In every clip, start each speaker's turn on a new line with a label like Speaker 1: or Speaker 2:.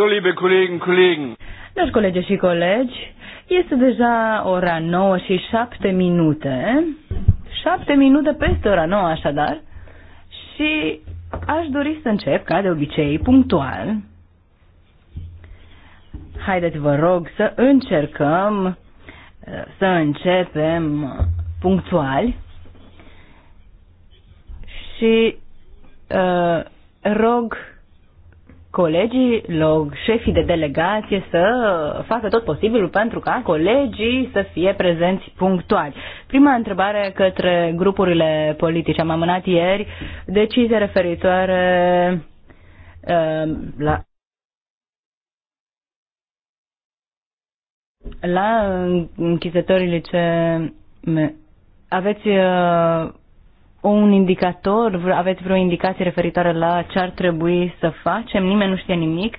Speaker 1: So, liebe Kollegen, Kollegen.
Speaker 2: Dragi colegi și colegi, este deja ora 9 și 7 minute. 7 minute peste ora 9 așadar. Și aș dori să încep, ca de obicei, punctual. Haideți, vă rog, să încercăm eh, să începem punctuali și uh, rog colegii, șefii de delegație să facă tot posibilul pentru ca colegii să fie prezenți punctuali. Prima întrebare către grupurile politice. Am amânat ieri decizie referitoare uh, la la închizătorii ce aveți uh, un indicator, aveți vreo indicație referitoare la ce ar trebui să facem? Nimeni nu știe nimic.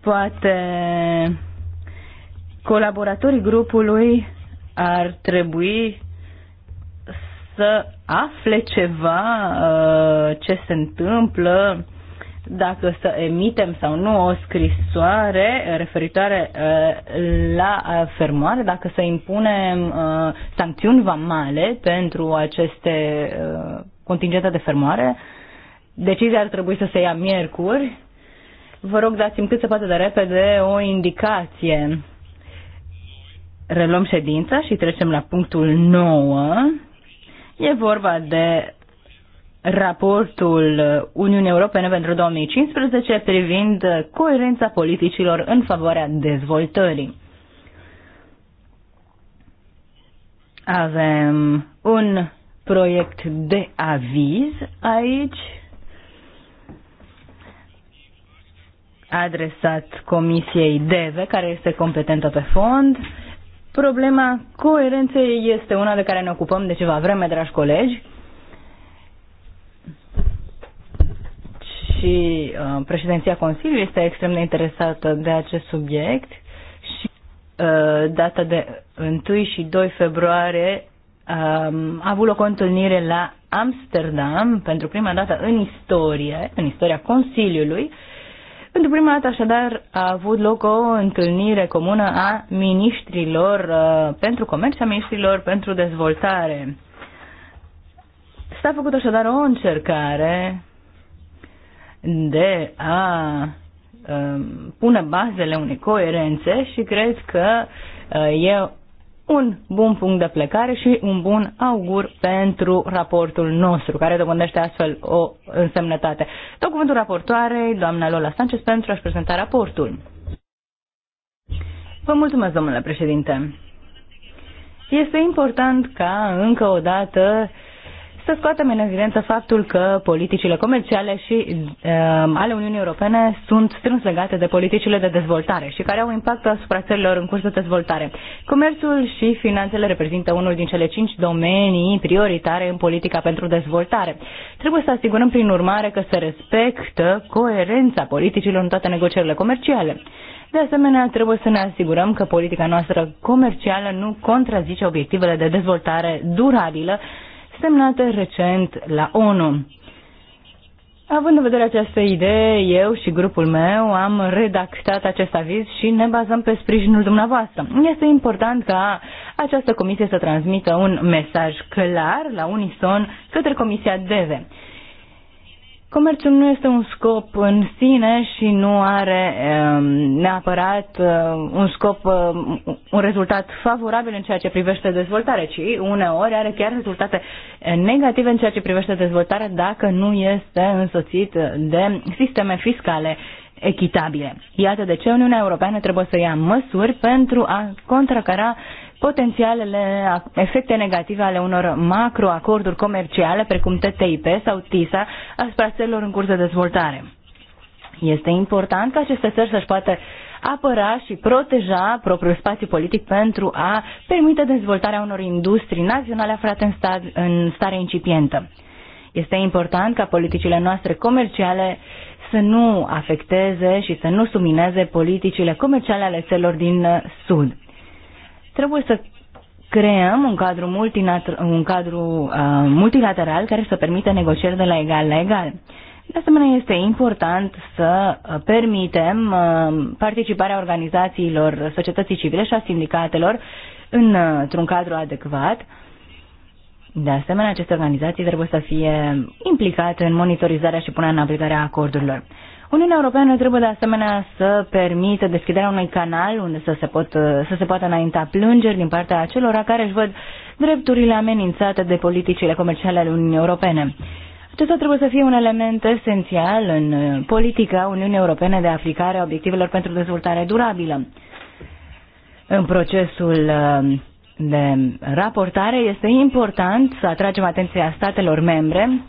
Speaker 2: Poate colaboratorii grupului ar trebui să afle ceva, uh, ce se întâmplă, dacă să emitem sau nu o scrisoare referitoare uh, la uh, fermoare, dacă să impunem uh, sancțiuni vamale pentru aceste contingente de fermoare. Decizia ar trebui să se ia miercuri. Vă rog, dați-mi cât se poate de repede o indicație. Reluăm ședința și trecem la punctul 9. E vorba de raportul Uniunii Europene pentru 2015 privind coerența politicilor în favoarea dezvoltării. Avem un proiect de aviz aici adresat Comisiei DEVE, care este competentă pe fond. Problema coerenței este una de care ne ocupăm de ceva vreme, dragi colegi și uh, președinția Consiliului este extrem de interesată de acest subiect și uh, data de 1 și 2 februarie uh, a avut loc o întâlnire la Amsterdam pentru prima dată în istorie, în istoria Consiliului. Pentru prima dată, așadar, a avut loc o întâlnire comună a ministrilor uh, pentru comerț, a ministrilor pentru dezvoltare. S-a făcut așadar o încercare de a um, pune bazele unei coerențe și cred că uh, e un bun punct de plecare și un bun augur pentru raportul nostru, care dobândește astfel o însemnătate. Dau cuvântul raportoarei, doamna Lola Sanchez, pentru a-și prezenta raportul. Vă mulțumesc, domnule președinte. Este important ca, încă o dată, să scoatem în evidență faptul că politicile comerciale și uh, ale Uniunii Europene sunt strâns legate de politicile de dezvoltare și care au impact asupra țărilor în curs de dezvoltare. Comerțul și finanțele reprezintă unul din cele cinci domenii prioritare în politica pentru dezvoltare. Trebuie să asigurăm prin urmare că se respectă coerența politicilor în toate negocierile comerciale. De asemenea, trebuie să ne asigurăm că politica noastră comercială nu contrazice obiectivele de dezvoltare durabilă semnată recent la ONU. Având în vedere această idee, eu și grupul meu am redactat acest aviz și ne bazăm pe sprijinul dumneavoastră. Este important ca această comisie să transmită un mesaj clar la unison către Comisia DEVE. Comerțul nu este un scop în sine și nu are ehm, neapărat ehm, un scop, ehm, un rezultat favorabil în ceea ce privește dezvoltare, ci uneori are chiar rezultate negative în ceea ce privește dezvoltare dacă nu este însoțit de sisteme fiscale echitabile. Iată de ce Uniunea Europeană trebuie să ia măsuri pentru a contracara potențialele efecte negative ale unor macroacorduri comerciale precum TTIP sau TISA asupra țărilor în curs de dezvoltare. Este important ca aceste țări să-și poată apăra și proteja propriul spațiu politic pentru a permite dezvoltarea unor industrii naționale aflate în, sta- în stare incipientă. Este important ca politicile noastre comerciale să nu afecteze și să nu sumineze politicile comerciale ale țărilor din Sud. Trebuie să creăm un cadru, un cadru uh, multilateral care să permită negocieri de la egal la egal. De asemenea, este important să uh, permitem uh, participarea organizațiilor societății civile și a sindicatelor uh, într-un cadru adecvat. De asemenea, aceste organizații trebuie să fie implicate în monitorizarea și punerea în aplicare a acordurilor. Uniunea Europeană trebuie de asemenea să permită deschiderea unui canal unde să se, pot, să se poată înainta plângeri din partea acelora care își văd drepturile amenințate de politicile comerciale ale Uniunii Europene. Acesta trebuie să fie un element esențial în politica Uniunii Europene de aplicare a obiectivelor pentru dezvoltare durabilă. În procesul um, de raportare este important să atragem atenția statelor membre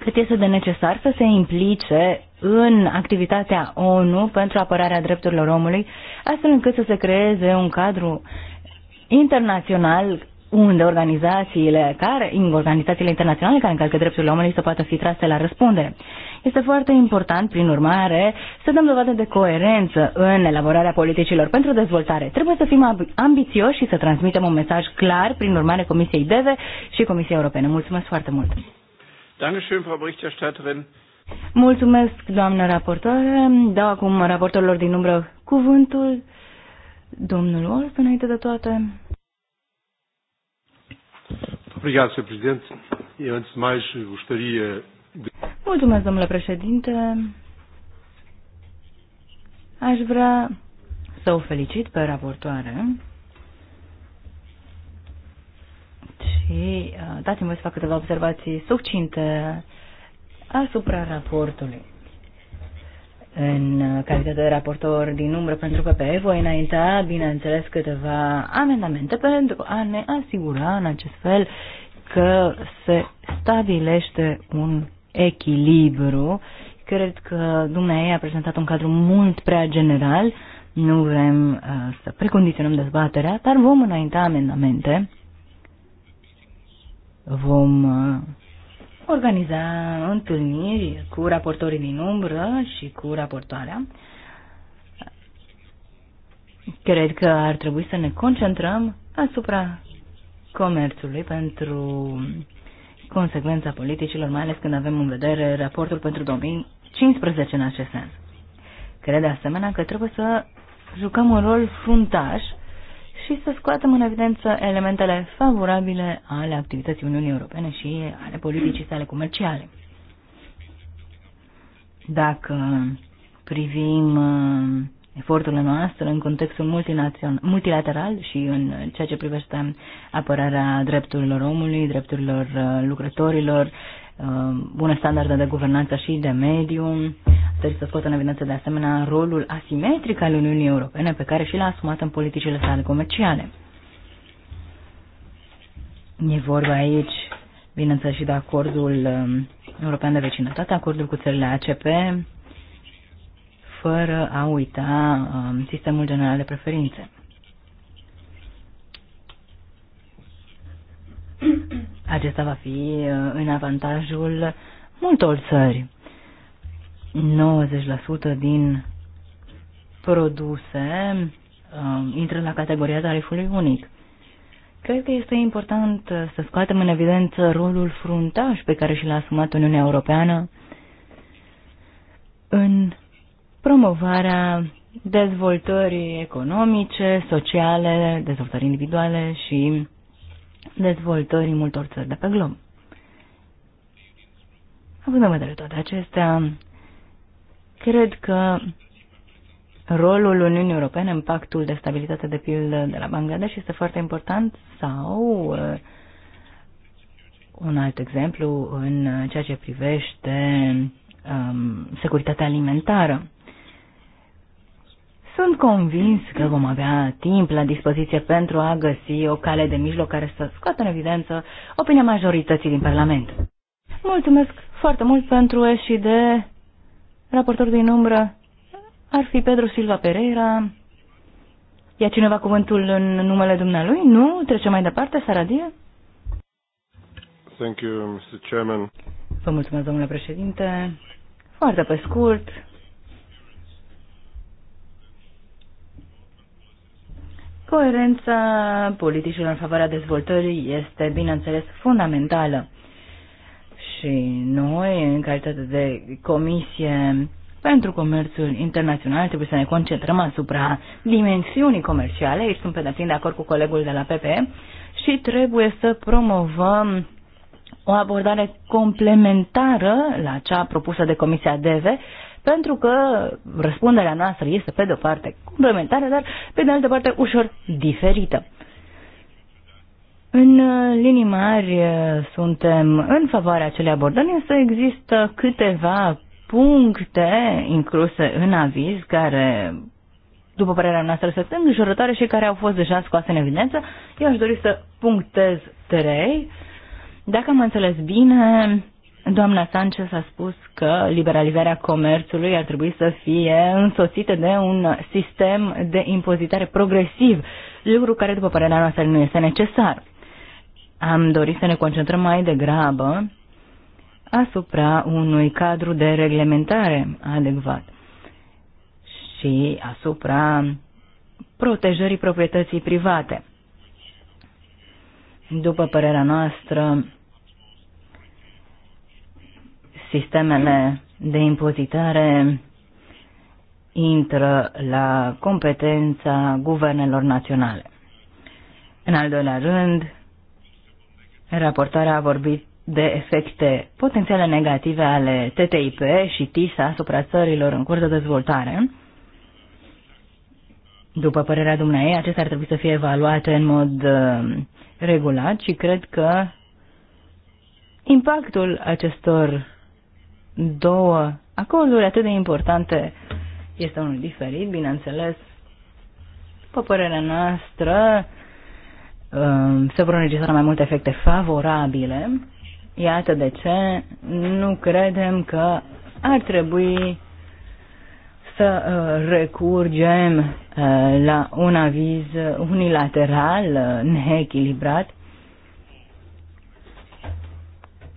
Speaker 2: cât este de necesar să se implice în activitatea ONU pentru apărarea drepturilor omului, astfel încât să se creeze un cadru internațional unde organizațiile care, organizațiile internaționale care încalcă drepturile omului să poată fi trase la răspundere. Este foarte important, prin urmare, să dăm dovadă de coerență în elaborarea politicilor pentru dezvoltare. Trebuie să fim ambițioși și să transmitem un mesaj clar, prin urmare, Comisiei DEVE și Comisiei Europene. Mulțumesc foarte mult!
Speaker 3: Dankeschön, Frau Berichterstatterin.
Speaker 2: Mulțumesc, doamnă raportor. Dau acum raportorilor din umbră cuvântul. Domnul Wolf, înainte de toate. Mulțumesc, domnule președinte. Aș vrea să o felicit pe raportoare și uh, dați-mi voi să fac câteva observații succinte asupra raportului. În uh, calitate de raportor din umbră pentru PPE voi înainta, bineînțeles, câteva amendamente pentru a ne asigura în acest fel că se stabilește un echilibru. Cred că dumneavoastră a prezentat un cadru mult prea general, nu vrem uh, să precondiționăm dezbaterea, dar vom înainta amendamente vom uh, organiza întâlniri cu raportorii din umbră și cu raportoarea. Cred că ar trebui să ne concentrăm asupra comerțului pentru consecvența politicilor, mai ales când avem în vedere raportul pentru 2015 în acest sens. Cred de asemenea că trebuie să jucăm un rol fruntaș și să scoatem în evidență elementele favorabile ale activității Uniunii Europene și ale politicii sale comerciale. Dacă privim uh, eforturile noastre în contextul multilateral și în ceea ce privește apărarea drepturilor omului, drepturilor uh, lucrătorilor, Uh, bune standarde de guvernanță și de mediu. Trebuie să scot în evidență de asemenea rolul asimetric al Uniunii Europene pe care și l-a asumat în politicile sale comerciale. E vorba aici, bineînțeles, și de acordul um, european de vecinătate, acordul cu țările ACP, fără a uita um, sistemul general de preferințe. Acesta va fi uh, în avantajul multor țări. 90% din produse uh, intră la categoria tarifului unic. Cred că este important să scoatem în evidență rolul fruntaș pe care și l-a asumat Uniunea Europeană în promovarea dezvoltării economice, sociale, dezvoltării individuale și dezvoltării multor țări de pe glob. Având în vedere toate acestea, cred că rolul Uniunii Europene în pactul de stabilitate de pildă de la Bangladesh este foarte important sau uh, un alt exemplu în ceea ce privește um, securitatea alimentară. Sunt convins că vom avea timp la dispoziție pentru a găsi o cale de mijloc care să scoată în evidență opinia majorității din Parlament. Mulțumesc foarte mult pentru și de raportor din umbră. Ar fi Pedro Silva Pereira. Ia cineva cuvântul în numele dumnealui? Nu? Trecem mai departe, Saradie?
Speaker 1: Thank you, Mr. Chairman.
Speaker 2: Vă mulțumesc, domnule președinte. Foarte pe scurt, Coerența politicilor în favoarea dezvoltării este, bineînțeles, fundamentală. Și noi, în calitate de comisie pentru comerțul internațional, trebuie să ne concentrăm asupra dimensiunii comerciale. Aici sunt pe deplin de acord cu colegul de la PPE și trebuie să promovăm o abordare complementară la cea propusă de Comisia DEVE pentru că răspunderea noastră este, pe de-o parte, complementară, dar, pe de altă parte, ușor diferită. În uh, linii mari uh, suntem în favoarea acelei abordări, însă există câteva puncte incluse în aviz care, după părerea noastră, sunt îngrijorătoare și care au fost deja scoase în evidență. Eu aș dori să punctez trei. Dacă am înțeles bine, Doamna Sanchez a spus că liberalizarea comerțului ar trebui să fie însoțită de un sistem de impozitare progresiv, lucru care, după părerea noastră, nu este necesar. Am dorit să ne concentrăm mai degrabă asupra unui cadru de reglementare adecvat și asupra protejării proprietății private. După părerea noastră, sistemele de impozitare intră la competența guvernelor naționale. În al doilea rând, raportarea a vorbit de efecte potențiale negative ale TTIP și TISA asupra țărilor în curs de dezvoltare. După părerea dumneavoastră, acestea ar trebui să fie evaluate în mod uh, regulat și cred că impactul acestor două acorduri atât de importante. Este unul diferit, bineînțeles. După părerea noastră, um, se vor înregistra mai multe efecte favorabile. Iată de ce nu credem că ar trebui să uh, recurgem uh, la un aviz unilateral, uh, neechilibrat,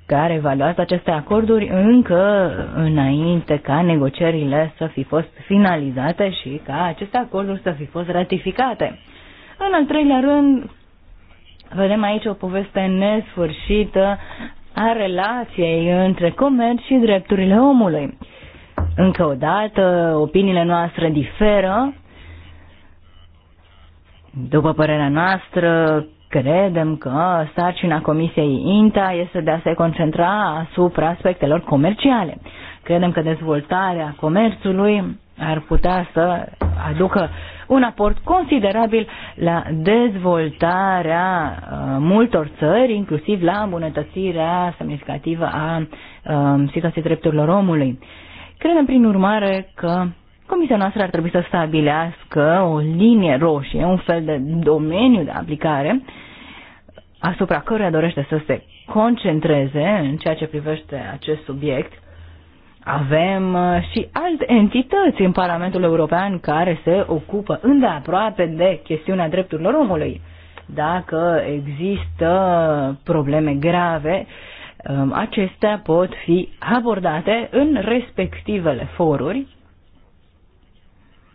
Speaker 2: care evaluează aceste acorduri încă înainte ca negocierile să fi fost finalizate și ca aceste acorduri să fi fost ratificate. În al treilea rând, vedem aici o poveste nesfârșită a relației între comerț și drepturile omului. Încă o dată, opiniile noastre diferă. După părerea noastră, Credem că sarcina Comisiei INTA este de a se concentra asupra aspectelor comerciale. Credem că dezvoltarea comerțului ar putea să aducă un aport considerabil la dezvoltarea uh, multor țări, inclusiv la îmbunătățirea semnificativă a uh, situației drepturilor omului. Credem, prin urmare, că Comisia noastră ar trebui să stabilească o linie roșie, un fel de domeniu de aplicare asupra căruia dorește să se concentreze în ceea ce privește acest subiect. Avem uh, și alte entități în Parlamentul European care se ocupă îndeaproape de chestiunea drepturilor omului. Dacă există probleme grave, um, acestea pot fi abordate în respectivele foruri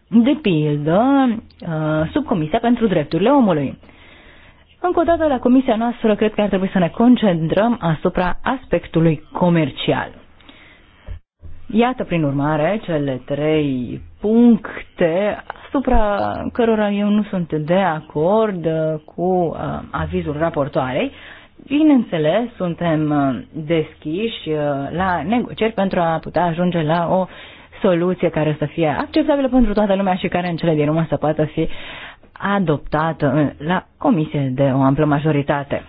Speaker 2: de pildă, uh, subcomisia pentru drepturile omului. Încă o dată, la comisia noastră, cred că ar trebui să ne concentrăm asupra aspectului comercial. Iată, prin urmare, cele trei puncte asupra cărora eu nu sunt de acord cu uh, avizul raportoarei. Bineînțeles, suntem uh, deschiși la negocieri pentru a putea ajunge la o soluție care să fie acceptabilă pentru toată lumea și care în cele din urmă să poată fi adoptată la comisie de o amplă majoritate.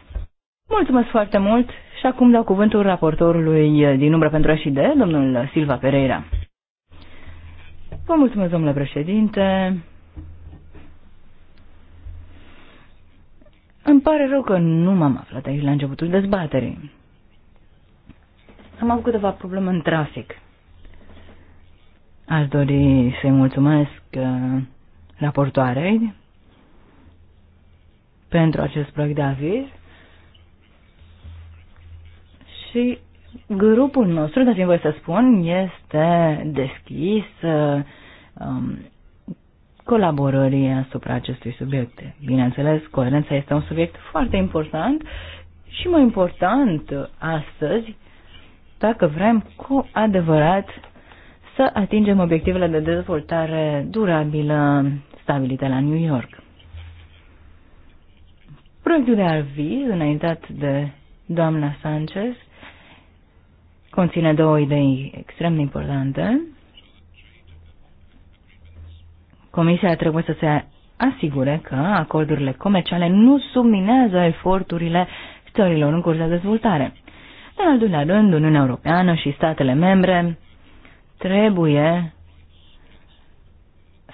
Speaker 2: Mulțumesc foarte mult și acum dau cuvântul raportorului din umbră pentru și de domnul Silva Pereira. Vă mulțumesc, domnule președinte. Îmi pare rău că nu m-am aflat aici la începutul dezbaterii. Am avut câteva probleme în trafic. Aș dori să-i mulțumesc uh, raportoarei pentru acest proiect de aviz și grupul nostru, dați-mi voi să spun, este deschis uh, um, colaborării asupra acestui subiect. Bineînțeles, coerența este un subiect foarte important și mai important astăzi, dacă vrem cu adevărat să atingem obiectivele de dezvoltare durabilă stabilite la New York. Proiectul de aviz, înaintat de doamna Sanchez, conține două idei extrem de importante. Comisia trebuie să se asigure că acordurile comerciale nu subminează eforturile țărilor în curs de dezvoltare. În al doilea rând, Uniunea Europeană și statele membre trebuie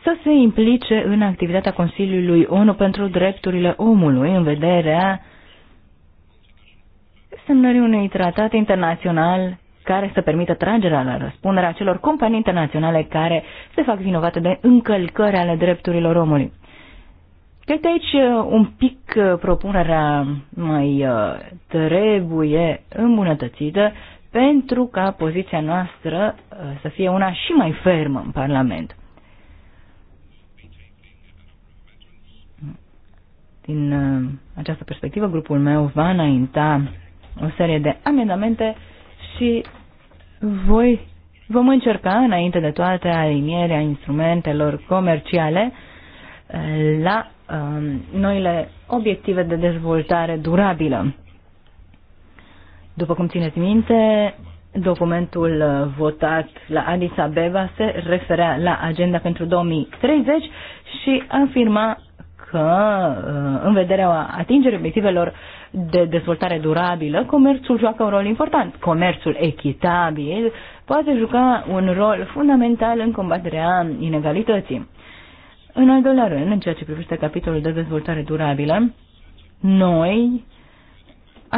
Speaker 2: să se implice în activitatea Consiliului ONU pentru drepturile omului în vederea semnării unui tratat internațional care să permită tragerea la răspundere a celor companii internaționale care se fac vinovate de încălcări ale drepturilor omului. Cred că aici uh, un pic uh, propunerea mai uh, trebuie îmbunătățită pentru ca poziția noastră uh, să fie una și mai fermă în Parlament. Din uh, această perspectivă, grupul meu va înainta o serie de amendamente și voi vom încerca, înainte de toate, alinierea instrumentelor comerciale uh, la um, noile obiective de dezvoltare durabilă. După cum țineți minte, documentul uh, votat la Addis Abeba se referea la agenda pentru 2030 și afirma că, uh, în vederea atingerii obiectivelor de dezvoltare durabilă, comerțul joacă un rol important. Comerțul echitabil poate juca un rol fundamental în combaterea inegalității. În al doilea rând, în ceea ce privește capitolul de dezvoltare durabilă, noi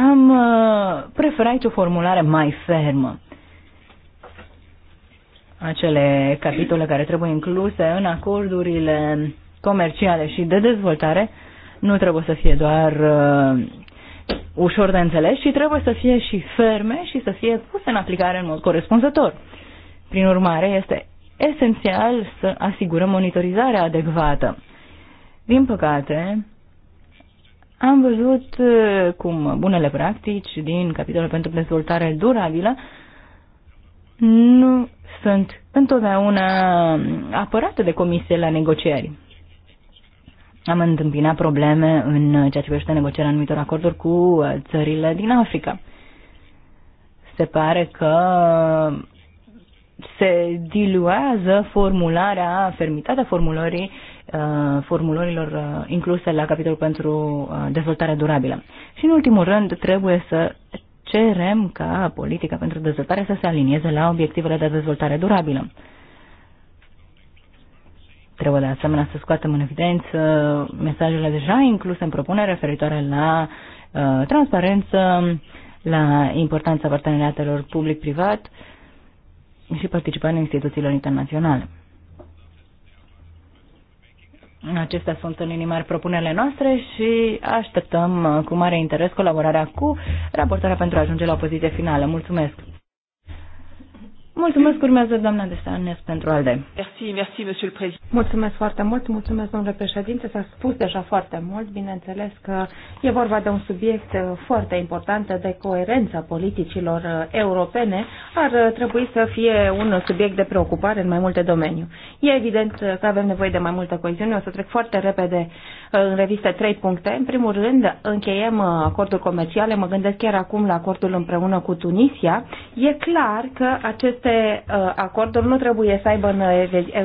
Speaker 2: am uh, preferat aici o formulare mai fermă. Acele capitole care trebuie incluse în acordurile comerciale și de dezvoltare nu trebuie să fie doar uh, ușor de înțeles, ci trebuie să fie și ferme și să fie puse în aplicare în mod corespunzător. Prin urmare, este esențial să asigurăm monitorizarea adecvată. Din păcate, am văzut uh, cum bunele practici din capitolul pentru dezvoltare durabilă nu sunt întotdeauna apărate de comisie la negocieri. Am întâmpinat probleme în ceea ce privește negocierea anumitor acorduri cu uh, țările din Africa. Se pare că se diluează formularea, fermitatea formulării Uh, formulărilor uh, incluse la capitolul pentru uh, dezvoltare durabilă. Și în ultimul rând trebuie să cerem ca politica pentru dezvoltare să se alinieze la obiectivele de dezvoltare durabilă. Trebuie de asemenea să scoatem în evidență mesajele deja incluse în propunere referitoare la uh, transparență, la importanța parteneriatelor public-privat și participarea instituțiilor internaționale. Acestea sunt în inimă propunerile noastre și așteptăm uh, cu mare interes colaborarea cu raportarea pentru a ajunge la o poziție finală. Mulțumesc! Mulțumesc, urmează doamna de Sarnes pentru ALDE.
Speaker 3: Merci, merci, monsieur le président.
Speaker 2: Mulțumesc foarte mult, mulțumesc, domnule președinte. S-a spus deja foarte
Speaker 3: mult, bineînțeles că e vorba de un subiect uh, foarte important de coerența politicilor uh, europene. Ar uh, trebui să fie un subiect de preocupare în mai multe domenii. E evident că avem nevoie de mai multă coeziune. O să trec foarte repede în revistă trei puncte. În primul rând, încheiem acordul comercial, Mă gândesc chiar acum la acordul împreună cu Tunisia. E clar că aceste aceste uh, acorduri nu trebuie să aibă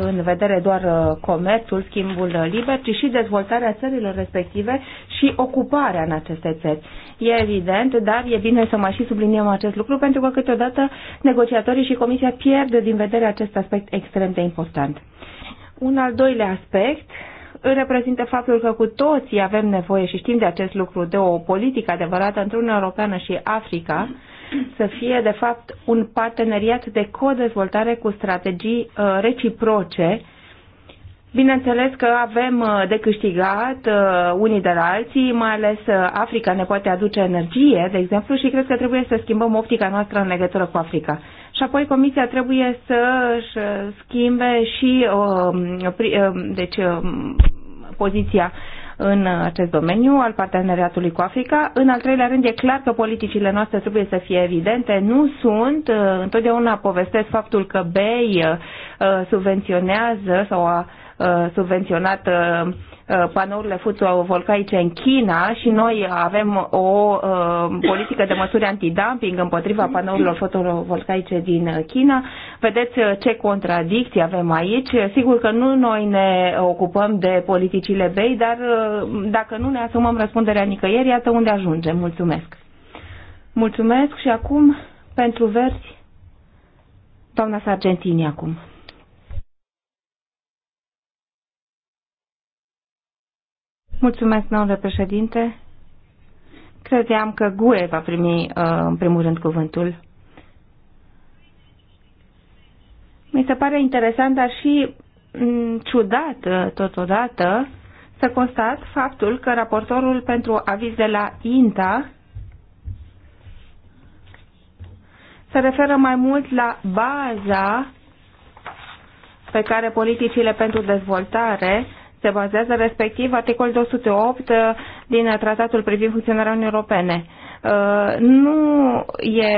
Speaker 3: în, vedere doar uh, comerțul, schimbul uh, liber, ci și dezvoltarea țărilor respective și ocuparea în aceste țări. E evident, dar e bine să mai și subliniem acest lucru, pentru că câteodată negociatorii și Comisia pierd din vedere acest aspect extrem de important. Un al doilea aspect reprezintă faptul că cu toții avem nevoie și știm de acest lucru, de o politică adevărată într Uniunea Europeană și Africa, să fie, de fapt, un parteneriat de dezvoltare cu strategii uh, reciproce. Bineînțeles că avem uh, de câștigat uh, unii de la alții, mai ales Africa ne poate aduce energie, de exemplu, și cred că trebuie să schimbăm optica noastră în legătură cu Africa. Și apoi Comisia trebuie să-și schimbe și deci, poziția în acest domeniu al parteneriatului cu Africa. În al treilea rând, e clar că politicile noastre trebuie să fie evidente. Nu sunt, uh, întotdeauna povestesc faptul că BEI uh, subvenționează sau a uh, subvenționat Uh, panourile fotovoltaice în China și noi avem o uh, politică de măsuri antidumping împotriva panourilor fotovoltaice din China. Vedeți uh, ce contradicții avem aici. Sigur că nu noi ne ocupăm de politicile BEI, dar dacă nu ne asumăm răspunderea nicăieri, iată unde ajungem. Mulțumesc. Mulțumesc și acum pentru verzi. doamna Sargentini acum. Mulțumesc, domnule președinte. Credeam că GUE va primi uh, în primul rând cuvântul. Mi se pare interesant, dar și mm, ciudat uh, totodată să constat faptul că raportorul pentru aviz de la INTA se referă mai mult la baza pe care politicile pentru dezvoltare se bazează, respectiv articolul 208 uh, din Tratatul privind funcționarea Uniunii Europene. Uh, nu e,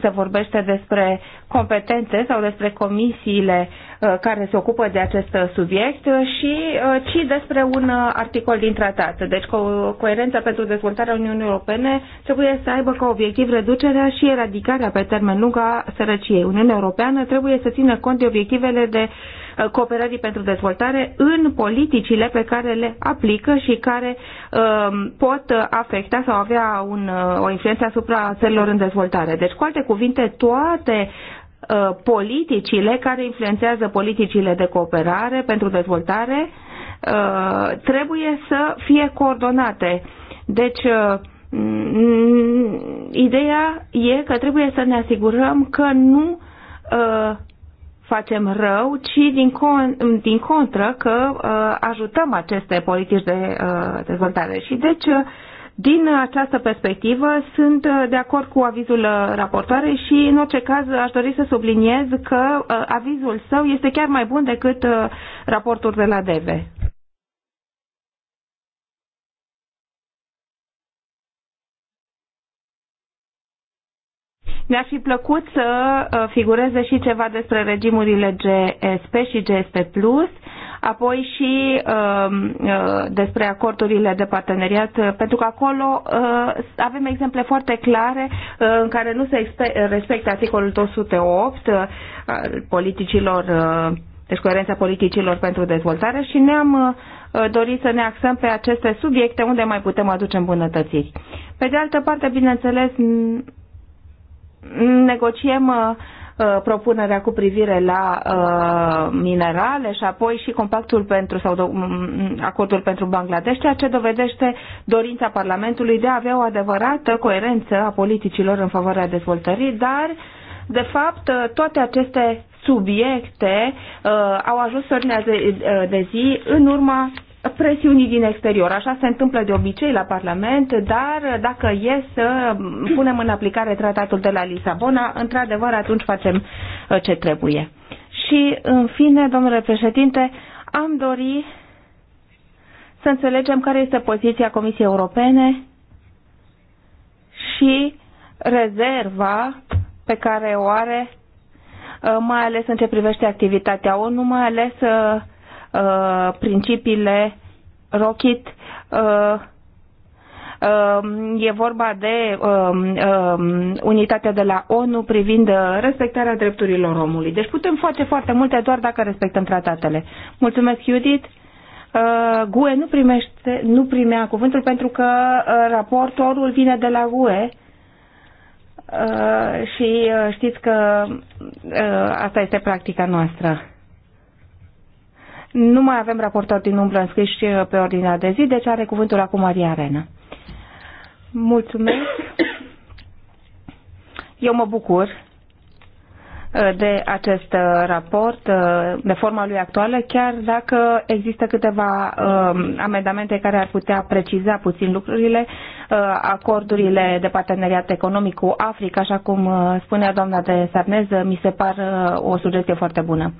Speaker 3: se vorbește despre competențe sau despre comisiile uh, care se ocupă de acest subiect, și, ci despre un articol din tratat. Deci coerența pentru dezvoltarea Uniunii Europene trebuie să aibă ca obiectiv reducerea și eradicarea pe termen lung a sărăciei. Uniunea Europeană trebuie să țină cont de obiectivele de uh, Uh, cooperării pentru dezvoltare în politicile pe care le aplică și care um, pot afecta sau avea un, uh, o influență asupra țărilor în dezvoltare. Deci, cu alte cuvinte, toate uh, politicile care influențează politicile de cooperare pentru dezvoltare trebuie să fie coordonate. Deci, mm, ideea e că trebuie să ne asigurăm că nu facem rău, ci din, con- din contră că uh, ajutăm aceste politici de uh, dezvoltare. Și deci, uh, din această perspectivă, sunt uh, de acord cu avizul uh, raportoarei și, în orice caz, aș dori să subliniez că avizul său este chiar mai bun decât raportul de la DEVE. Mi-ar fi plăcut să uh, figureze și ceva despre regimurile GSP și GSP+, apoi și um, uh, despre acordurile de parteneriat, uh, pentru că acolo avem exemple foarte clare în care nu se respectă articolul 208 al politicilor, deci coerența politicilor pentru dezvoltare și ne-am dorit să ne axăm pe aceste subiecte unde mai putem aduce îmbunătățiri. Pe de altă parte, bineînțeles, negociem uh, propunerea cu privire la uh, minerale și apoi și compactul pentru sau acordul pentru Bangladesh, ceea ce dovedește dorința Parlamentului de a avea o adevărată coerență a politicilor în favoarea dezvoltării, dar de fapt uh, toate aceste subiecte uh, au ajuns să ordinea de, de zi în urma presiunii din exterior. Așa se întâmplă de obicei la Parlament, dar dacă e să punem în aplicare tratatul de la Lisabona, într-adevăr atunci facem uh, ce trebuie. Și, în fine, domnule președinte, am dori să înțelegem care este poziția Comisiei Europene și rezerva pe care o are, uh, mai ales în ce privește activitatea ONU, mai ales uh, Uh, principiile Rocket. Uh, um, E vorba de uh, uh, unitatea de la ONU privind uh, respectarea drepturilor omului. Deci putem face foarte multe doar dacă respectăm tratatele. Mulțumesc, Judith. Uh, GUE nu, primește, nu primea cuvântul pentru că uh, raportorul vine de la GUE uh, și uh, știți că asta este practica noastră. Nu mai avem raportat din umbră înscriși uh, pe ordinea de zi, deci are cuvântul acum Maria Arena. Mulțumesc. Eu mă bucur uh, de acest uh, raport, de forma lui actuală, chiar dacă există câteva um, amendamente care ar putea preciza puțin lucrurile, acordurile de parteneriat economic cu Africa, așa cum spunea doamna de Sarnez, mi se par o sugestie foarte bună.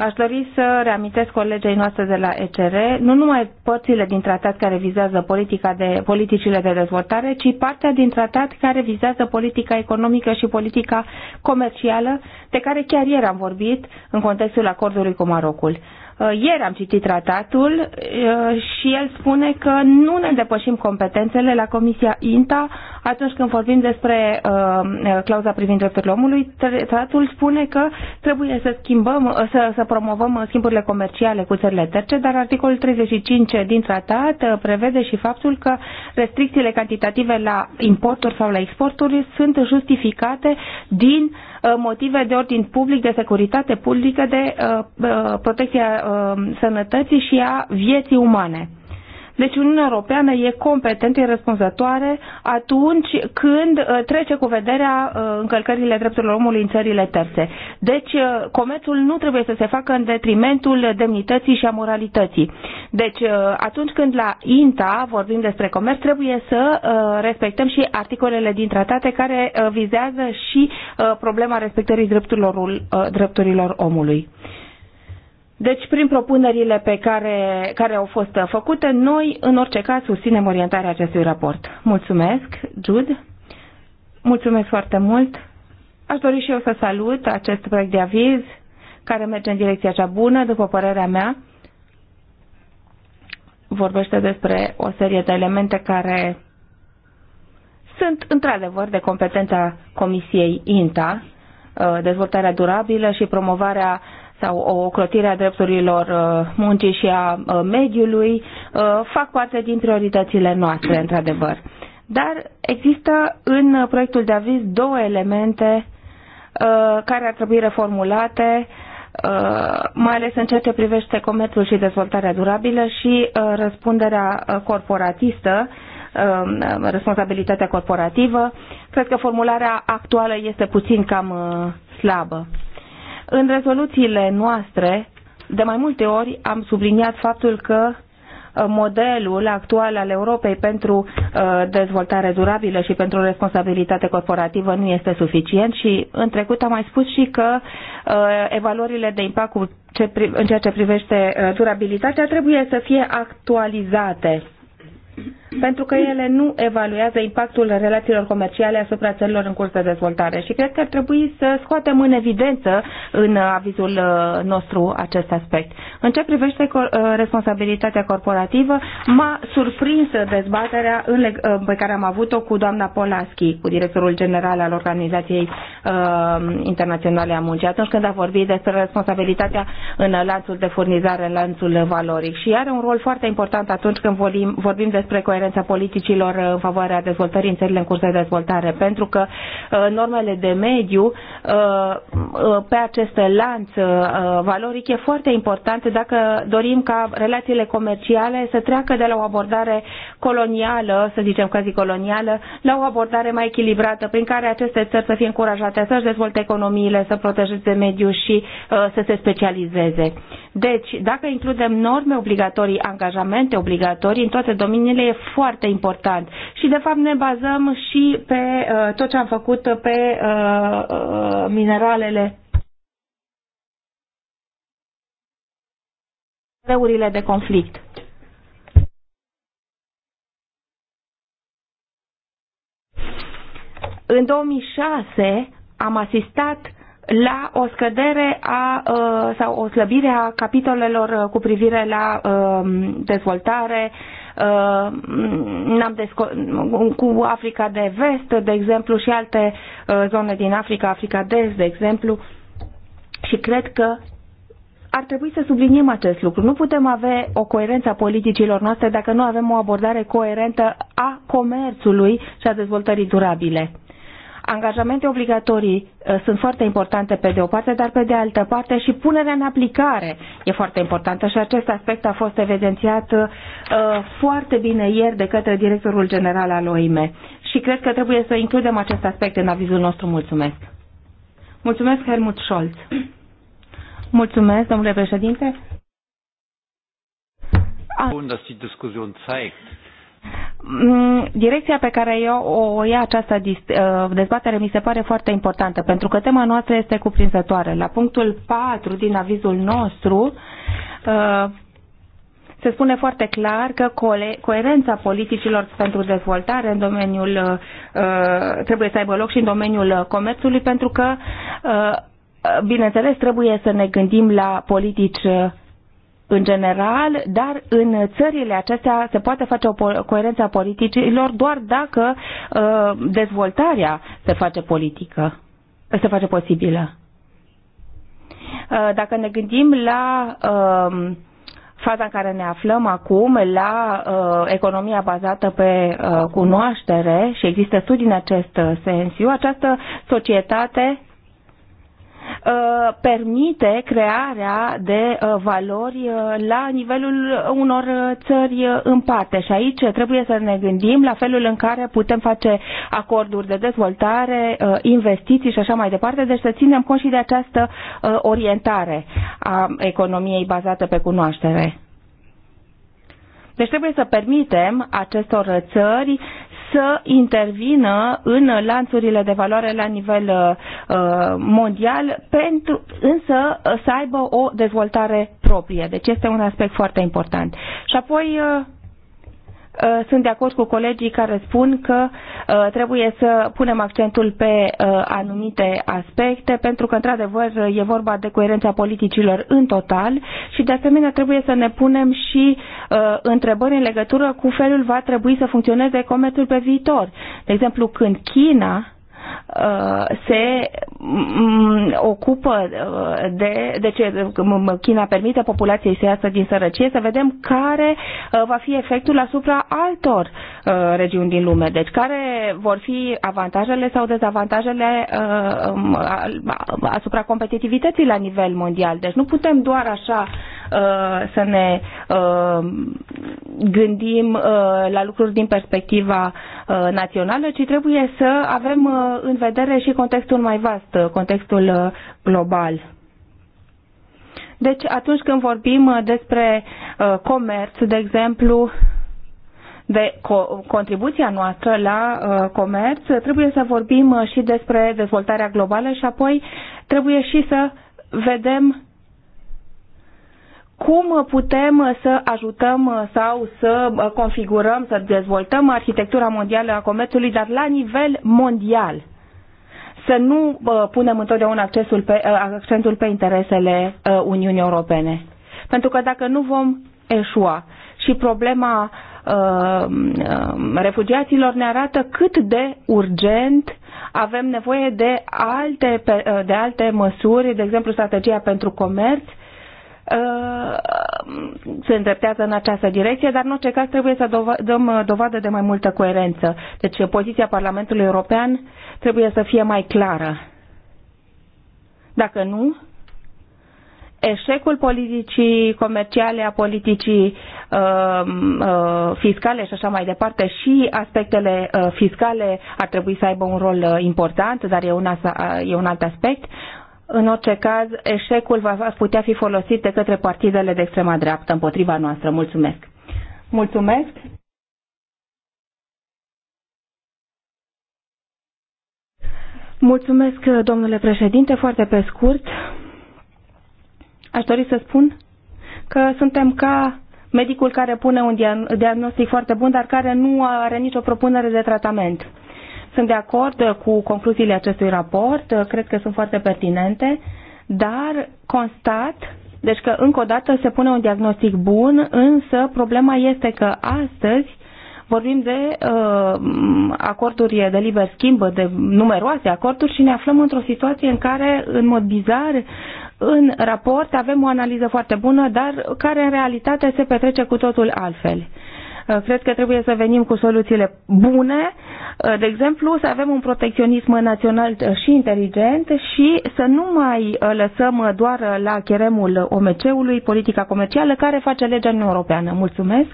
Speaker 3: Aș dori să reamintesc colegei noastre de la ECR, nu numai părțile din tratat care vizează politica de, politicile de dezvoltare, ci partea din tratat care vizează politica economică și politica comercială, de care chiar ieri am vorbit în contextul acordului cu Marocul. Uh, ieri am citit tratatul uh, și el spune că nu ne depășim competențele la Comisia INTA atunci când vorbim despre uh, clauza privind drepturile omului. Tratatul spune că trebuie să schimbăm, să, să promovăm schimburile comerciale cu țările terce, dar articolul 35 din tratat prevede și faptul că restricțiile cantitative la importuri sau la exporturi sunt justificate din uh, Uh, motive de ordin public, de securitate publică, de uh, uh, protecția sănătății și a vieții umane. Deci Uniunea Europeană e competentă, e răspunzătoare atunci când uh, trece cu vederea uh, încălcările drepturilor omului în țările terțe. Deci uh, comerțul nu trebuie să se facă în detrimentul demnității și a moralității. Deci atunci când la INTA vorbim despre comerț, trebuie să respectăm și articolele din tratate care vizează și problema respectării drepturilor, drepturilor omului. Deci, prin propunerile pe care, care au fost făcute, noi, în orice caz, susținem orientarea acestui raport. Mulțumesc, Jude. Mulțumesc foarte mult. Aș dori și eu să salut acest proiect de aviz care merge în direcția cea bună, după părerea mea. Vorbește despre o serie de elemente care sunt într-adevăr de competența Comisiei INTA, uh, dezvoltarea durabilă și promovarea uh, sau o ocrotire a drepturilor uh, muncii și a uh, mediului uh, fac parte din prioritățile noastre, într-adevăr. Dar există în proiectul de aviz două elemente care ar trebui reformulate, mai ales în ceea ce privește comerțul și dezvoltarea durabilă și răspunderea corporatistă, um, responsabilitatea corporativă. Cred că formularea actuală este puțin cam slabă. În rezoluțiile noastre, de mai multe ori am subliniat faptul că uh, modelul actual al Europei pentru uh, dezvoltare durabilă și pentru responsabilitate corporativă nu este suficient și în trecut am mai spus și că uh, evaluările de impact în ceea ce privește durabilitatea trebuie să fie actualizate pentru că ele nu evaluează impactul relațiilor comerciale asupra țărilor în curs de dezvoltare. Și cred că ar trebui să scoatem în evidență în uh, avizul uh, nostru acest aspect. În ce privește uh, responsabilitatea corporativă, m-a surprins dezbaterea pe care am avut-o cu doamna Polaschi, cu directorul general al Organizației Internaționale a Muncii, atunci când a vorbit despre responsabilitatea în lanțul de furnizare, în lanțul valoric. Și are un rol foarte important atunci când vorbim, vorbim despre despre coerența politicilor uh, în favoarea dezvoltării în țările în curs de dezvoltare, pentru că uh, normele de mediu uh, pe acest lanț valoric e foarte important dacă dorim ca relațiile comerciale să treacă de la o abordare colonială, să zicem quasi colonială, la o abordare mai echilibrată prin care aceste țări să fie încurajate să-și dezvolte economiile, să protejeze mediul și să se specializeze. Deci, dacă includem norme obligatorii, angajamente obligatorii în toate domeniile, familie e foarte important și de fapt ne bazăm și pe uh, tot ce am făcut pe uh, uh, mineralele reurile de conflict. În 2006 am asistat la o scădere a, uh, sau o slăbire a capitolelor uh, cu privire la uh, dezvoltare, Uh, n-am cu Africa de Vest, de exemplu, și alte uh, zone din Africa, Africa de Est, de exemplu. Și cred că ar trebui să subliniem acest lucru. Nu putem avea o coerență a politicilor noastre dacă nu avem o abordare coerentă a comerțului și a dezvoltării durabile angajamente obligatorii uh, sunt foarte importante pe de o parte, dar pe de altă parte și punerea în aplicare e foarte importantă și acest aspect a fost evidențiat uh, foarte bine ieri de către directorul general al OIM și cred că trebuie să includem acest aspect în avizul nostru. Mulțumesc! Mulțumesc, Helmut Scholz! Mulțumesc, domnule președinte! Am... Mm, direcția pe care eu o ia această uh, dezbatere mi se pare foarte importantă, pentru că tema noastră este cuprinzătoare. La punctul 4 din avizul nostru uh, se spune foarte clar că coerența politicilor pentru dezvoltare în domeniul uh, trebuie să aibă loc și în domeniul comerțului, pentru că bineînțeles, trebuie să ne gândim la politici în general, dar în țările acestea se poate face o coerență a politicilor doar dacă uh, dezvoltarea se face politică, se face posibilă. Uh, dacă ne gândim la um, faza în care ne aflăm acum, la uh, economia bazată pe cunoaștere și există studii în acest sens, această societate Uh, permite crearea de uh, valori uh, la nivelul unor țări în parte. Și aici trebuie să ne gândim la felul în care putem face acorduri de dezvoltare, investiții și așa mai departe, deci să ținem cont și de această orientare a economiei bazată pe cunoaștere. Deci trebuie să permitem acestor țări să intervină în lanțurile de valoare la nivel uh, uh, mondial, pentru, însă uh, să aibă o dezvoltare proprie. Deci este un aspect foarte important. Și apoi Uh, sunt de acord cu colegii care spun că uh, trebuie să punem accentul pe uh, anumite aspecte, pentru că, într-adevăr, e vorba de coerența politicilor în total și, de asemenea, trebuie să ne punem și întrebări în legătură cu felul va trebui să funcționeze comerțul pe viitor. De exemplu, când China se ocupă de, de ce China permite populației să iasă din sărăcie, să vedem care uh, va fi efectul asupra altor uh, regiuni din lume. Deci care vor fi avantajele sau dezavantajele uh, um, asupra competitivității la nivel mondial. Deci nu putem doar așa Uh, să ne uh, gândim uh, la lucruri din perspectiva națională, ci trebuie să avem în vedere și contextul mai vast, contextul global. Deci atunci când vorbim despre comerț, de exemplu, de co- contribuția noastră la uh, comerț, trebuie să vorbim uh, și despre dezvoltarea globală și apoi trebuie și să vedem cum putem să ajutăm sau să configurăm, să dezvoltăm arhitectura mondială a comerțului, dar la nivel mondial. Să nu uh, punem întotdeauna accesul pe, uh, accentul pe interesele uh, Uniunii Europene. Pentru că dacă nu vom eșua și problema refugiaților ne arată cât de urgent avem nevoie de alte, de alte măsuri, de exemplu strategia pentru comerț, Uh, se îndreptează în această direcție, dar în orice caz trebuie să dăm uh, dovadă de mai multă coerență. Deci uh, poziția Parlamentului European trebuie să fie mai clară. Dacă nu, eșecul politicii comerciale, a politicii uh, uh, fiscale și așa mai departe și aspectele uh, fiscale ar trebui să aibă un rol uh, important, dar e un, asa, uh, e un alt aspect. În orice caz, eșecul va putea fi folosit de către partidele de extrema dreaptă împotriva noastră. Mulțumesc! Mulțumesc! Mulțumesc, domnule președinte, foarte pe scurt. Aș dori să spun că suntem ca medicul care pune un diagnostic foarte bun, dar care nu are nicio propunere de tratament. Sunt de acord uh, cu concluziile acestui raport, uh, cred că sunt foarte pertinente, dar constat deci că încă o dată se pune un diagnostic bun, însă problema este că astăzi vorbim de uh, acorduri de liber schimb, de numeroase acorduri și ne aflăm într-o situație în care, în mod bizar, în raport avem o analiză foarte bună, dar care în realitate se petrece cu totul altfel. Uh, cred că trebuie să venim cu soluțiile bune, uh, de exemplu, să avem un protecționism național și inteligent și să nu mai uh, lăsăm doar la cheremul OMC-ului politica comercială care face legea în europeană. Mulțumesc!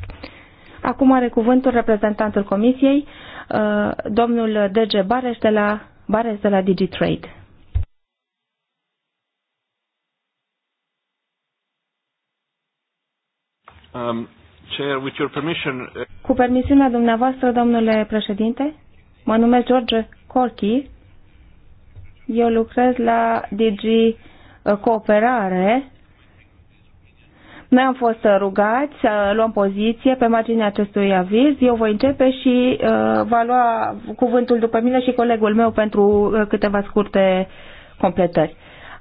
Speaker 3: Acum are cuvântul reprezentantul Comisiei, domnul DG Bareș de la, Bareș de la DigiTrade.
Speaker 1: Um, Chair, with your permission. Uh,
Speaker 3: Cu permisiunea dumneavoastră, domnule președinte, mă numesc George Corky. Eu lucrez la DG uh, Cooperare. Noi am fost uh, rugați să luăm poziție pe marginea acestui aviz. Eu voi începe și uh, va lua cuvântul după mine și colegul meu pentru uh, câteva scurte completări.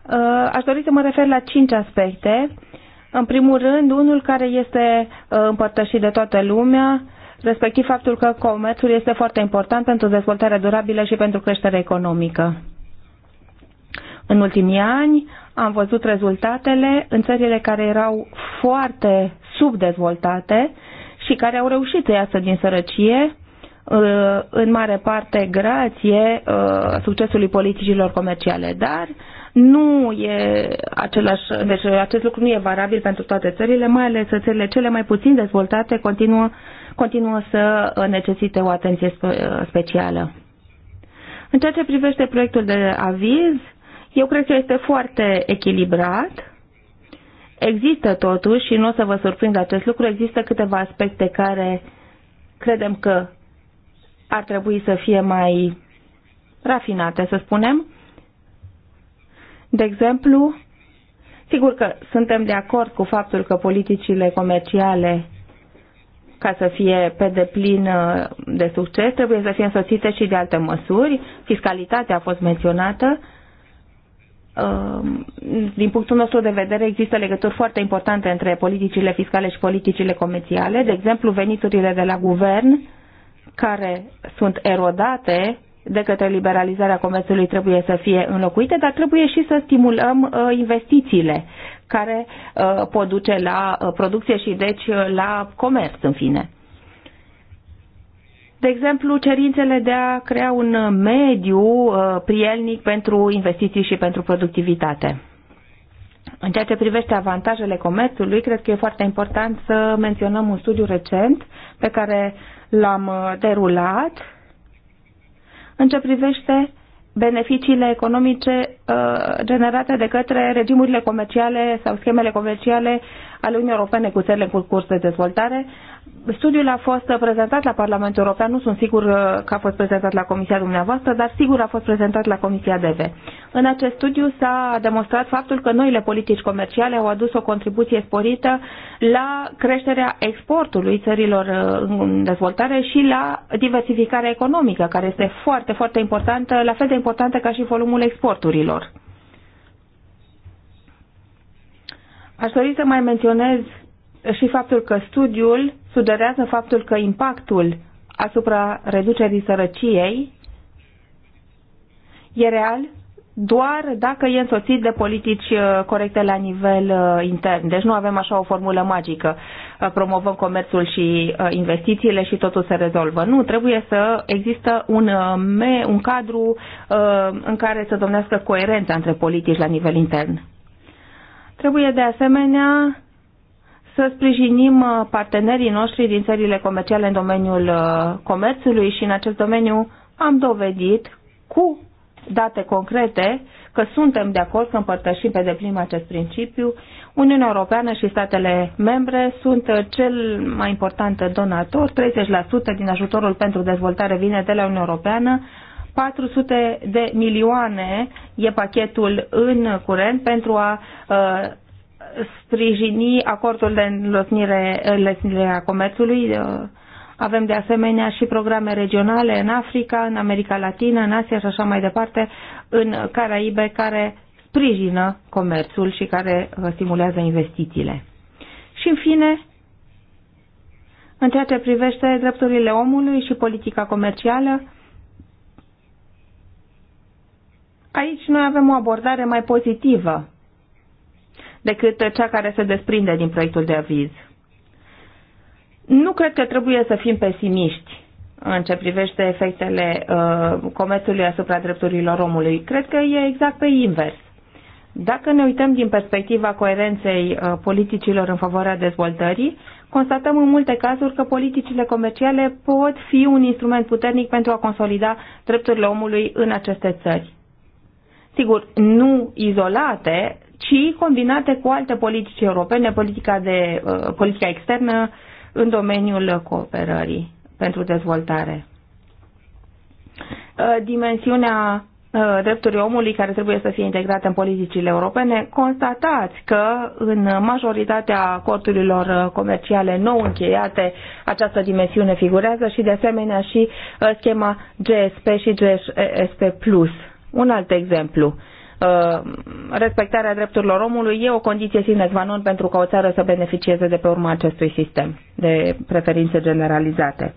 Speaker 3: Uh, aș dori să mă refer la cinci aspecte uh, în primul rând, unul care este uh, împărtășit de toată lumea, respectiv faptul că comerțul este foarte important pentru dezvoltarea durabilă și pentru creșterea economică. În ultimii ani am văzut rezultatele în țările care erau foarte subdezvoltate și care au reușit să iasă din sărăcie, uh, în mare parte grație uh, succesului politicilor comerciale, dar nu e același, deci acest lucru nu e variabil pentru toate țările, mai ales țările cele mai puțin dezvoltate continuă, continuă să necesite o atenție specială. În ceea ce privește proiectul de aviz, eu cred că este foarte echilibrat. Există totuși, și nu o să vă surprind acest lucru, există câteva aspecte care credem că ar trebui să fie mai rafinate, să spunem, de exemplu, sigur că suntem de acord cu faptul că politicile comerciale ca să fie pe deplin uh, de succes, trebuie să fie însoțite și de alte măsuri. Fiscalitatea a fost menționată. Uh, din punctul nostru de vedere, există legături foarte importante între politicile fiscale și politicile comerciale. De exemplu, veniturile de la guvern, care sunt erodate de către liberalizarea comerțului trebuie să fie înlocuite, dar trebuie și să stimulăm uh, investițiile care uh, pot duce la uh, producție și deci la comerț în fine. De exemplu, cerințele de a crea un mediu prielnic pentru investiții și pentru productivitate. În ceea ce privește avantajele comerțului, cred că e foarte important să menționăm un studiu recent pe care l-am derulat în ce privește beneficiile economice uh, generate de către regimurile comerciale sau schemele comerciale ale Uniunii Europene cu țările cu curs de dezvoltare. Studiul a fost prezentat la Parlamentul European, nu sunt sigur uh, că a fost prezentat la Comisia dumneavoastră, dar sigur a fost prezentat la Comisia DEVE. În acest studiu s-a demonstrat faptul că noile politici comerciale au adus o contribuție sporită la creșterea exportului țărilor uh, în dezvoltare și la diversificarea economică, care este foarte, foarte importantă, la fel de importantă ca și volumul exporturilor. Aș dori să mai menționez și faptul că studiul sugerează faptul că impactul asupra reducerii sărăciei e real doar dacă e însoțit de politici uh, corecte la nivel uh, intern. Deci nu avem așa o formulă magică. Uh, promovăm comerțul și investițiile și totul se rezolvă. Nu, trebuie să există un, un cadru în care să domnească coerența între politici la nivel intern. Trebuie de asemenea să sprijinim uh, partenerii noștri din țările comerciale în domeniul uh, comerțului și în acest domeniu am dovedit cu date concrete că suntem de acord că împărtășim pe deplin acest principiu. Uniunea Europeană și statele membre sunt uh, cel mai important donator. 30% din ajutorul pentru dezvoltare vine de la Uniunea Europeană, 400 de milioane e pachetul în curent pentru a ă, sprijini acordul de înlesnire a comerțului. Ă, avem de asemenea și programe regionale în Africa, în America Latină, în Asia și așa mai departe, în Caraibe, care sprijină comerțul și care ă, stimulează investițiile. Și în fine, în ceea ce privește drepturile omului și politica comercială, Aici noi avem o abordare mai pozitivă decât cea care se desprinde din proiectul de aviz. Nu cred că trebuie să fim pesimiști în ce privește efectele uh, comerțului asupra drepturilor omului. Cred că e exact pe invers. Dacă ne uităm din perspectiva coerenței uh, politicilor în favoarea dezvoltării, constatăm în multe cazuri că politicile comerciale pot fi un instrument puternic pentru a consolida drepturile omului în aceste țări sigur, nu izolate, ci combinate cu alte politici europene, politica, de, uh, politica externă în domeniul cooperării pentru dezvoltare. Uh, dimensiunea uh, drepturii omului care trebuie să fie integrate în politicile europene, constatați că în majoritatea acordurilor comerciale nou încheiate această dimensiune figurează și de asemenea și schema GSP și GSP+. Un alt exemplu. Uh, respectarea drepturilor omului e o condiție sine qua non pentru ca o țară să beneficieze de pe urma acestui sistem de preferințe generalizate.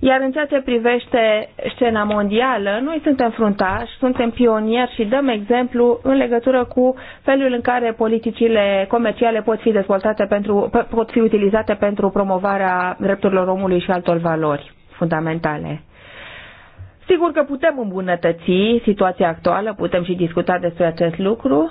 Speaker 3: Iar în ceea ce privește scena mondială, noi suntem fruntași, suntem pionieri și dăm exemplu în legătură cu felul în care politicile comerciale pot fi dezvoltate pentru, pot fi utilizate pentru promovarea drepturilor omului și altor valori fundamentale. Sigur că putem îmbunătăți situația actuală, putem și discuta despre acest lucru.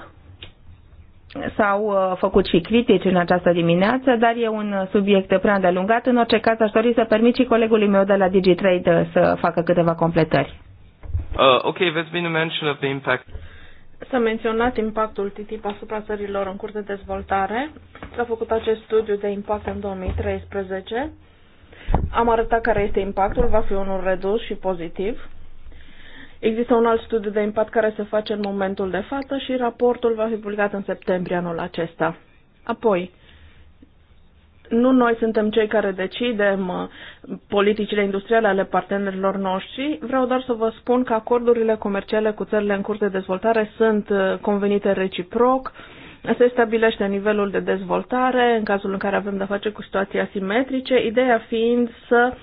Speaker 3: S-au uh, făcut și critici în această dimineață, dar e un subiect prea îndelungat. În orice caz, aș dori să permit și colegului meu de la DigiTrade să facă câteva completări. Uh, ok, veți bine a mention of the impact.
Speaker 4: S-a menționat impactul TTIP asupra țărilor în curs de dezvoltare. S-a făcut acest studiu de impact în 2013 am arătat care este impactul, va fi unul redus și pozitiv. Există un alt studiu de impact care se face în momentul de față și raportul va fi publicat în septembrie anul acesta. Apoi, nu noi suntem cei care decidem uh, politicile industriale ale partenerilor noștri. Vreau doar să vă spun că acordurile comerciale cu țările în curs de dezvoltare sunt uh, convenite reciproc se stabilește nivelul de dezvoltare în cazul în care avem de-a face cu situații asimetrice, ideea fiind să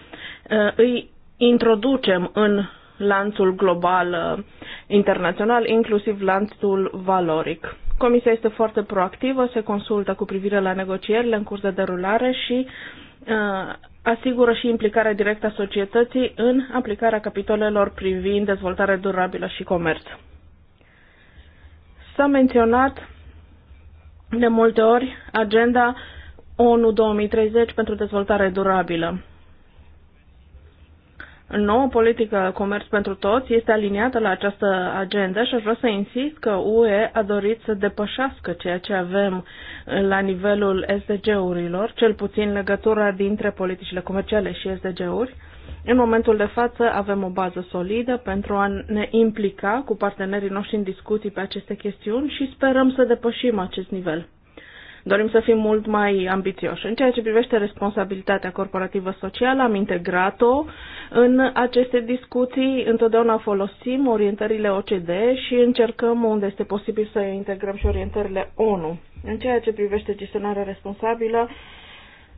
Speaker 4: îi introducem în lanțul global internațional, inclusiv lanțul valoric. Comisia este foarte proactivă, se consultă cu privire la negocierile în curs de derulare și uh, asigură și implicarea directă a societății în aplicarea capitolelor privind dezvoltare durabilă și comerț. S-a menționat de multe ori agenda ONU 2030 pentru dezvoltare durabilă. Noua politică comerț pentru toți este aliniată la această agendă și aș vrea să insist că UE a dorit să depășească ceea ce avem la nivelul SDG-urilor, cel puțin legătura dintre politicile comerciale și SDG-uri, în momentul de față avem o bază solidă pentru a ne implica cu partenerii noștri în discuții pe aceste chestiuni și sperăm să depășim acest nivel. Dorim să fim mult mai ambițioși. În ceea ce privește responsabilitatea corporativă socială, am integrat-o în aceste discuții. Întotdeauna folosim orientările OCD și încercăm unde este posibil să integrăm și orientările ONU. În ceea ce privește gestionarea responsabilă,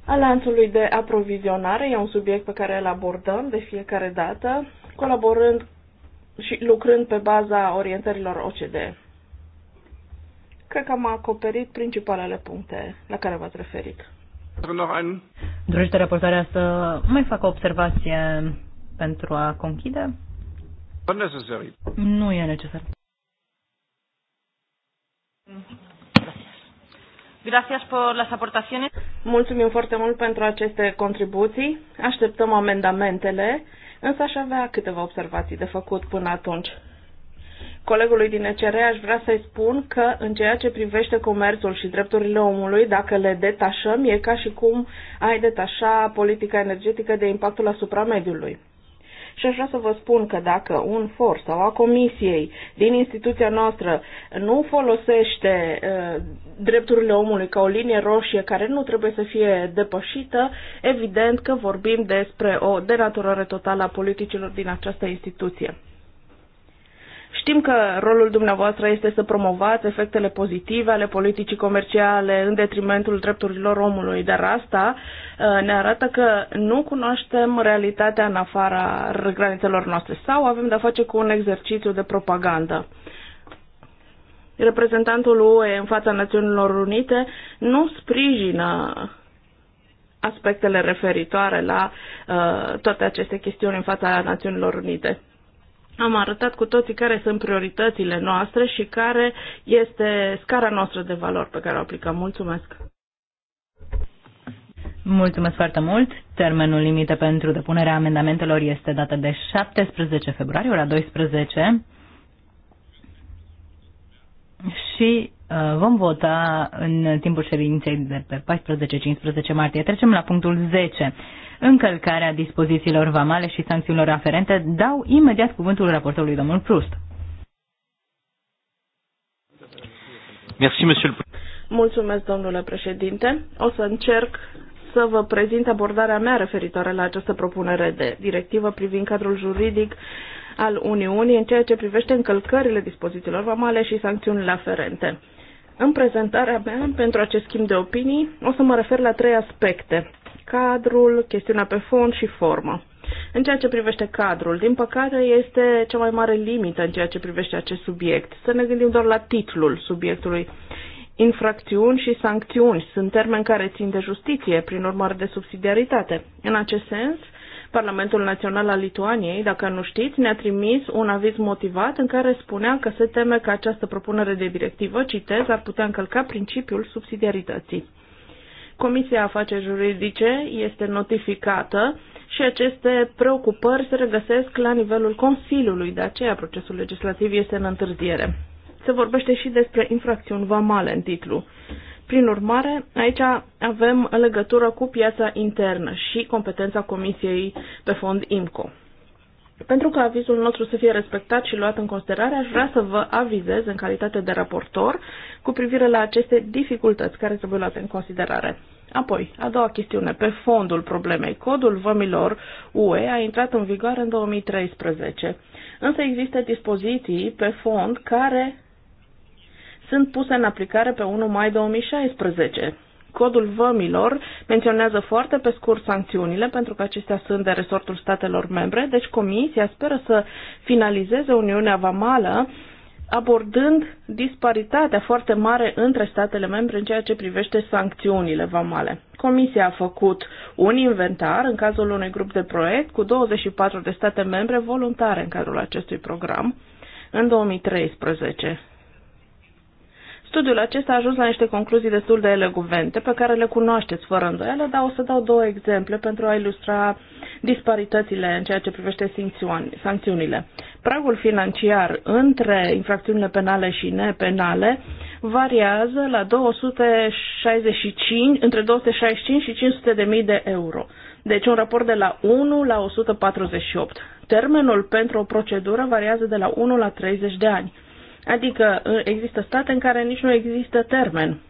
Speaker 4: a lanțului de aprovizionare. E un subiect pe care îl abordăm de fiecare dată, colaborând și lucrând pe baza orientărilor OCDE. Cred că am acoperit principalele puncte la
Speaker 2: care v-ați referit. Dorește raportarea să mai facă o observație pentru a conchide? Nu e necesar.
Speaker 3: Gracias por las aportaciones.
Speaker 4: Mulțumim foarte mult pentru aceste contribuții. Așteptăm amendamentele, însă aș avea câteva observații de făcut până atunci. Colegului din ECR aș vrea să-i spun că în ceea ce privește comerțul și drepturile omului, dacă le detașăm, e ca și cum ai detașa politica energetică de impactul asupra mediului. Și aș vrea să vă spun că dacă un for sau a comisiei din instituția noastră nu folosește uh, drepturile omului ca o linie roșie care nu trebuie să fie depășită, evident că vorbim despre o denaturare totală a politicilor din această instituție. Știm că rolul dumneavoastră este să promovați efectele pozitive ale politicii comerciale în detrimentul drepturilor omului, dar asta uh, ne arată că nu cunoaștem realitatea în afara granițelor noastre sau avem de-a face cu un exercițiu de propagandă reprezentantul UE în fața Națiunilor Unite nu sprijină aspectele referitoare la uh, toate aceste chestiuni în fața Națiunilor Unite. Am arătat cu toții care sunt prioritățile noastre și care este scara noastră de valori pe care o aplicăm. Mulțumesc!
Speaker 2: Mulțumesc foarte mult. Termenul limită pentru depunerea amendamentelor este dată de 17 februarie, ora 12. Și uh, vom vota în timpul ședinței de pe 14-15 martie. Trecem la punctul 10 încălcarea dispozițiilor vamale și sancțiunilor aferente, dau imediat cuvântul raportorului domnul Prust. Merci, monsieur
Speaker 4: Mulțumesc, domnule președinte. O să încerc să vă prezint abordarea mea referitoare la această propunere de directivă privind cadrul juridic al Uniunii în ceea ce privește încălcările dispozițiilor vamale și sancțiunile aferente. În prezentarea mea, pentru acest schimb de opinii, o să mă refer la trei aspecte cadrul, chestiunea pe fond și formă. În ceea ce privește cadrul, din păcate este cea mai mare limită în ceea ce privește acest subiect. Să ne gândim doar la titlul subiectului. Infracțiuni și sancțiuni sunt termeni care țin de justiție, prin urmare de subsidiaritate. În acest sens, Parlamentul Național al Lituaniei, dacă nu știți, ne-a trimis un aviz motivat în care spunea că se teme că această propunere de directivă, citez, ar putea încălca principiul subsidiarității. Comisia Afaceri Juridice este notificată și aceste preocupări se regăsesc la nivelul Consiliului, de aceea procesul legislativ este în întârziere. Se vorbește și despre infracțiuni vamale în titlu. Prin urmare, aici avem legătură cu piața internă și competența Comisiei pe fond IMCO. Pentru ca avizul nostru să fie respectat și luat în considerare, aș vrea să vă avizez în calitate de raportor cu privire la aceste dificultăți care trebuie luate în considerare. Apoi, a doua chestiune, pe fondul problemei, codul vămilor UE a intrat în vigoare în 2013, însă există dispoziții pe fond care sunt puse în aplicare pe 1 mai 2016. Codul vămilor menționează foarte pe scurt sancțiunile, pentru că acestea sunt de resortul statelor membre, deci Comisia speră să finalizeze Uniunea Vamală abordând disparitatea foarte mare între statele membre în ceea ce privește sancțiunile vamale. Comisia a făcut un inventar în cazul unui grup de proiect cu 24 de state membre voluntare în cadrul acestui program în 2013. Studiul acesta a ajuns la niște concluzii destul de eleguvente, pe care le cunoașteți fără îndoială, dar o să dau două exemple pentru a ilustra disparitățile în ceea ce privește sancțiunile. Pragul financiar între infracțiunile penale și nepenale variază la 265, între 265 și 500 de mii de euro. Deci un raport de la 1 la 148. Termenul pentru o procedură variază de la 1 la 30 de ani. Adică uh, există state în care nici nu există termen.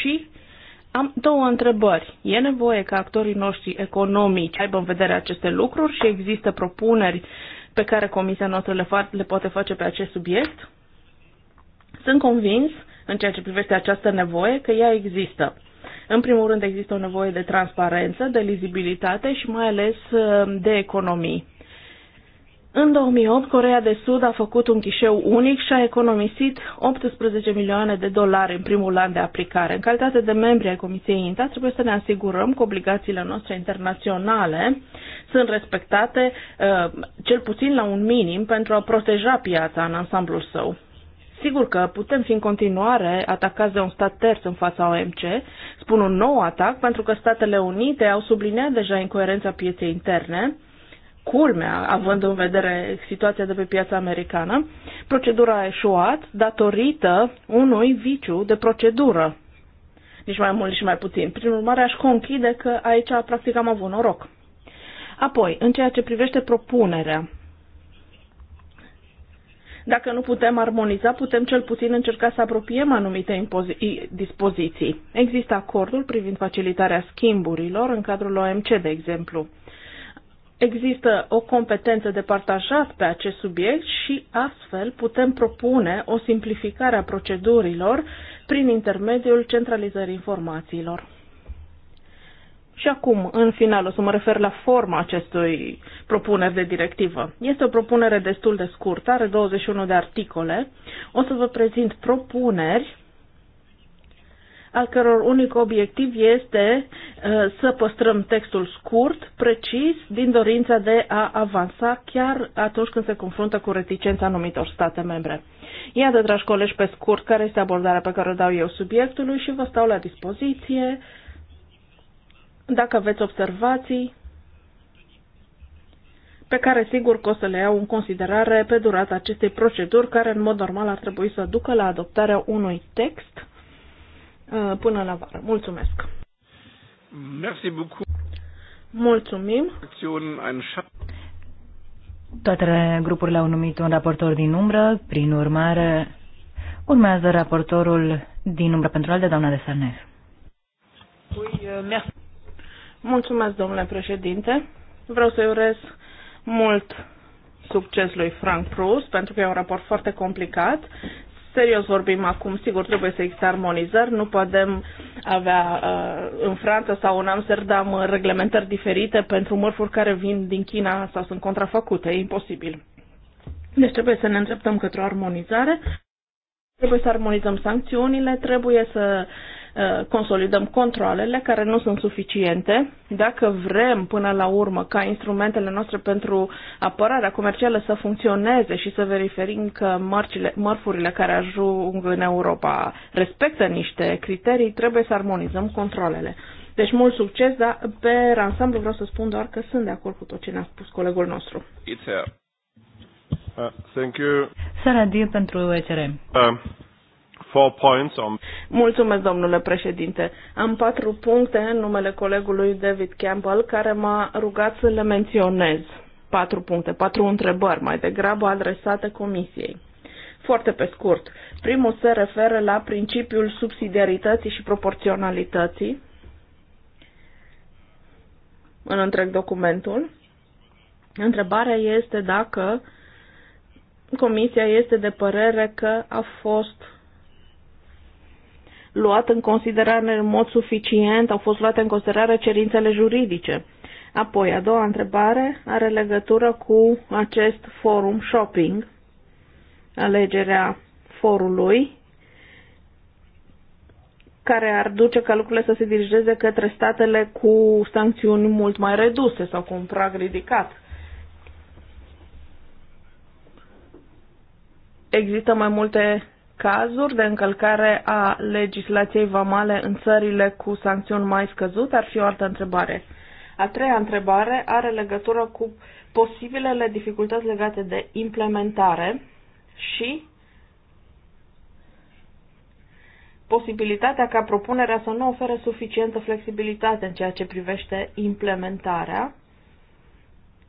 Speaker 4: Și am două întrebări. E nevoie ca actorii noștri economici aibă în vedere aceste lucruri și există propuneri pe care comisia noastră le, fa- le poate face pe acest subiect? Sunt convins, în ceea ce privește această nevoie, că ea există. În primul rând există o nevoie de transparență, de lizibilitate și mai ales uh, de economii. În 2008, Corea de Sud a făcut un ghișeu unic și a economisit 18 milioane de dolari în primul an de aplicare. În calitate de membri ai Comisiei INTA, trebuie să ne asigurăm că obligațiile noastre internaționale sunt respectate uh, cel puțin la un minim pentru a proteja piața în ansamblul său. Sigur că putem fi în continuare atacați de un stat terț în fața OMC, spun un nou atac pentru că Statele Unite au subliniat deja incoerența pieței interne, culmea, având în vedere situația de pe piața americană, procedura a eșuat datorită unui viciu de procedură. Nici mai mult, nici mai puțin. Prin urmare, aș conchide că aici practic am avut noroc. Apoi, în ceea ce privește propunerea, dacă nu putem armoniza, putem cel puțin încerca să apropiem anumite dispoziții. Există acordul privind facilitarea schimburilor în cadrul OMC, de exemplu. Există o competență de partajat pe acest subiect și astfel putem propune o simplificare a procedurilor prin intermediul centralizării informațiilor. Și acum, în final, o să mă refer la forma acestui propuneri de directivă. Este o propunere destul de scurtă, are 21 de articole. O să vă prezint propuneri al căror unic obiectiv este uh, să păstrăm textul scurt, precis, din dorința de a avansa chiar atunci când se confruntă cu reticența anumitor state membre. Iată, dragi colegi, pe scurt, care este abordarea pe care o dau eu subiectului și vă stau la dispoziție dacă aveți observații pe care sigur că o să le iau în considerare pe durata acestei proceduri, care în mod normal ar trebui să ducă la adoptarea unui text Uh, până la vară. Mulțumesc!
Speaker 3: Merci beaucoup.
Speaker 2: Mulțumim! Toate grupurile au numit un raportor din umbră, prin urmare urmează raportorul din umbră pentru al de doamna de Sarnez.
Speaker 4: Păi, uh, Mulțumesc, domnule președinte. Vreau să-i urez mult succes lui Frank Proust, pentru că e un raport foarte complicat, serios vorbim acum, sigur trebuie să existe armonizări, nu putem avea uh, în Franța sau în Amsterdam uh, reglementări diferite pentru mărfuri care vin din China sau sunt contrafăcute, e imposibil. Deci trebuie să ne îndreptăm către o armonizare, trebuie să armonizăm sancțiunile, trebuie să Uh, consolidăm controlele care nu sunt suficiente. Dacă vrem până la urmă ca instrumentele noastre pentru apărarea comercială să funcționeze și să verificăm că mărcile, mărfurile care ajung în Europa respectă niște criterii, trebuie să armonizăm controlele. Deci mult succes, dar pe ansamblu vreau să spun doar că sunt de acord cu tot ce ne-a spus colegul nostru.
Speaker 2: It's here. Uh, thank you.
Speaker 4: Sara pentru
Speaker 2: ECRM. Uh, four points on...
Speaker 4: Mulțumesc, domnule președinte. Am patru puncte în numele colegului David Campbell, care m-a rugat să le menționez. Patru puncte, patru întrebări, mai degrabă adresate comisiei. Foarte pe scurt. Primul se referă la principiul subsidiarității și proporționalității în întreg documentul. Întrebarea este dacă Comisia este de părere că a fost luat în considerare în mod suficient, au fost luate în considerare cerințele juridice. Apoi, a doua întrebare are legătură cu acest forum shopping, alegerea forului, care ar duce ca lucrurile să se dirigeze către statele cu sancțiuni mult mai reduse sau cu un prag ridicat. Există mai multe cazuri de încălcare a legislației vamale în țările cu sancțiuni mai scăzute? Ar fi o altă întrebare. A treia întrebare are legătură cu posibilele dificultăți legate de implementare și posibilitatea ca propunerea să nu ofere suficientă flexibilitate în ceea ce privește implementarea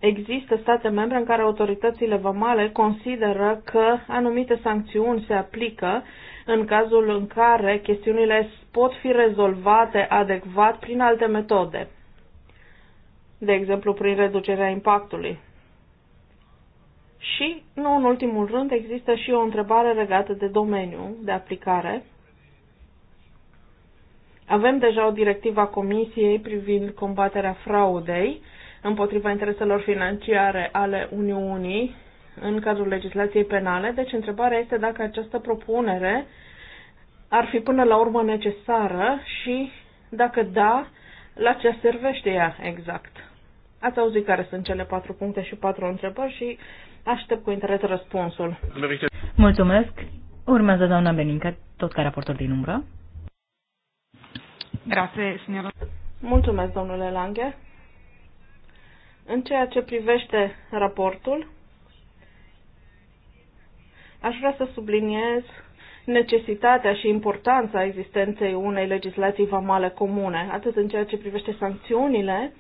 Speaker 4: Există state membre în care autoritățile vamale consideră că anumite sancțiuni se aplică în cazul în care chestiunile pot fi rezolvate adecvat prin alte metode, de exemplu prin reducerea impactului. Și, nu în ultimul rând, există și o întrebare legată de domeniu de aplicare. Avem deja o directivă a Comisiei privind combaterea fraudei, împotriva intereselor financiare ale Uniunii în cadrul legislației penale. Deci întrebarea este dacă această propunere ar fi până la urmă necesară și dacă da, la ce servește ea exact. Ați auzit care sunt cele patru puncte și patru întrebări și aștept cu interes răspunsul.
Speaker 2: Mulțumesc. Urmează doamna Benincă, tot ca raportor din umbră.
Speaker 4: Grazie, signora. Mulțumesc, domnule Lange. În ceea ce privește raportul, aș vrea să subliniez necesitatea și importanța existenței unei legislații vamale comune, atât în ceea ce privește sancțiunile,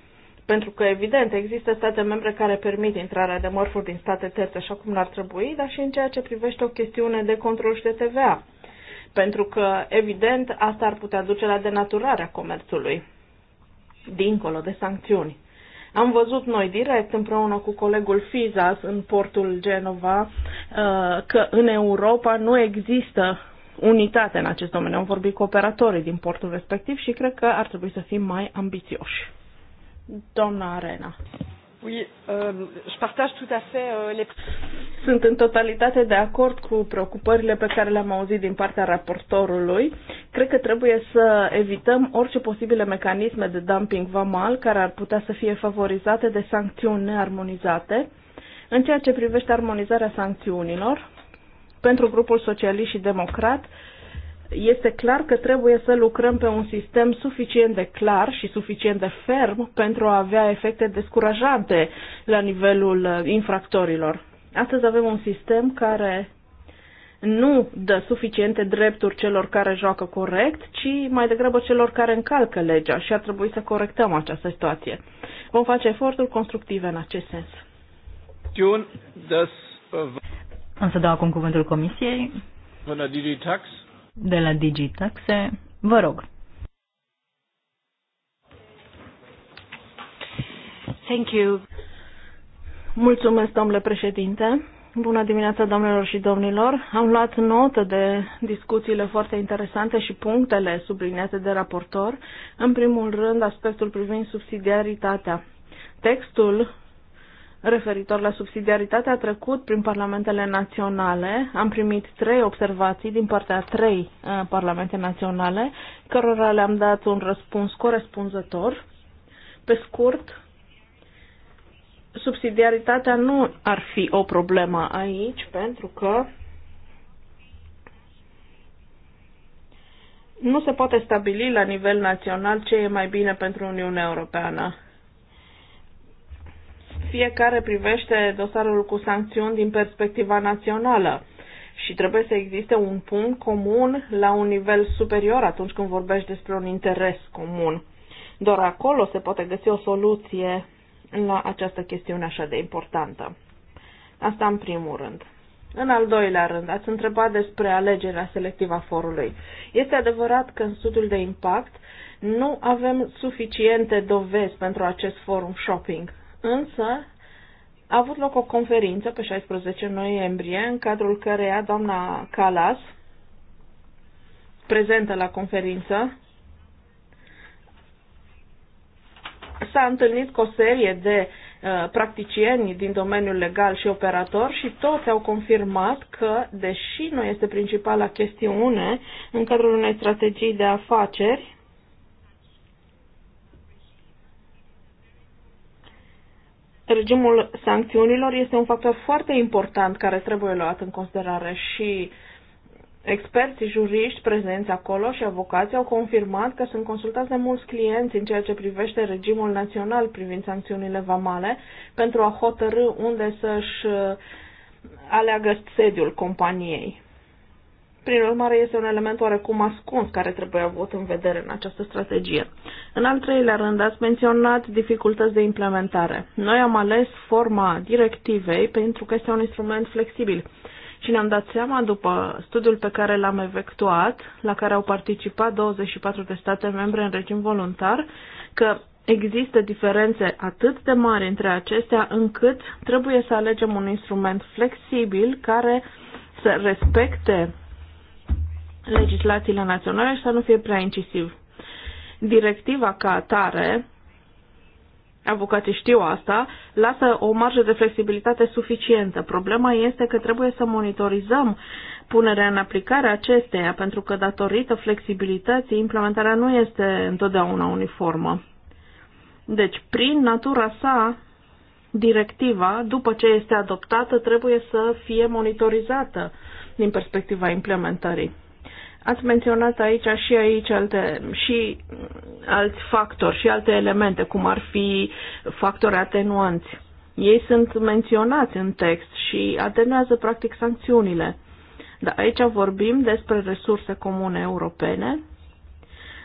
Speaker 4: pentru că, evident, există state membre care permit intrarea de mărfuri din state terțe, așa cum ar trebui, dar și în ceea ce privește o chestiune de control și de TVA, pentru că, evident, asta ar putea duce la denaturarea comerțului, dincolo de sancțiuni. Am văzut noi direct împreună cu colegul Fizas în portul Genova uh, că în Europa nu există unitate în acest domeniu. Am vorbit cu operatorii din portul respectiv și cred că ar trebui să fim mai ambițioși. Doamna Arena. Oui, euh, je partage tout à fait euh, les... Sunt în totalitate de acord cu preocupările pe care le-am auzit din partea raportorului. Cred că trebuie să evităm orice posibile mecanisme de dumping vamal care ar putea să fie favorizate de sancțiuni nearmonizate. În ceea ce privește armonizarea sancțiunilor, pentru grupul socialist și democrat, uh, este clar că trebuie să lucrăm pe un sistem suficient de clar și suficient de ferm pentru a avea efecte descurajante la nivelul uh, infractorilor. Astăzi avem un sistem care nu dă suficiente drepturi celor care joacă corect, ci mai degrabă celor care încalcă legea și ar trebui să corectăm această situație. Vom face eforturi constructive în acest sens.
Speaker 1: Uh,
Speaker 2: Am să dau acum cuvântul Comisiei de la Digitaxe. Vă rog. Thank you.
Speaker 4: Mulțumesc, domnule președinte. Bună dimineața, domnilor și domnilor! Am luat notă de discuțiile foarte interesante și punctele subliniate de raportor. În primul rând, aspectul privind subsidiaritatea. Textul referitor la subsidiaritatea trecut prin parlamentele naționale. Am primit trei observații din partea trei uh, parlamente naționale, cărora le-am dat un răspuns corespunzător. Pe scurt, subsidiaritatea nu ar fi o problemă aici, pentru că nu se poate stabili la nivel național ce e mai bine pentru Uniunea Europeană fiecare privește dosarul cu sancțiuni din perspectiva națională și trebuie să existe un punct comun la un nivel superior atunci când vorbești despre un interes comun. Doar acolo se poate găsi o soluție la această chestiune așa de importantă. Asta în primul rând. În al doilea rând, ați întrebat despre alegerea selectivă a forului. Este adevărat că în studiul de impact nu avem suficiente dovezi pentru acest forum shopping. Însă, a avut loc o conferință pe 16 noiembrie, în cadrul căreia doamna Calas, prezentă la conferință, s-a întâlnit cu o serie de uh, practicieni din domeniul legal și operator și toți au confirmat că, deși nu este principala chestiune în cadrul unei strategii de afaceri, regimul sancțiunilor este un factor foarte important care trebuie luat în considerare și experții juriști prezenți acolo și avocații au confirmat că sunt consultați de mulți clienți în ceea ce privește regimul național privind sancțiunile vamale pentru a hotărâ unde să-și aleagă sediul companiei. Prin urmare, este un element oarecum ascuns care trebuie avut în vedere în această strategie. În al treilea rând, ați menționat dificultăți de implementare. Noi am ales forma directivei pentru că este un instrument flexibil. Și ne-am dat seama după studiul pe care l-am efectuat, la care au participat 24 de state membre în regim voluntar, că există diferențe atât de mari între acestea încât trebuie să alegem un instrument flexibil care să respecte legislațiile naționale și să nu fie prea incisiv. Directiva ca atare, avocații știu asta, lasă o marjă de flexibilitate suficientă. Problema este că trebuie să monitorizăm punerea în aplicare acesteia, pentru că datorită flexibilității implementarea nu este întotdeauna uniformă. Deci, prin natura sa, directiva, după ce este adoptată, trebuie să fie monitorizată din perspectiva implementării. Ați menționat aici și aici alte, și alți factori și alte elemente, cum ar fi factori atenuanți. Ei sunt menționați în text și atenuează practic sancțiunile. Dar aici vorbim despre resurse comune europene,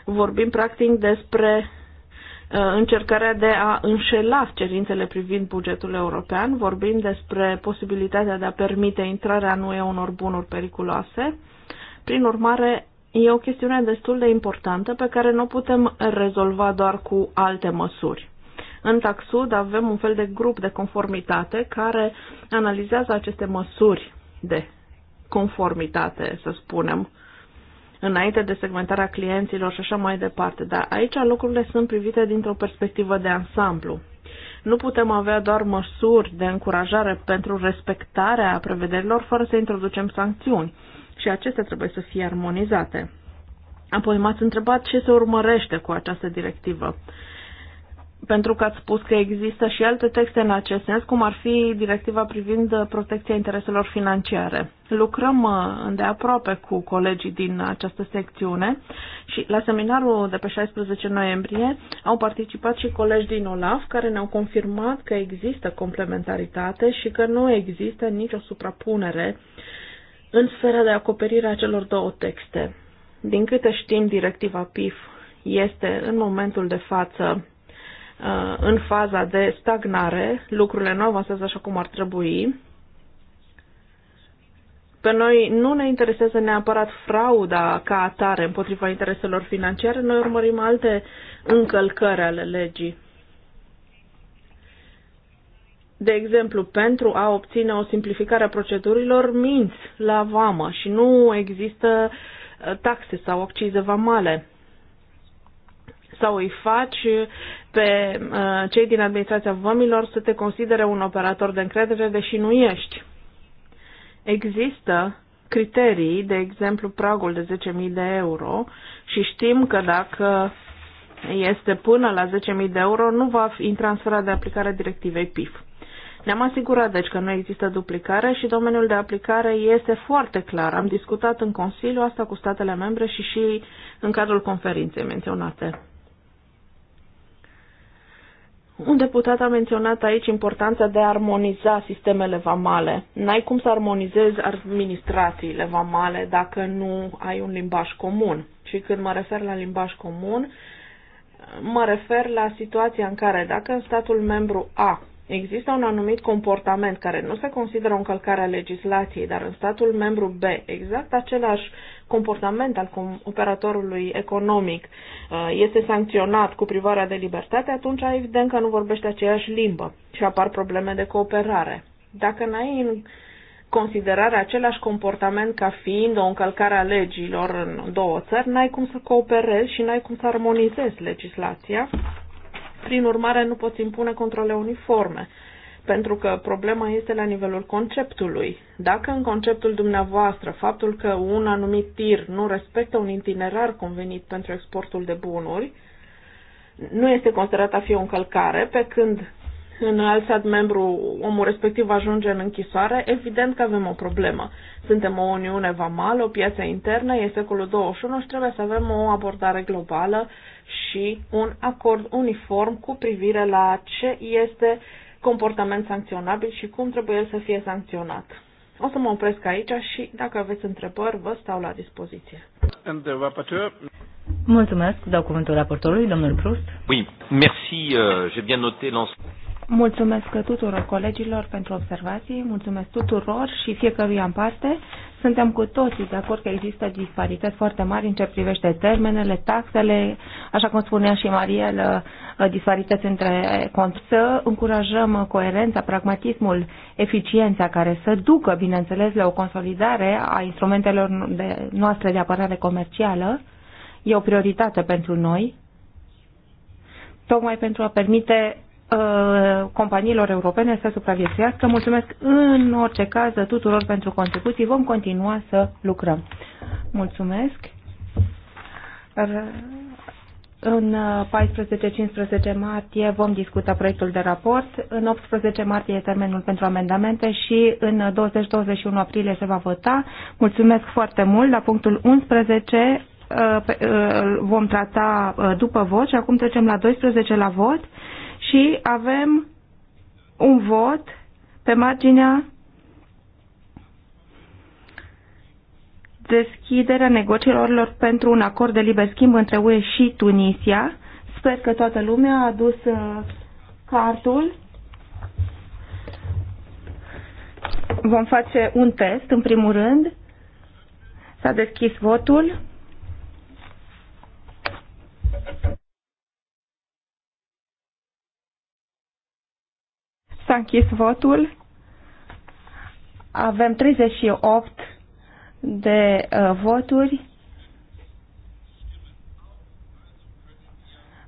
Speaker 4: vorbim practic despre uh, încercarea de a înșela cerințele privind bugetul european, vorbim despre posibilitatea de a permite intrarea în UE unor bunuri periculoase, prin urmare, e o chestiune destul de importantă pe care nu putem rezolva doar cu alte măsuri. În Taxud avem un fel de grup de conformitate care analizează aceste măsuri de conformitate, să spunem, înainte de segmentarea clienților și așa mai departe. Dar aici lucrurile sunt privite dintr-o perspectivă de ansamblu. Nu putem avea doar măsuri de încurajare pentru respectarea prevederilor fără să introducem sancțiuni și acestea trebuie să fie armonizate. Apoi m-ați întrebat ce se urmărește cu această directivă. Pentru că ați spus că există și alte texte în acest sens, cum ar fi directiva privind uh, protecția intereselor financiare. Lucrăm uh, îndeaproape cu colegii din această secțiune și la seminarul de pe 16 noiembrie au participat și colegi din OLAF care ne-au confirmat că există complementaritate și că nu există nicio suprapunere în sfera de acoperire a celor două texte. Din câte știm, directiva PIF este în momentul de față uh, în faza de stagnare, lucrurile nu avansează așa cum ar trebui. Pe noi nu ne interesează neapărat frauda ca atare împotriva intereselor financiare, noi urmărim alte încălcări ale legii de exemplu, pentru a obține o simplificare a procedurilor, minți la vamă și nu există uh, taxe sau accize vamale. Sau îi faci pe uh, cei din administrația vămilor să te considere un operator de încredere, deși nu ești. Există criterii, de exemplu, pragul de 10.000 de euro și știm că dacă este până la 10.000 de euro, nu va fi în de aplicare a directivei PIF. Ne-am asigurat deci că nu există duplicare și domeniul de aplicare este foarte clar. Am discutat în Consiliu asta cu statele membre și și în cadrul conferinței menționate. Un deputat a menționat aici importanța de a armoniza sistemele vamale. N-ai cum să armonizezi administrațiile vamale dacă nu ai un limbaj comun. Și când mă refer la limbaj comun, mă refer la situația în care dacă în statul membru A există un anumit comportament care nu se consideră o încălcare a legislației, dar în statul membru B, exact același comportament al operatorului economic uh, este sancționat cu privarea de libertate, atunci evident că nu vorbește aceeași limbă și apar probleme de cooperare. Dacă n-ai în considerare același comportament ca fiind o încălcare a legilor în două țări, n-ai cum să cooperezi și n-ai cum să armonizezi legislația prin urmare, nu poți impune controle uniforme, pentru că problema este la nivelul conceptului. Dacă în conceptul dumneavoastră faptul că un anumit tir nu respectă un itinerar convenit pentru exportul de bunuri, nu este considerat a fi o încălcare, pe când în alt stat membru omul respectiv ajunge în închisoare, evident că avem o problemă. Suntem o Uniune Vamală, o piață internă, e secolul 21 și trebuie să avem o abordare globală și un acord uniform cu privire la ce este comportament sancționabil și cum trebuie el să fie sancționat. O să mă opresc aici și dacă aveți întrebări, vă
Speaker 2: stau la dispoziție. Mulțumesc. Dau cuvântul raportorului, domnul Proust.
Speaker 3: Oui, merci. Uh, J'ai bien noté l'ensemble.
Speaker 2: Mulțumesc tuturor colegilor
Speaker 3: pentru observații, mulțumesc tuturor și fiecăruia în parte. Suntem cu toții de acord că există disparități foarte mari în ce privește termenele, taxele, așa cum spunea și Mariel, uh, disparități între cont. Să încurajăm coerența, pragmatismul, eficiența care să ducă, bineînțeles, la o consolidare a instrumentelor de, noastre de apărare comercială. E o prioritate pentru noi, tocmai pentru a permite Uh, companiilor europene să supraviețuiască. Mulțumesc în orice caz tuturor pentru contribuții. Vom continua să lucrăm. Mulțumesc. În 14-15 martie vom discuta proiectul de raport, în 18 martie e termenul pentru amendamente și în 20-21 aprilie se va vota. Mulțumesc foarte mult. La punctul 11 uh, uh, vom trata după vot și acum trecem la 12 la vot și avem un vot pe marginea deschiderea negocierilor pentru un acord de liber schimb între UE și Tunisia. Sper că toată lumea a adus uh, cartul. Vom face un test, în primul rând. S-a deschis votul. S-a închis votul. Avem 38 de uh, voturi.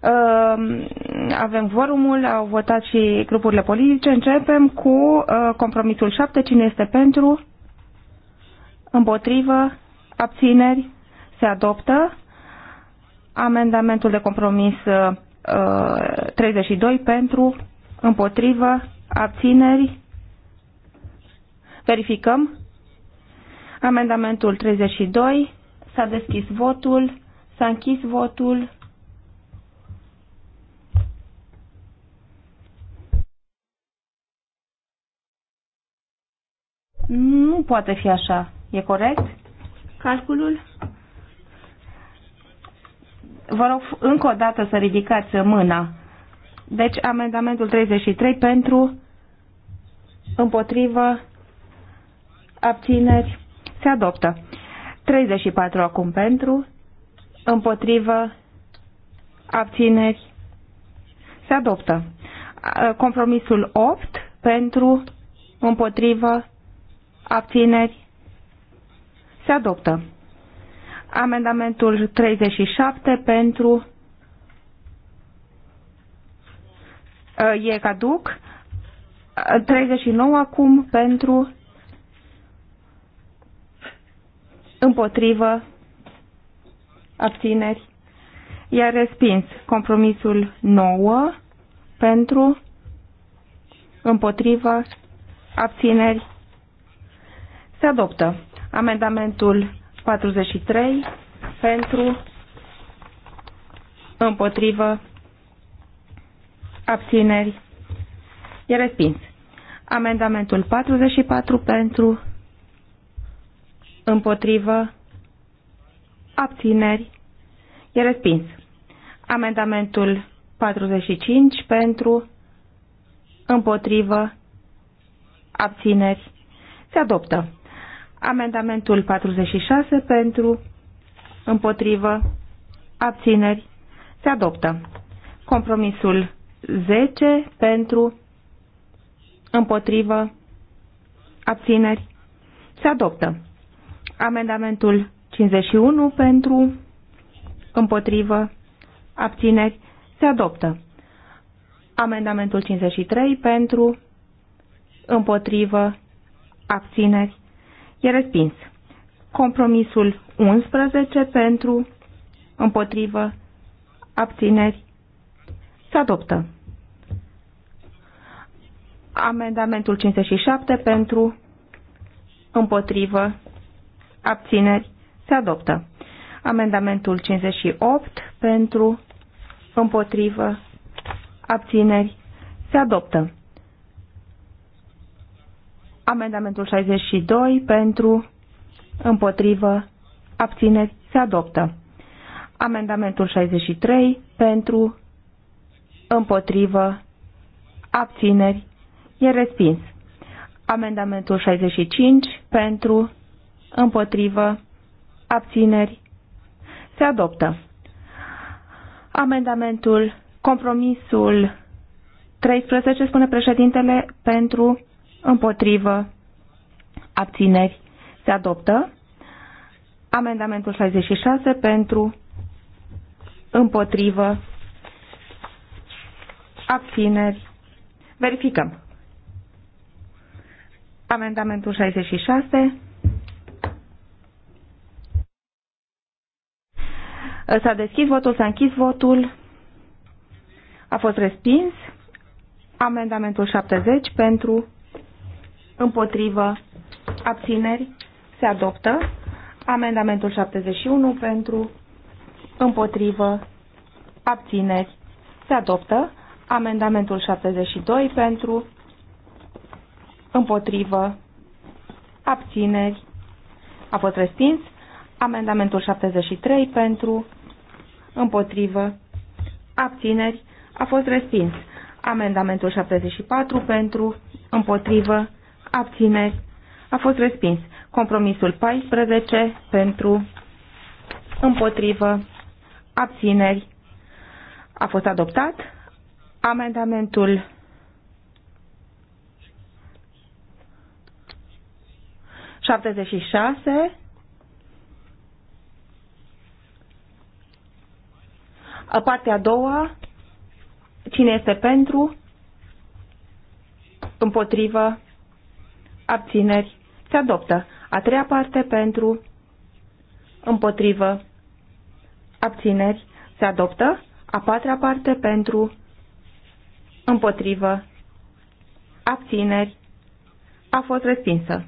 Speaker 3: Uh, avem vorumul, au votat și grupurile politice. Începem cu uh, compromisul 7. Cine este pentru? Împotrivă? Abțineri? Se adoptă. Amendamentul de compromis uh, 32 uh, pentru, împotrivă, abțineri, verificăm. Amendamentul 32, s-a deschis votul, s-a închis votul. Nu poate fi așa. E corect calculul? Vă rog încă o dată să ridicați mâna. Deci amendamentul 33 pentru, împotrivă, abțineri, se adoptă. 34 acum pentru, împotrivă, abțineri, se adoptă. Compromisul 8 pentru, împotrivă, abțineri, se adoptă. Amendamentul 37 pentru, e caduc, 39 acum pentru împotrivă abțineri. iar respins compromisul 9 pentru împotrivă abțineri. Se adoptă amendamentul 43 pentru împotrivă abțineri E respins. Amendamentul 44 pentru, împotrivă, abțineri, e respins. Amendamentul 45 pentru, împotrivă, abțineri, se adoptă. Amendamentul 46 pentru, împotrivă, abțineri, se adoptă. Compromisul 10 pentru, Împotrivă. Abțineri. Se adoptă. Amendamentul 51 pentru. Împotrivă. Abțineri. Se adoptă. Amendamentul 53 pentru. Împotrivă. Abțineri. E respins. Compromisul 11 pentru. Împotrivă. Abțineri. Se adoptă. Amendamentul 57 pentru, împotrivă, abțineri, se adoptă. Amendamentul 58 pentru, împotrivă, abțineri, se adoptă. Amendamentul 62 pentru, împotrivă, abțineri, se adoptă. Amendamentul 63 pentru, împotrivă, abțineri, E respins. Amendamentul 65 pentru, împotrivă, abțineri, se adoptă. Amendamentul, compromisul 13, spune președintele, pentru, împotrivă, abțineri, se adoptă. Amendamentul 66 pentru, împotrivă, abțineri. Verificăm. Amendamentul 66. S-a deschis votul, s-a închis votul. A fost respins. Amendamentul 70 pentru, împotrivă, abțineri, se adoptă. Amendamentul 71 pentru, împotrivă, abțineri, se adoptă. Amendamentul 72 pentru, împotrivă, abțineri, a fost respins. Amendamentul 73 pentru, împotrivă, abțineri, a fost respins. Amendamentul 74 pentru, împotrivă, abțineri, a fost respins. Compromisul 14 pentru, împotrivă, abțineri, a fost adoptat. Amendamentul 76. Partea a doua. Cine este pentru? Împotrivă. Abțineri. Se adoptă. A treia parte pentru. Împotrivă. Abțineri. Se adoptă. A patra parte pentru. Împotrivă. Abțineri. A fost respinsă.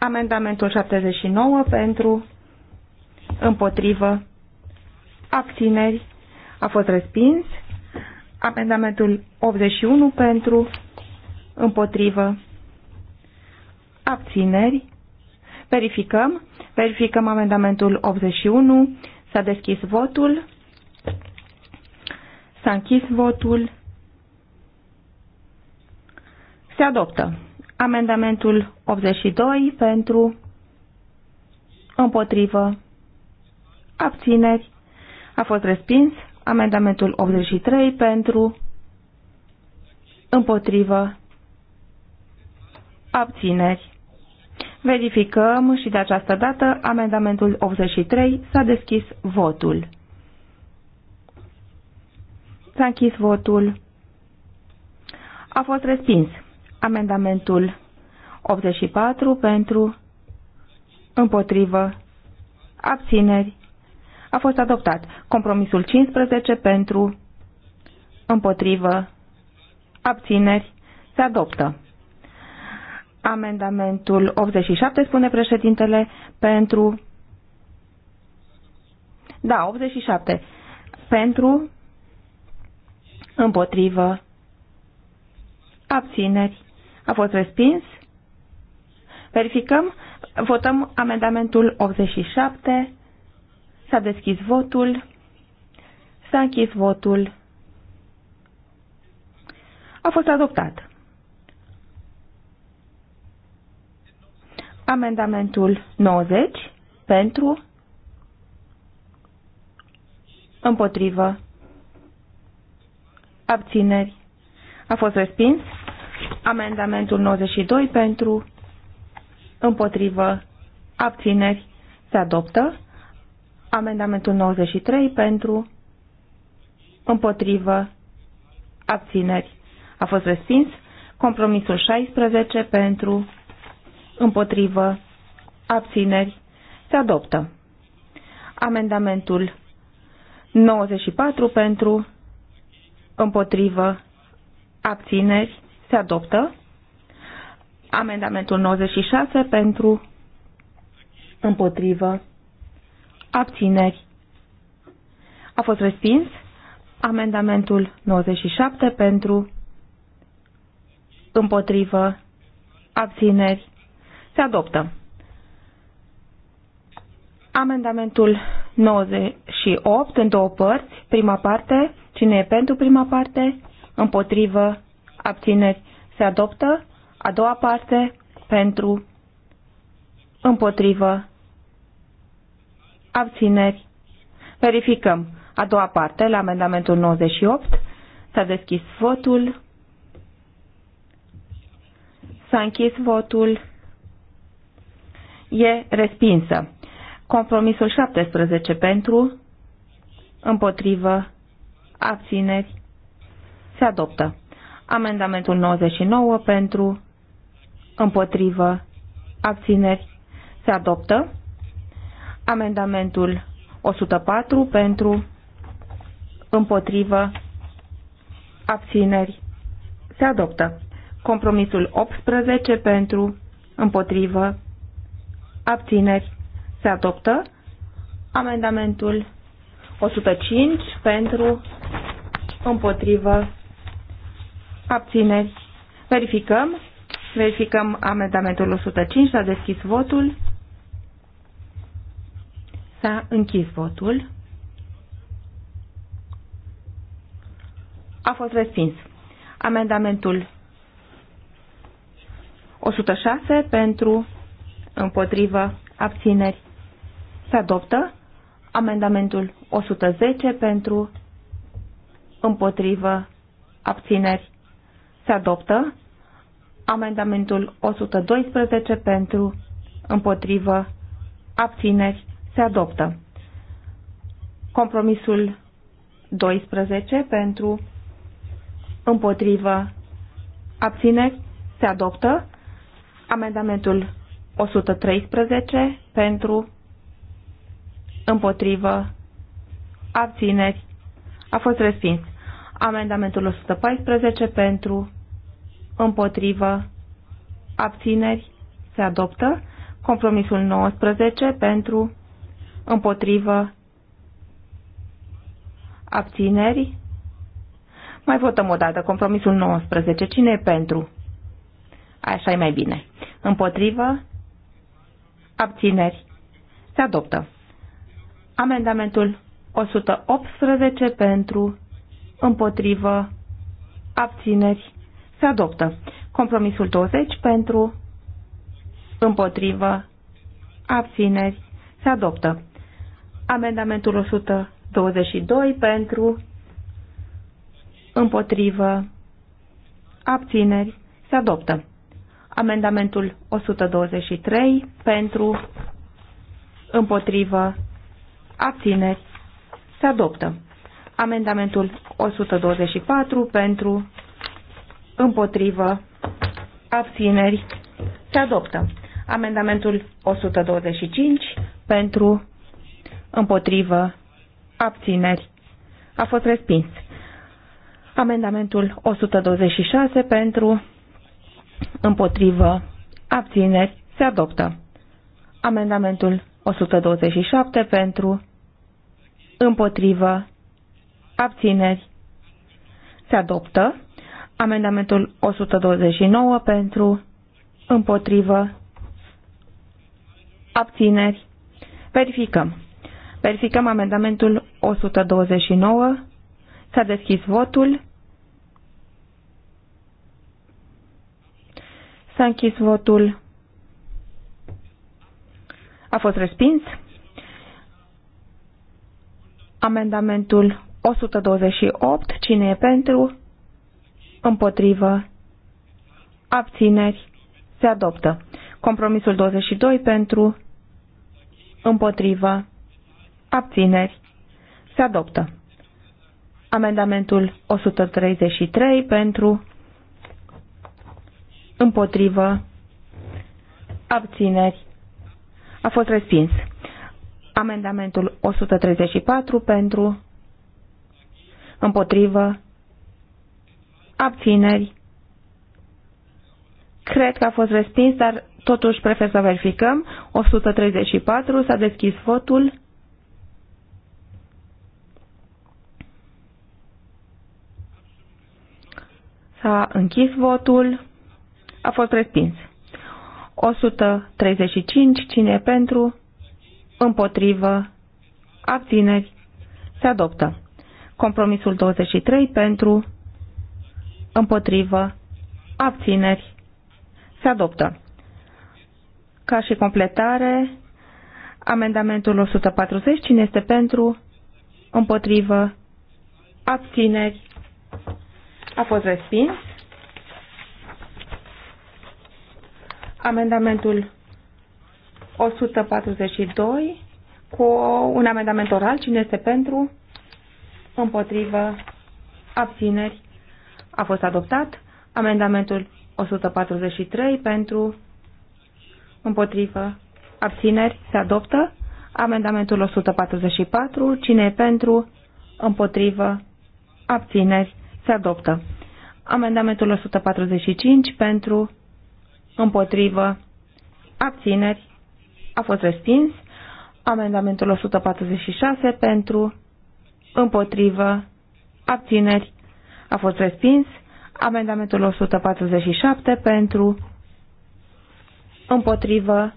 Speaker 3: Amendamentul 79 pentru, împotrivă, abțineri, a fost respins. Amendamentul 81 pentru, împotrivă, abțineri. Verificăm. Verificăm amendamentul 81. S-a deschis votul. S-a închis votul. Se adoptă. Amendamentul 82 pentru, împotrivă, abțineri, a fost respins. Amendamentul 83 pentru, împotrivă, abțineri. Verificăm și de această dată amendamentul 83 s-a deschis votul. S-a închis votul. A fost respins. Amendamentul 84 pentru, împotrivă, abțineri, a fost adoptat. Compromisul 15 pentru, împotrivă, abțineri, se adoptă. Amendamentul 87, spune președintele, pentru... Da, 87. Pentru, împotrivă, abțineri, a fost respins. Verificăm. Votăm amendamentul 87. S-a deschis votul. S-a închis votul. A fost adoptat. Amendamentul 90 pentru împotrivă abțineri. A fost respins. Amendamentul 92 pentru, împotrivă, abțineri, se adoptă. Amendamentul 93 pentru, împotrivă, abțineri, a fost respins. Compromisul 16 pentru, împotrivă, abțineri, se adoptă. Amendamentul 94 pentru, împotrivă, abțineri, se adoptă. Amendamentul 96 pentru împotrivă abțineri a fost respins. Amendamentul 97 pentru împotrivă abțineri se adoptă. Amendamentul 98 în două părți. Prima parte, cine e pentru prima parte, împotrivă, abțineri, se adoptă. A doua parte, pentru, împotrivă, abțineri. Verificăm. A doua parte, la amendamentul 98, s-a deschis votul. S-a închis votul. E respinsă. Compromisul 17 pentru, împotrivă, abțineri, se adoptă. Amendamentul 99 pentru, împotrivă, abțineri, se adoptă. Amendamentul 104 pentru, împotrivă, abțineri, se adoptă. Compromisul 18 pentru, împotrivă, abțineri, se adoptă. Amendamentul 105 pentru, împotrivă, Abțineri. Verificăm. Verificăm amendamentul 105. S-a deschis votul. S-a închis votul. A fost respins. Amendamentul 106 pentru împotrivă abțineri. Se adoptă amendamentul 110 pentru împotrivă abțineri. Se adoptă amendamentul 112 pentru, împotrivă, abțineri. Se adoptă compromisul 12 pentru, împotrivă, abțineri. Se adoptă amendamentul 113 pentru, împotrivă, abțineri. A fost respins. Amendamentul 114 pentru, împotrivă, abțineri, se adoptă. Compromisul 19 pentru, împotrivă, abțineri. Mai votăm o dată. Compromisul 19. Cine e pentru? Așa e mai bine. Împotrivă, abțineri, se adoptă. Amendamentul 118 pentru, împotrivă, abțineri, se adoptă. Compromisul 20 pentru, împotrivă, abțineri. Se adoptă. Amendamentul 122 pentru, împotrivă, abțineri. Se adoptă. Amendamentul 123 pentru, împotrivă, abțineri. Se adoptă. Amendamentul 124 pentru, împotrivă, abțineri, se adoptă. Amendamentul 125 pentru, împotrivă, abțineri, a fost respins. Amendamentul 126 pentru, împotrivă, abțineri, se adoptă. Amendamentul 127 pentru, împotrivă, abțineri, se adoptă. Amendamentul 129 pentru, împotrivă, abțineri. Verificăm. Verificăm amendamentul 129. S-a deschis votul. S-a închis votul. A fost respins. Amendamentul 128. Cine e pentru? împotrivă, abțineri, se adoptă. Compromisul 22 pentru, împotrivă, abțineri, se adoptă. Amendamentul 133 pentru, împotrivă, abțineri, a fost respins. Amendamentul 134 pentru, împotrivă, Abțineri. Cred că a fost respins, dar totuși prefer să verificăm. 134. S-a deschis votul. S-a închis votul. A fost respins. 135. Cine e pentru? Împotrivă. Abțineri. Se adoptă. Compromisul 23 pentru împotrivă, abțineri, se adoptă. Ca și completare, amendamentul 140, cine este pentru, împotrivă, abțineri, a fost respins. Amendamentul 142 cu un amendament oral. Cine este pentru? Împotrivă? Abțineri? a fost adoptat. Amendamentul 143 pentru, împotrivă, abțineri se adoptă. Amendamentul 144, cine e pentru, împotrivă, abțineri se adoptă. Amendamentul 145 pentru, împotrivă, abțineri a fost respins. Amendamentul 146 pentru, împotrivă, abțineri a fost respins. Amendamentul 147 pentru, împotrivă,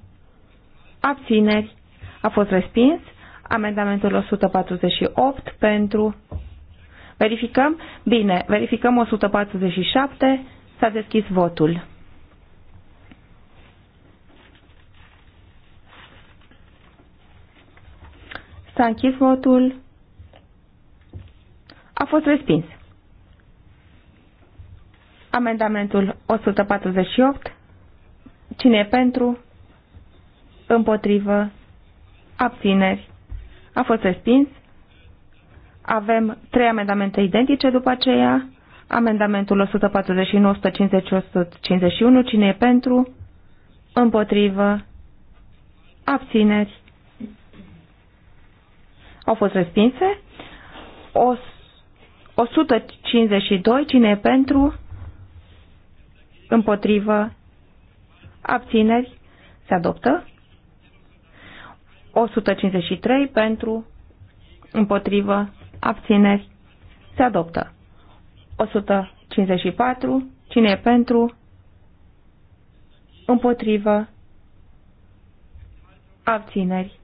Speaker 3: abțineri, a fost respins. Amendamentul 148 pentru, verificăm, bine, verificăm 147, s-a deschis votul. S-a închis votul. A fost respins. Amendamentul 148. Cine e pentru? Împotrivă? Abțineri? A fost respins. Avem trei amendamente identice după aceea. Amendamentul 149, 150, 151. Cine e pentru? Împotrivă? Abțineri? Au fost respinse. O, 152. Cine e pentru? împotrivă, abțineri, se adoptă. 153 pentru, împotrivă, abțineri, se adoptă. 154, cine e pentru, împotrivă, abțineri.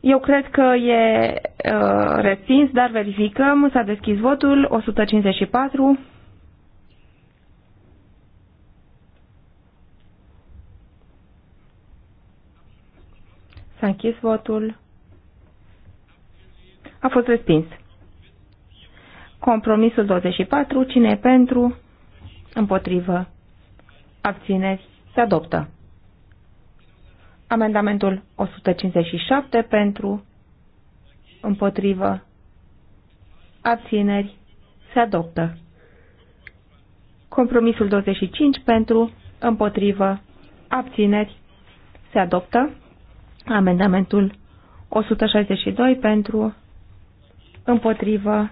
Speaker 3: Eu cred că e uh, respins, dar verificăm. S-a deschis votul. 154. S-a închis votul. A fost respins. Compromisul 24. Cine e pentru? Împotrivă. Abțineri. Se adoptă. Amendamentul 157 pentru. Împotrivă. Abțineri. Se adoptă. Compromisul 25 pentru. Împotrivă. Abțineri. Se adoptă. Amendamentul 162 pentru împotrivă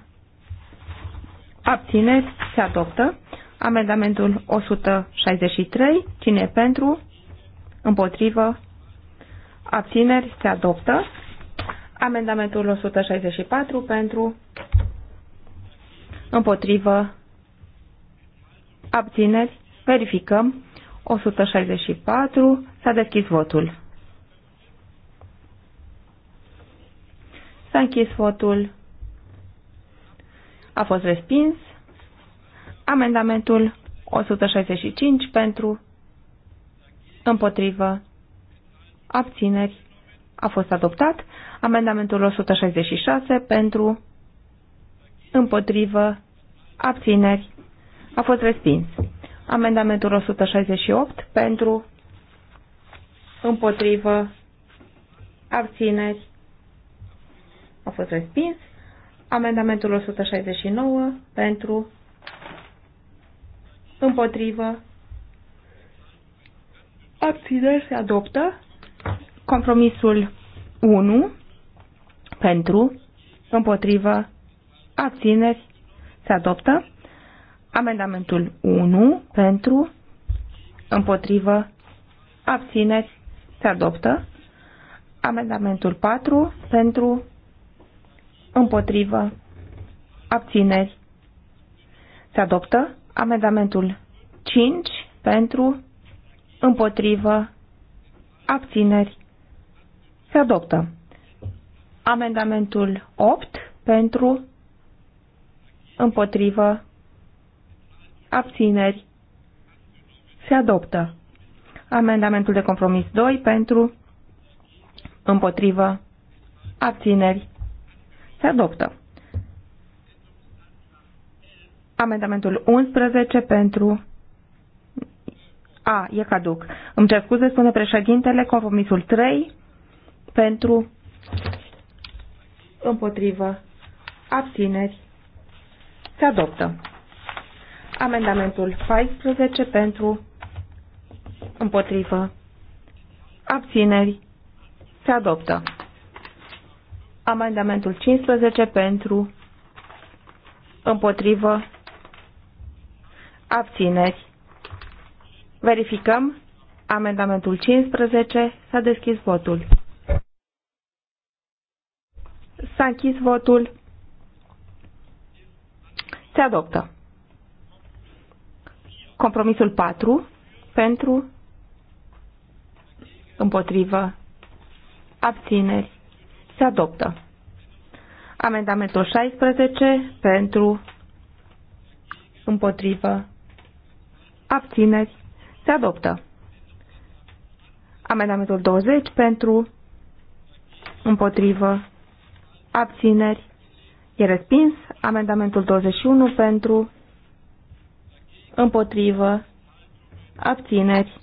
Speaker 3: abțineri se adoptă. Amendamentul 163 cine pentru împotrivă abțineri se adoptă. Amendamentul 164 pentru împotrivă abțineri verificăm 164 s-a deschis votul. S-a închis votul. A fost respins. Amendamentul 165 pentru, împotrivă, abțineri. A fost adoptat. Amendamentul 166 pentru, împotrivă, abțineri. A fost respins. Amendamentul 168 pentru, împotrivă, abțineri a fost respins. Amendamentul 169 pentru împotrivă abțineri se adoptă. Compromisul 1 pentru împotrivă abțineri se adoptă. Amendamentul 1 pentru împotrivă abțineri se adoptă. Amendamentul 4 pentru Împotrivă. Abțineri. Se adoptă amendamentul 5 pentru. Împotrivă. Abțineri. Se adoptă. Amendamentul 8 pentru. Împotrivă. Abțineri. Se adoptă. Amendamentul de compromis 2 pentru. Împotrivă. Abțineri. Se adoptă. Amendamentul 11 pentru a, e caduc. Îmi cer scuze, spune președintele, compromisul 3 pentru împotrivă abțineri se adoptă. Amendamentul 14 pentru împotrivă abțineri se adoptă. Amendamentul 15 pentru, împotrivă, abțineri. Verificăm. Amendamentul 15. S-a deschis votul. S-a închis votul. Se adoptă. Compromisul 4 pentru, împotrivă, abțineri se adoptă. Amendamentul 16 pentru împotrivă abțineri. Se adoptă. Amendamentul 20 pentru împotrivă abțineri. E respins. Amendamentul 21 pentru împotrivă abțineri.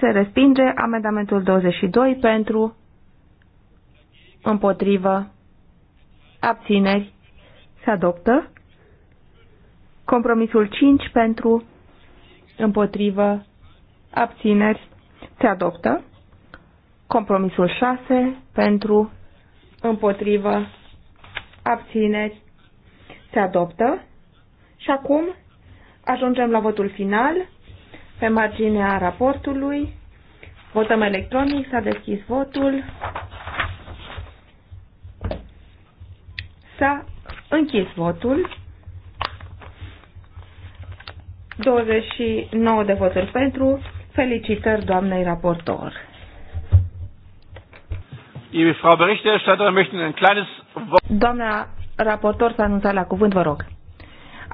Speaker 3: Se respinge amendamentul 22 pentru împotrivă, abțineri, se adoptă. Compromisul 5 pentru, împotrivă, abțineri, se adoptă. Compromisul 6 pentru, împotrivă, abțineri, se adoptă. Și acum ajungem la votul final pe marginea raportului. Votăm electronic, s-a deschis votul. s închis votul. 29 de voturi pentru. Felicitări doamnei raportor. Doamna raportor s-a anunțat la cuvânt, vă rog.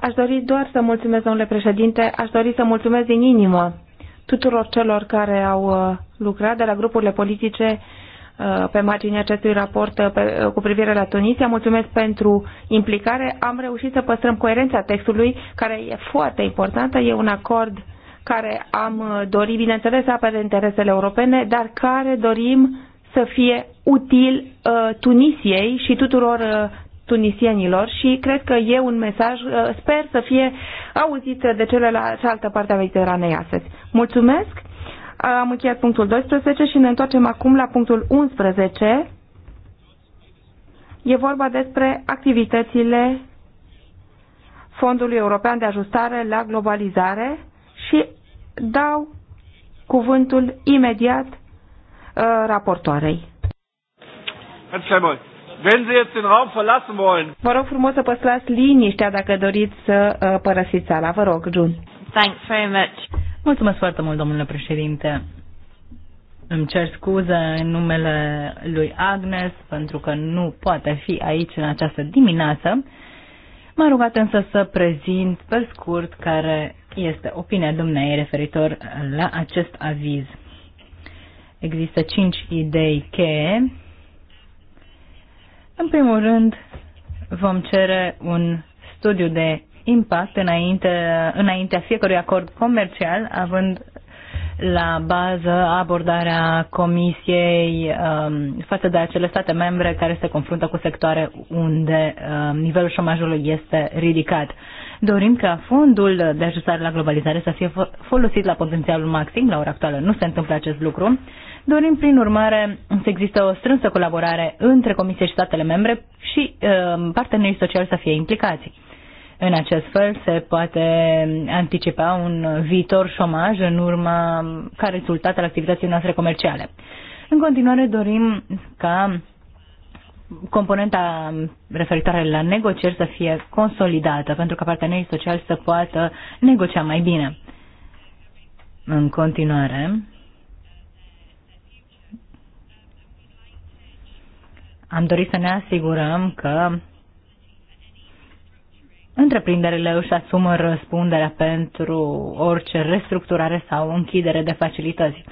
Speaker 3: Aș dori doar să mulțumesc, domnule președinte, aș dori să mulțumesc din inimă tuturor celor care au uh, lucrat de la grupurile politice Uh, pe marginea acestui raport uh, pe, uh, cu privire la Tunisia. Mulțumesc pentru implicare. Am reușit să păstrăm coerența textului, care e foarte importantă. E un acord care am dorit, bineînțeles, să apere interesele europene, dar care dorim să fie util uh, Tunisiei și tuturor uh, tunisienilor și cred că e un mesaj, uh, sper să fie auzit de celelalte parte a Mediteranei astăzi. Mulțumesc! Am încheiat punctul 12 și ne întoarcem acum la punctul 11. E vorba despre activitățile Fondului European de Ajustare la Globalizare și dau cuvântul imediat uh, raportoarei. Vă rog frumos să păstrați
Speaker 2: liniștea dacă doriți să uh, părăsiți sala. Vă rog, Jun. Thanks very much. Mulțumesc foarte mult, domnule președinte. Îmi cer scuze în numele lui Agnes pentru că nu poate fi aici în această dimineață. M-a rugat însă să prezint pe scurt care este opinia dumneai referitor la acest aviz. Există cinci idei cheie. În primul rând, vom cere un studiu de impact înainte, înaintea fiecărui acord comercial, având la bază abordarea Comisiei um, față de acele state membre care se confruntă cu sectoare unde um, nivelul șomajului este ridicat. Dorim ca fondul de ajustare la globalizare să fie folosit la potențialul maxim. La ora actuală nu se întâmplă acest lucru. Dorim, prin urmare, să există o strânsă colaborare între Comisie și statele membre și um, partenerii sociali să fie implicați. În acest fel se poate anticipa un viitor șomaj în urma ca rezultat al activității noastre comerciale. În continuare dorim ca componenta referitoare la negocieri să fie consolidată pentru ca partenerii sociali să poată negocia mai bine. În continuare, am dorit să ne asigurăm că întreprinderile își asumă răspunderea pentru orice restructurare sau închidere de facilități.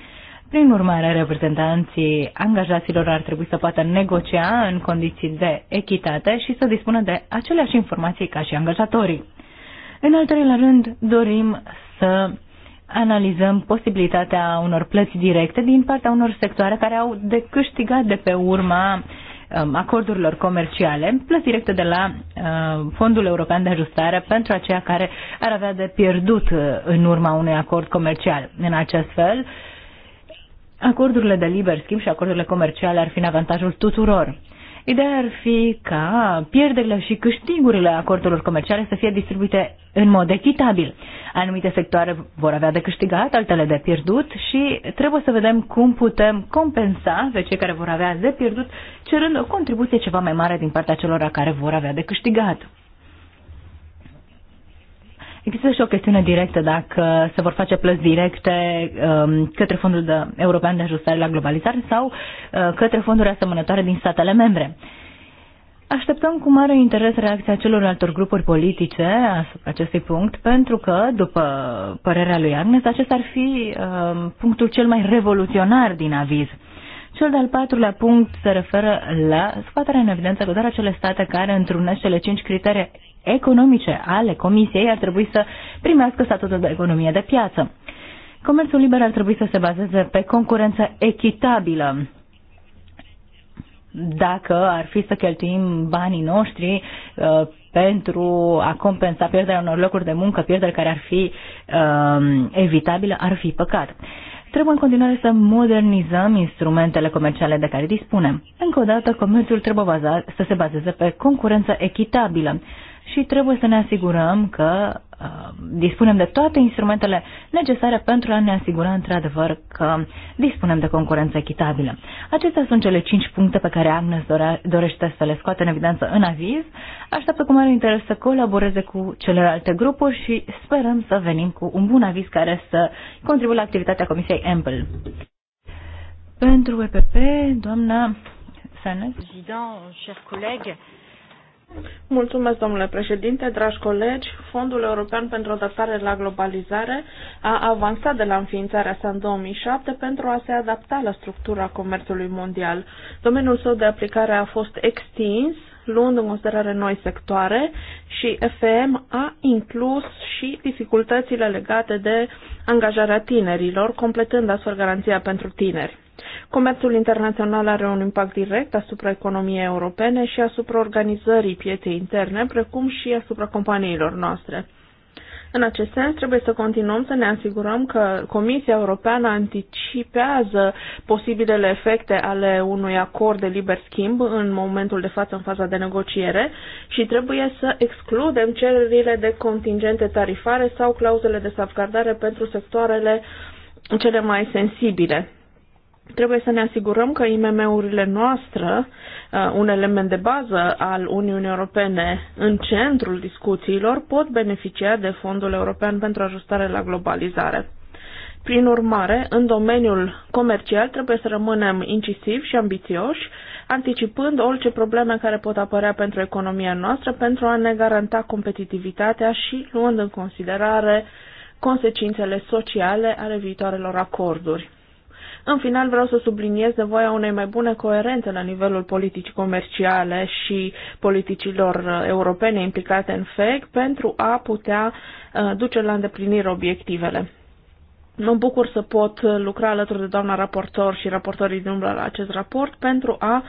Speaker 2: Prin urmare, reprezentanții angajaților ar trebui să poată negocia în condiții de echitate și să dispună de aceleași informații ca și angajatorii. În al treilea rând, dorim să analizăm posibilitatea unor plăți directe din partea unor sectoare care au de câștigat de pe urma Um, acordurilor comerciale, plăți directe de la uh, Fondul European de Ajustare pentru aceia care ar avea de pierdut uh, în urma unui acord comercial. În acest fel, acordurile de liber schimb și acordurile comerciale ar fi în avantajul tuturor. Ideea ar fi ca pierderile și câștigurile acordurilor comerciale să fie distribuite în mod echitabil. Anumite sectoare vor avea de câștigat, altele de pierdut și trebuie să vedem cum putem compensa pe cei care vor avea de pierdut, cerând o contribuție ceva mai mare din partea celor care vor avea de câștigat. Există și o chestiune directă dacă se vor face plăți directe um, către Fondul de European de Ajustare la Globalizare sau uh, către fonduri asemănătoare din statele membre. Așteptăm cu mare interes reacția celor altor grupuri politice asupra acestui punct, pentru că, după părerea lui Agnes, acesta ar fi uh, punctul cel mai revoluționar din aviz. Cel de-al patrulea punct se referă la scoaterea în evidență că doar acele state care întrunesc cele cinci criterii economice ale Comisiei ar trebui să primească statutul de economie de piață. Comerțul liber ar trebui să se bazeze pe concurență echitabilă. Dacă ar fi să cheltuim banii noștri uh, pentru a compensa pierderea unor locuri de muncă, pierderi care ar fi uh, um, evitabilă, ar fi păcat. Trebuie în continuare să modernizăm instrumentele comerciale de care dispunem. Încă o dată, comerțul trebuie bazat, să se bazeze pe concurență echitabilă și trebuie să ne asigurăm că uh, dispunem de toate instrumentele necesare pentru a ne asigura într-adevăr că dispunem de concurență echitabilă. Acestea sunt cele cinci puncte pe care Agnes dorește să le scoată în evidență în aviz. Așteaptă cu mare interes să colaboreze cu celelalte grupuri și sperăm să venim cu un bun aviz care să contribuie la activitatea Comisiei Ample. Pentru EPP, doamna Sanes. Président, chers collègues,
Speaker 4: Mulțumesc, domnule președinte, dragi colegi. Fondul European pentru Adaptare la Globalizare a avansat de la înființarea sa în 2007 pentru a se adapta la structura comerțului mondial. Domeniul său de aplicare a fost extins, luând în considerare noi sectoare și FM a inclus și dificultățile legate de angajarea tinerilor, completând astfel garanția pentru tineri. Comerțul internațional are un impact direct asupra economiei europene și asupra organizării pieței interne, precum și asupra companiilor noastre. În acest sens, trebuie să continuăm să ne asigurăm că Comisia Europeană anticipează posibilele efecte ale unui acord de liber schimb în momentul de față în faza de negociere și trebuie să excludem cererile de contingente tarifare sau clauzele de salvgardare pentru sectoarele cele mai sensibile Trebuie să ne asigurăm că IMM-urile noastre, uh, un element de bază al Uniunii Europene în centrul discuțiilor, pot beneficia de Fondul European pentru Ajustare la Globalizare. Prin urmare, în domeniul comercial trebuie să rămânem incisivi și ambițioși, anticipând orice probleme care pot apărea pentru economia noastră pentru a ne garanta competitivitatea și luând în considerare consecințele sociale ale viitoarelor acorduri. În final vreau să subliniez nevoia unei mai bune coerențe la nivelul politicii comerciale și politicilor uh, europene implicate în FEG pentru a putea uh, duce la îndeplinire obiectivele. Mă bucur să pot uh, lucra alături de doamna raportor și raportorii din umbră la acest raport pentru a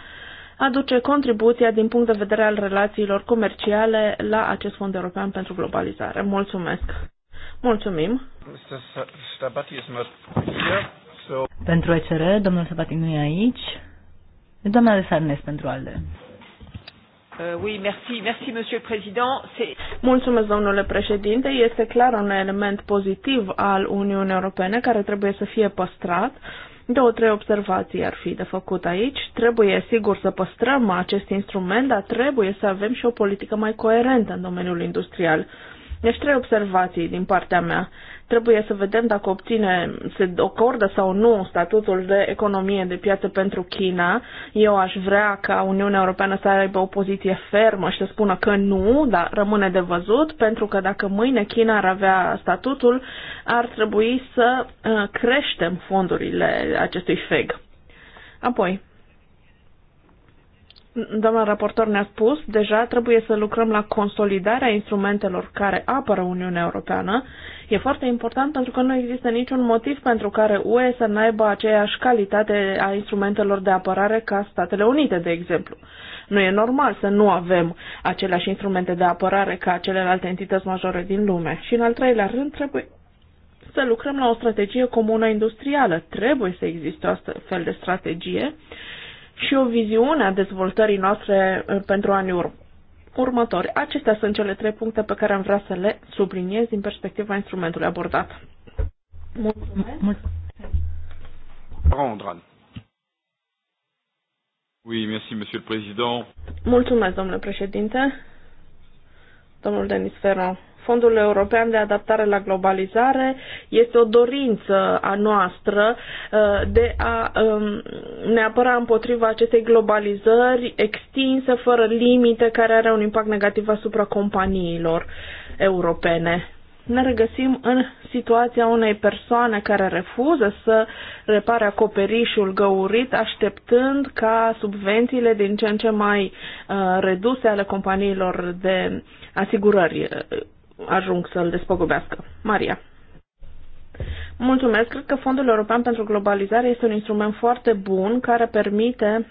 Speaker 4: aduce contribuția din punct de vedere al relațiilor comerciale la acest fond european pentru globalizare. Mulțumesc! Mulțumim!
Speaker 1: Mr so...
Speaker 2: Pentru ECR, domnul Săpatin nu e aici. Doamna de Sarnes pentru ALDE.
Speaker 4: Uh, oui, merci, merci, Monsieur Président. Mulțumesc, domnule președinte. Este clar un element pozitiv al Uniunii Europene care trebuie să fie păstrat. Două, trei observații ar fi de făcut aici. Trebuie, sigur, să păstrăm acest instrument, dar trebuie să avem și o politică mai coerentă în domeniul industrial. Uh, deci trei observații din partea mea. Trebuie să vedem dacă obține, se acordă sau nu statutul de economie de piață pentru China. Eu aș vrea ca Uniunea Europeană să aibă o poziție fermă și să spună că nu, dar rămâne de văzut, pentru că dacă mâine China ar avea statutul, ar trebui să uh, creștem fondurile acestui FEG. Apoi, doamna raportor ne-a spus, deja trebuie să lucrăm la consolidarea instrumentelor care apără Uniunea Europeană. E foarte important pentru că nu există niciun motiv pentru care UE să n-aibă aceeași calitate a instrumentelor de apărare ca Statele Unite, de exemplu. Nu e normal să nu avem aceleași instrumente de apărare ca celelalte entități majore din lume. Și în al treilea rând trebuie să lucrăm la o strategie comună industrială. Trebuie să existe o astfel de strategie și o viziune a dezvoltării noastre uh, pentru anii următori următori. Acestea sunt cele trei puncte pe care am vrea să le subliniez din perspectiva instrumentului abordat. Mulțumesc. Mulțumesc, domnule președinte. Domnul Denis Ferro Fondul European de Adaptare la Globalizare este o dorință a noastră uh, de a um, ne apăra împotriva acestei globalizări extinse, fără limite, care are un impact negativ asupra companiilor europene ne regăsim în situația unei persoane care refuză să repare acoperișul găurit, așteptând ca subvențiile din ce în ce mai uh, reduse ale companiilor de asigurări uh, ajung să-l despăgubească. Maria. Mulțumesc. Cred că Fondul European pentru Globalizare este un instrument foarte bun care permite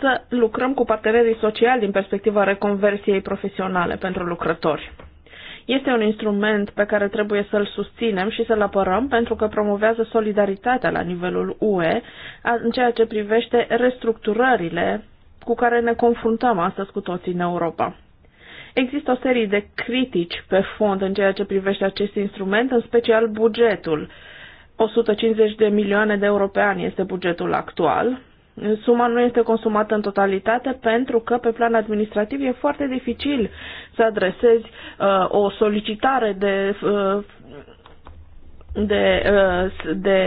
Speaker 4: să lucrăm cu partenerii sociali din perspectiva reconversiei profesionale pentru lucrători. Este un instrument pe care trebuie să-l susținem și să-l apărăm pentru că promovează solidaritatea la nivelul UE în ceea ce privește restructurările cu care ne confruntăm astăzi cu toții în Europa. Există o serie de critici pe fond în ceea ce privește acest instrument, în special bugetul. 150 de milioane de europeani este bugetul actual. Suma nu este consumată în totalitate pentru că pe plan administrativ e foarte dificil să adresezi uh, o solicitare de, uh, de, uh, de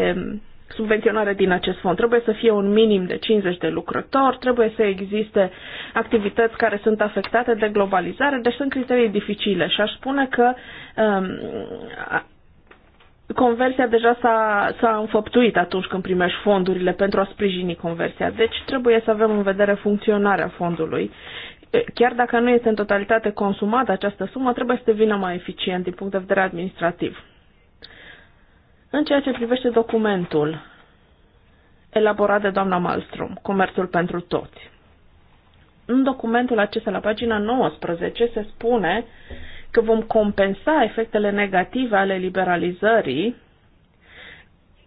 Speaker 4: subvenționare din acest fond. Trebuie să fie un minim de 50 de lucrători, trebuie să existe activități care sunt afectate de globalizare, deci sunt criterii dificile și aș spune că um, conversia deja s-a, s-a înfăptuit atunci când primești fondurile pentru a sprijini conversia. Deci trebuie să avem în vedere funcționarea fondului. Chiar dacă nu este în totalitate consumată această sumă, trebuie să devină mai eficient din punct de vedere administrativ. În ceea ce privește documentul elaborat de doamna Malmström, Comerțul pentru toți. În documentul acesta, la pagina 19, se spune că vom compensa efectele negative ale liberalizării.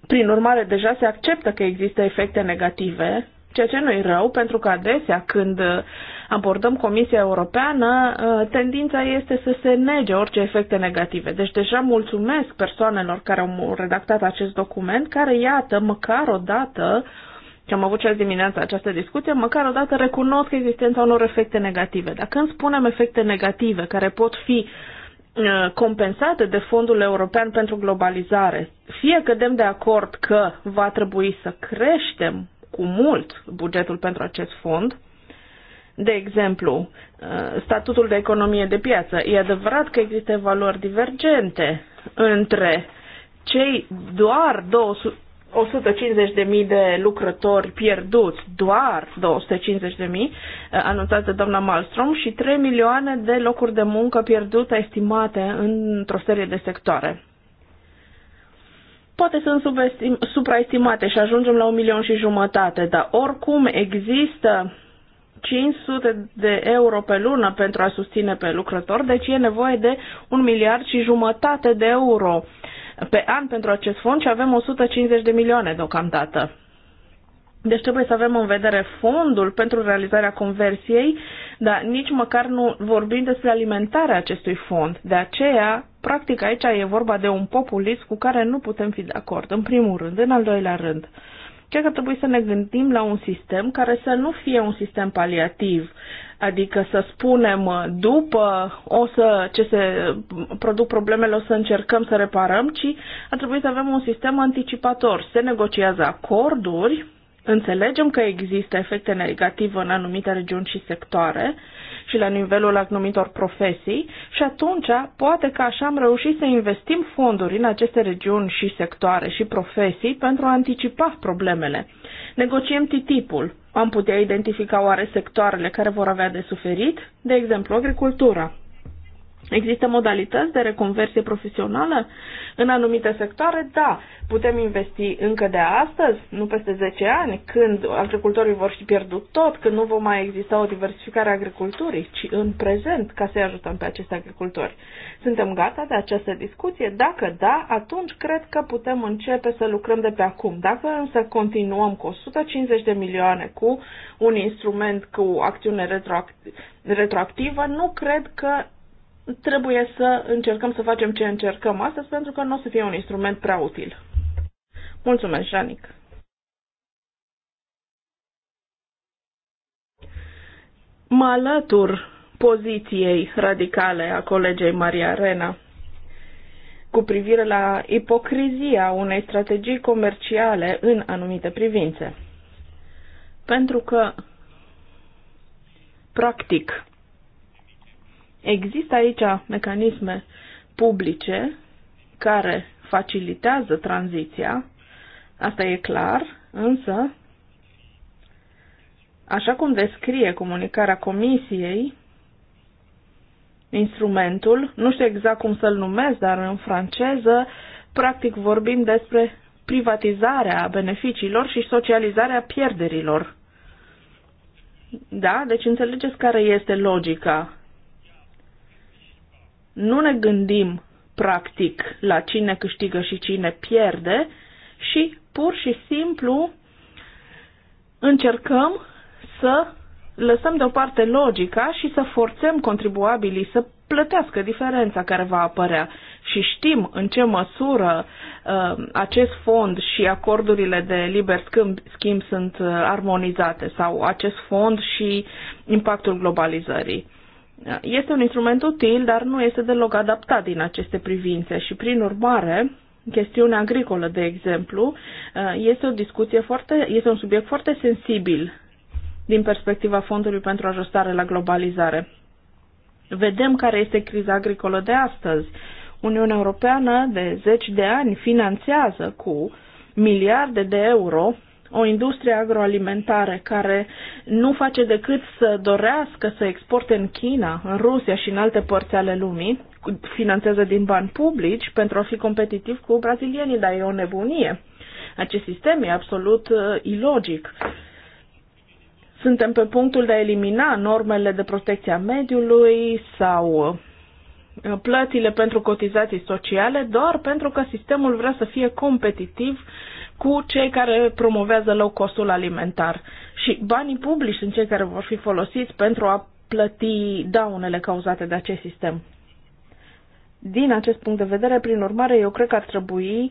Speaker 4: Prin urmare, deja se acceptă că există efecte negative, ceea ce nu e rău, pentru că adesea când abordăm Comisia Europeană, ă, tendința este să se nege orice efecte negative. Deci deja mulțumesc persoanelor care au redactat acest document, care, iată, măcar o dată și am avut și azi dimineața această discuție, măcar dată recunosc existența unor efecte negative. Dar când spunem efecte negative care pot fi ă, compensate de Fondul European pentru Globalizare, fie cădem de acord că va trebui să creștem cu mult bugetul pentru acest fond, de exemplu, uh, statutul de economie de piață. E adevărat că există valori divergente între cei doar 200, 150.000 de lucrători pierduți, doar 250.000, uh, anunțați de doamna Malmström, și 3 milioane de locuri de muncă pierdute estimate într-o serie de sectoare. Poate sunt supraestimate și ajungem la un milion și jumătate, dar oricum există 500 de euro pe lună pentru a susține pe lucrător, deci e nevoie de un miliard și jumătate de euro pe an pentru acest fond și avem 150 de milioane deocamdată. Deci trebuie să avem în vedere fondul pentru realizarea conversiei, dar nici măcar nu vorbim despre alimentarea acestui fond. De aceea, practic aici e vorba de un populism cu care nu putem fi de acord, în primul rând, în al doilea rând. Uh, Cred că trebuie să ne gândim la un sistem care să nu fie un sistem paliativ, adică să spunem după o să, ce se produc problemele o să încercăm să reparăm, ci ar trebui să avem un sistem anticipator. Se negociază acorduri, înțelegem că există efecte negative în anumite regiuni și sectoare, și la nivelul anumitor profesii și atunci poate că așa am reușit să investim fonduri în aceste regiuni și sectoare și profesii pentru a anticipa problemele. Negociem TTIP-ul. Am putea identifica oare sectoarele care vor avea de suferit, de exemplu agricultura. Există modalități de reconversie profesională în anumite sectoare? Da. Putem investi încă de astăzi, nu peste 10 ani, când agricultorii vor fi pierdut tot, când nu va mai exista o diversificare a agriculturii, ci în prezent, ca să-i ajutăm pe acești agricultori. Suntem gata de această discuție? Dacă da, atunci cred că putem începe să lucrăm de pe acum. Dacă însă continuăm cu 150 de milioane, cu un instrument, cu acțiune retroactivă, retroactivă, nu cred că trebuie să încercăm să facem ce încercăm astăzi, pentru că nu o să fie un instrument prea util. Mulțumesc, Janic! Mă alătur poziției radicale a colegei Maria Rena cu privire la ipocrizia unei strategii comerciale în anumite privințe. Pentru că, practic, Există aici mecanisme publice care facilitează tranziția, asta e clar, însă, așa cum descrie comunicarea Comisiei, instrumentul, nu știu exact cum să-l numesc, dar în franceză, practic vorbim despre privatizarea beneficiilor și socializarea pierderilor. Da? Deci înțelegeți care este logica nu ne gândim practic la cine câștigă și cine pierde și pur și simplu încercăm să lăsăm deoparte logica și să forțăm contribuabilii să plătească diferența care va apărea și știm în ce măsură uh, acest fond și acordurile de liber schimb, schimb sunt uh, armonizate sau acest fond și impactul globalizării. Este un instrument util, dar nu este deloc adaptat din aceste privințe și, prin urmare, chestiunea agricolă, de exemplu, uh, este o discuție foarte, este un subiect foarte sensibil din perspectiva Fondului pentru Ajustare la Globalizare. Vedem care este criza agricolă de astăzi. Uniunea Europeană de zeci de ani finanțează cu miliarde de euro o industrie agroalimentară care nu face decât să dorească să exporte în China, în Rusia și în alte părți ale lumii, finanțează din bani publici pentru a fi competitiv cu brazilienii, dar e o nebunie. Acest sistem e absolut uh, ilogic. Suntem pe punctul de a elimina normele de protecție a mediului sau uh, plățile pentru cotizații sociale doar pentru că sistemul vrea să fie competitiv cu cei care promovează low costul alimentar. Și banii publici sunt cei care vor fi folosiți pentru a plăti daunele cauzate de acest sistem. Din acest punct de vedere, prin urmare, eu cred că ar trebui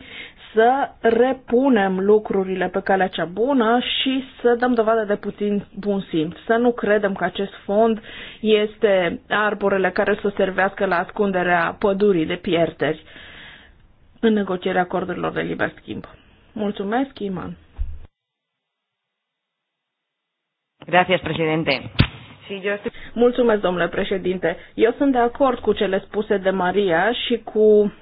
Speaker 4: să repunem lucrurile pe calea cea bună și să dăm dovadă de puțin bun simț. Să nu credem că acest fond este arborele care să servească la ascunderea pădurii de pierderi
Speaker 3: în negocierea acordurilor de liber schimb.
Speaker 4: Mulțumesc, Iman.
Speaker 3: Gracias, presidente.
Speaker 4: Mulțumesc, domnule președinte. Eu sunt de acord cu cele spuse de Maria și cu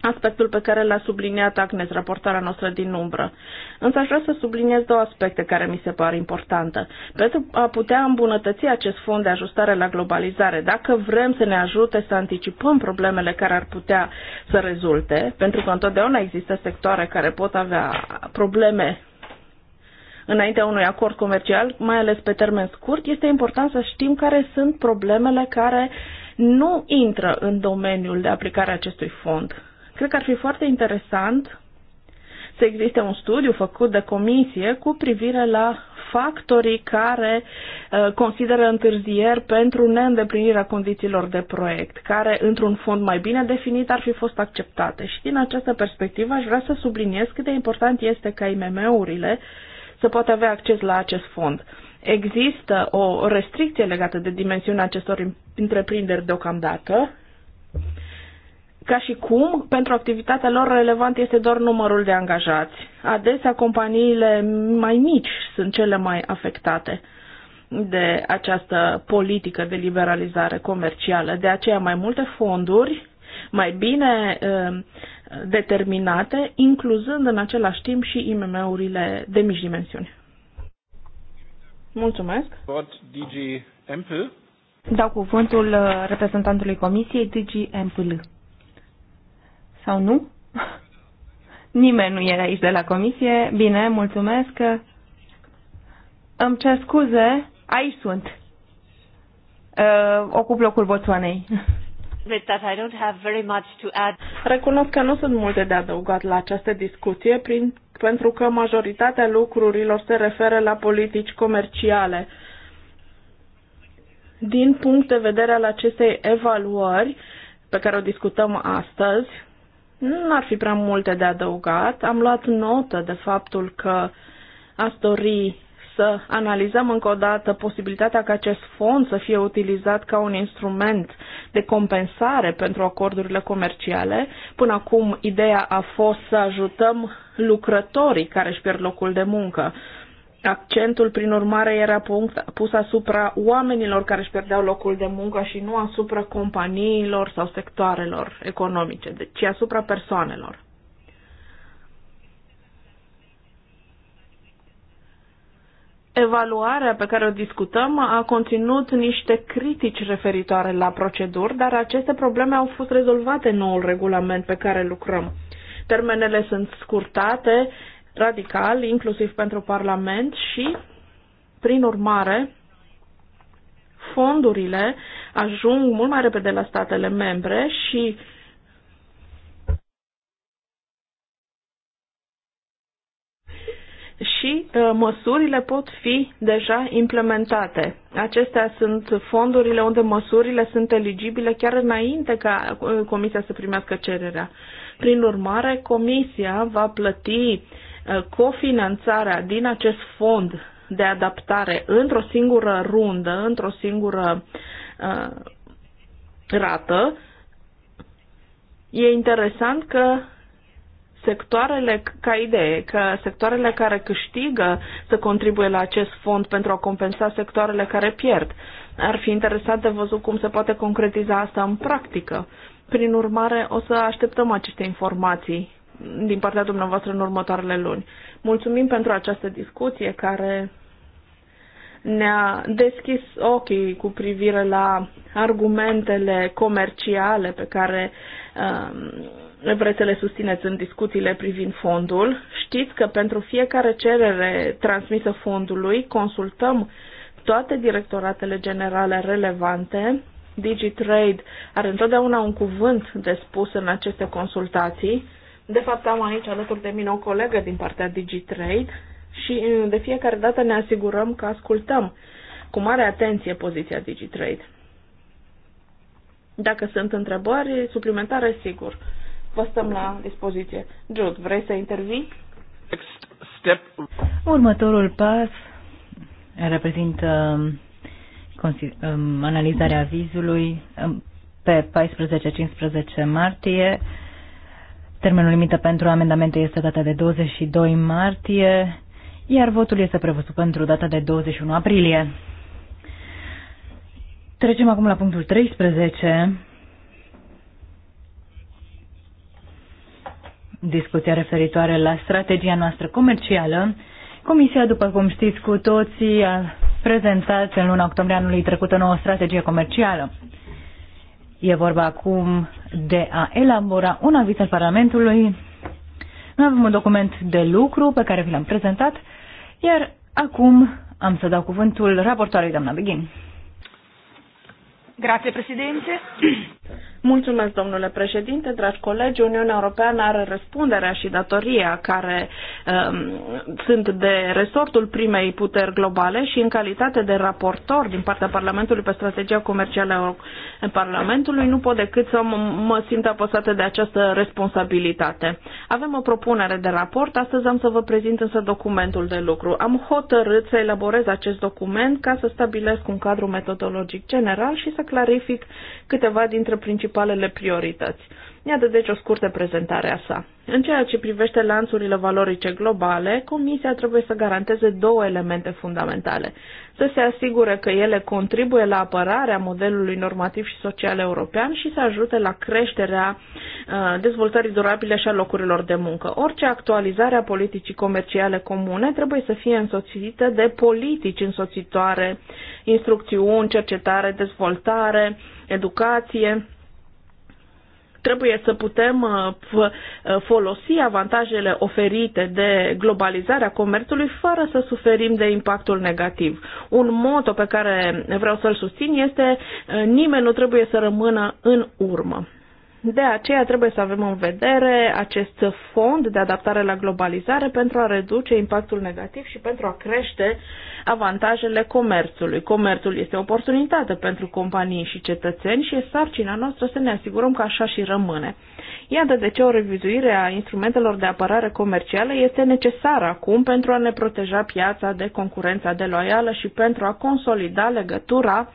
Speaker 4: aspectul pe care l-a subliniat Agnes, raportarea noastră din umbră. Însă aș vrea să subliniez două aspecte care mi se par importante. Pentru a putea îmbunătăți acest fond de ajustare la globalizare, dacă vrem să ne ajute să anticipăm problemele care ar putea să rezulte, pentru că întotdeauna există sectoare care pot avea probleme înaintea unui acord comercial, mai ales pe termen scurt, este important să știm care sunt problemele care nu intră în domeniul de aplicare a acestui fond Cred că ar fi foarte interesant să existe un studiu făcut de comisie cu privire la factorii care uh, consideră întârzieri pentru neîndeplinirea condițiilor de proiect, care într-un fond mai bine definit ar fi fost acceptate. Și din această perspectivă aș vrea să subliniez cât de important este ca IMM-urile să poată avea acces la acest fond. Există o restricție legată de dimensiunea acestor întreprinderi deocamdată, ca și cum pentru activitatea lor relevant este doar numărul de angajați. Adesea companiile mai mici sunt cele mai afectate de această politică de liberalizare comercială. De aceea mai multe fonduri mai bine uh, determinate, incluzând în același timp și IMM-urile
Speaker 3: de mici dimensiuni. Mulțumesc. DG Dau cuvântul uh, reprezentantului Comisiei DG Ample. Sau nu? Nimeni nu era aici de la comisie. Bine, mulțumesc. Îmi cer scuze. Aici sunt. Uh, ocup locul Botswanei.
Speaker 2: That I don't have very much to add.
Speaker 4: Recunosc că nu sunt multe de adăugat la această discuție, prin, pentru că majoritatea lucrurilor se referă la politici comerciale. Din punct de vedere al acestei evaluări pe care o discutăm astăzi, nu ar fi prea multe de adăugat. Am luat notă de faptul că aș dori să analizăm încă o dată posibilitatea ca acest fond să fie utilizat ca un instrument de compensare pentru acordurile comerciale. Până acum, ideea a fost să ajutăm lucrătorii care își pierd locul de muncă. Accentul, prin urmare, era pus asupra oamenilor care își pierdeau locul de muncă și nu asupra companiilor sau sectoarelor economice, deci, ci asupra persoanelor. Evaluarea pe care o discutăm a conținut niște critici referitoare la proceduri, dar aceste probleme au fost rezolvate în noul regulament pe care lucrăm. Termenele sunt scurtate, radical, inclusiv pentru Parlament și, prin urmare, fondurile ajung mult mai repede la statele membre și și uh, măsurile pot fi deja implementate. Acestea sunt fondurile unde măsurile sunt eligibile chiar înainte ca uh, Comisia să primească cererea. Prin urmare, Comisia va plăti Uh, cofinanțarea din acest fond de adaptare într-o singură rundă, într-o singură uh, rată, e interesant că sectoarele, ca idee, că sectoarele care câștigă să contribuie la acest fond pentru a compensa sectoarele care pierd. Ar fi interesant de văzut cum se poate concretiza asta în practică. Prin urmare, o să așteptăm aceste informații din partea dumneavoastră în următoarele luni. Mulțumim pentru această discuție care ne-a deschis ochii cu privire la argumentele comerciale pe care um, vreți să le susțineți în discuțiile privind fondul. Știți că pentru fiecare cerere transmisă fondului consultăm toate directoratele generale relevante. DigiTrade are întotdeauna un cuvânt de spus în aceste consultații de fapt, am aici alături de mine o colegă din partea DigiTrade și de fiecare dată ne asigurăm că ascultăm cu mare atenție poziția DigiTrade. Dacă sunt întrebări suplimentare, sigur, vă stăm la dispoziție. Jude, vrei să intervii?
Speaker 1: Step.
Speaker 2: Următorul pas reprezintă um, um, analizarea vizului um, pe 14-15 martie Termenul limită pentru amendamente este data de 22 martie, iar votul este prevăzut pentru data de 21 aprilie. Trecem acum la punctul 13. Discuția referitoare la strategia noastră comercială. Comisia, după cum știți cu toții, a prezentat în luna octombrie anului trecut o nouă strategie comercială. E vorba acum de a elabora un aviz al Parlamentului. Noi avem un document de lucru pe care vi l-am prezentat, iar acum am să dau cuvântul raportoarei doamna Beghin.
Speaker 4: Grazie Presidente. Mulțumesc, domnule președinte, dragi colegi. Uniunea Europeană are răspunderea și datoria care um, sunt de resortul primei puteri globale și în calitate de raportor din partea Parlamentului pe strategia comercială a Parlamentului nu pot decât să mă simt apăsată de această responsabilitate. Avem o propunere de raport, astăzi am să vă prezint însă documentul de lucru. Am hotărât să elaborez acest document ca să stabilesc un cadru metodologic general și să clarific câteva dintre principiile principalele priorități. Iată deci o scurtă prezentare a sa. În ceea ce privește lanțurile valorice globale, Comisia trebuie să garanteze două elemente fundamentale. Să se asigure că ele contribuie la apărarea modelului normativ și social european și să ajute la creșterea uh, dezvoltării durabile și a locurilor de muncă. Orice actualizare a politicii comerciale comune trebuie să fie însoțită de politici însoțitoare, instrucțiuni, cercetare, dezvoltare, educație, trebuie să putem uh, uh, folosi avantajele oferite de globalizarea comerțului fără să suferim de impactul negativ. Un moto pe care vreau să-l susțin este uh, nimeni nu trebuie să rămână în urmă. De aceea trebuie să avem în vedere acest fond de adaptare la globalizare pentru a reduce impactul negativ și pentru a crește avantajele comerțului. Comerțul este o oportunitate pentru companii și cetățeni și e sarcina noastră să ne asigurăm că așa și rămâne. Iată de ce o revizuire a instrumentelor de apărare comercială este necesară acum pentru a ne proteja piața de concurența deloială și pentru a consolida legătura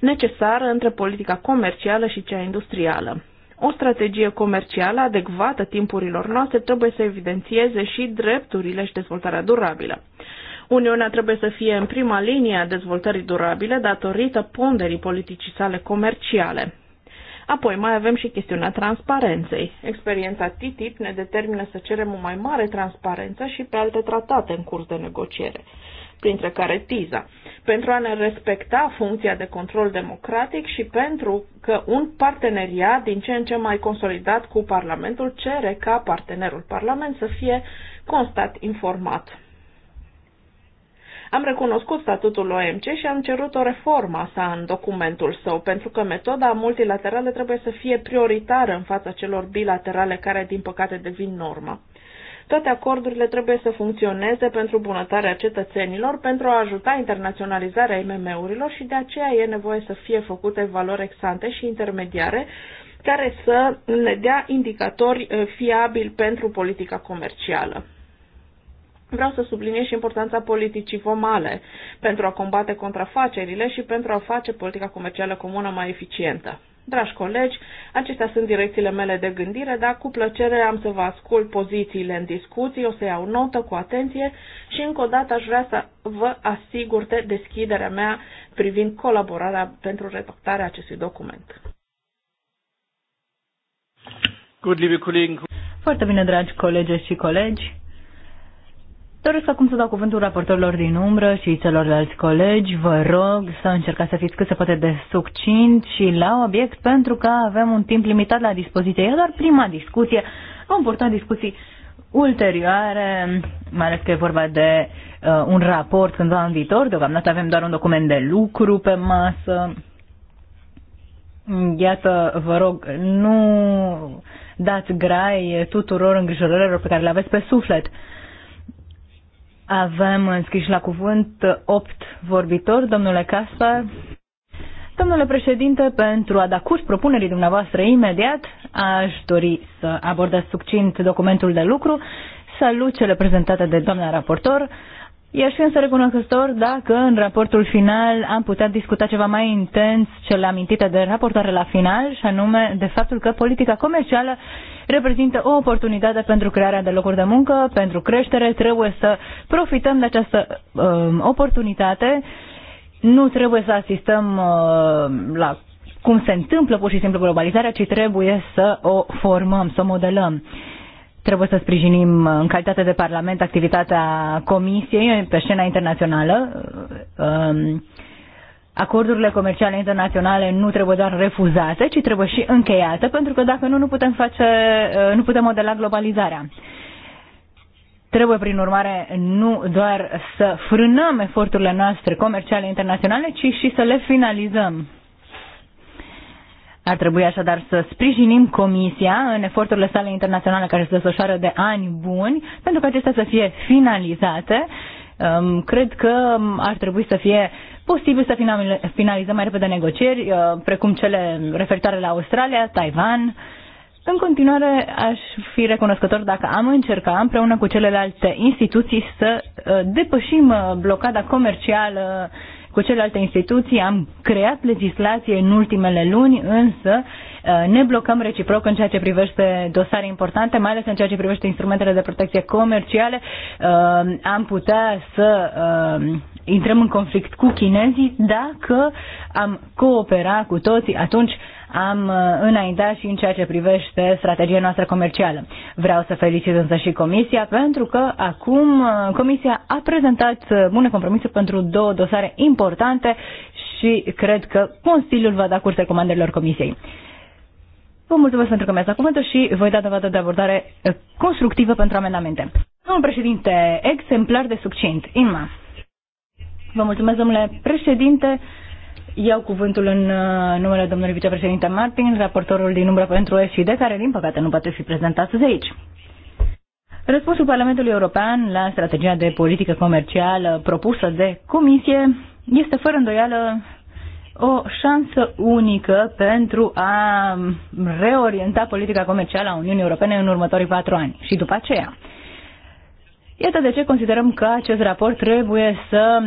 Speaker 4: necesară între politica comercială și cea industrială. O strategie comercială adecvată timpurilor noastre trebuie să evidențieze și drepturile și dezvoltarea durabilă. Uniunea trebuie să fie în prima linie a dezvoltării durabile datorită ponderii politicii sale comerciale. Apoi mai avem și chestiunea transparenței. Experiența TTIP ne determină să cerem o mai mare transparență și pe alte tratate în curs de negociere printre care tiza, pentru a ne respecta funcția de control democratic și pentru că un parteneriat din ce în ce mai consolidat cu Parlamentul cere ca partenerul Parlament să fie constat informat. Am recunoscut statutul OMC și am cerut o reformă sa în documentul său, pentru că metoda multilaterală trebuie să fie prioritară în fața celor bilaterale care, din păcate, devin normă. Toate acordurile trebuie să funcționeze pentru bunătarea cetățenilor, pentru a ajuta internaționalizarea IMM-urilor și de aceea e nevoie să fie făcute valori exante și intermediare care să ne dea indicatori eh, fiabili pentru politica comercială. Vreau să subliniez și importanța politicii vomale pentru a combate contrafacerile și pentru a face politica comercială comună mai eficientă. Dragi colegi, acestea sunt direcțiile mele de gândire, dar cu plăcere am să vă ascult pozițiile în discuții, o să iau notă cu atenție și încă o dată aș vrea să vă asigur de deschiderea mea privind colaborarea
Speaker 2: pentru redactarea acestui document.
Speaker 1: liebe Kollegen.
Speaker 2: Foarte bine, dragi colegi și colegi. Doresc acum să dau cuvântul raportorilor din umbră și celorlalți colegi. Vă rog să încercați să fiți cât se poate de succint și la obiect, pentru că avem un timp limitat la dispoziție. E doar prima discuție. Vom purta discuții ulterioare, mai ales că e vorba de uh, un raport cândva în viitor. Deocamdată avem doar un document de lucru pe masă. Iată, vă rog, nu dați grai tuturor îngrijorărilor pe care le aveți pe suflet. Avem înscriși la cuvânt opt vorbitori. Domnule Caspar, Domnule președinte, pentru a da curs propunerii dumneavoastră imediat, aș dori să abordez succint documentul de lucru, salut cele prezentate de doamna raportor, Aș fi însă recunoscător dacă în raportul final am putea discuta ceva mai intens cele amintite de raportare la final, și anume de faptul că politica comercială reprezintă o oportunitate pentru crearea de locuri de muncă, pentru creștere. Trebuie să profităm de această um, oportunitate. Nu trebuie să asistăm uh, la cum se întâmplă pur și simplu globalizarea, ci trebuie să o formăm, să o modelăm. Uh, Trebuie să sprijinim în calitate de Parlament activitatea Comisiei pe scena internațională. Um, acordurile comerciale internaționale nu trebuie doar refuzate, ci trebuie și încheiate, pentru că dacă nu, nu putem, face, uh, nu putem modela globalizarea. Trebuie, prin urmare, nu doar să frânăm eforturile noastre comerciale internaționale, ci și să le finalizăm. Ar trebui așadar să sprijinim Comisia în eforturile sale internaționale care se desfășoară de ani buni pentru că acestea să fie finalizate. Um, cred că ar trebui să fie posibil să finalizăm mai repede negocieri, uh, precum cele referitoare la Australia, Taiwan. În continuare, aș fi recunoscător dacă am încerca, împreună cu celelalte instituții să uh, depășim uh, blocada comercială cu celelalte instituții am creat legislație în ultimele luni, însă uh, ne blocăm reciproc în ceea ce privește dosare importante, mai ales în ceea ce privește instrumentele de protecție comerciale. Uh, am putea să uh, intrăm în conflict cu chinezii dacă am coopera cu toții, atunci am uh, înaintat și în ceea ce privește strategia noastră comercială. Vreau să felicit însă și Comisia pentru că acum uh, Comisia a prezentat uh, bune compromise pentru două dosare importante și cred că Consiliul va da curs recomandărilor Comisiei. Vă mulțumesc pentru că mi-ați dat cuvântul și voi da dovadă de abordare constructivă pentru amendamente. Domnul președinte, exemplar de succint, Inma. Vă mulțumesc, domnule președinte. Iau cuvântul în uh, numele domnului vicepreședinte Martin, raportorul din umbră pentru SID, care din păcate nu poate fi prezent astăzi aici. Răspunsul Parlamentului European la strategia de politică comercială propusă de Comisie este fără îndoială o șansă unică pentru a reorienta politica comercială a Uniunii Europene în următorii patru ani și după aceea. Iată de ce considerăm că acest raport trebuie să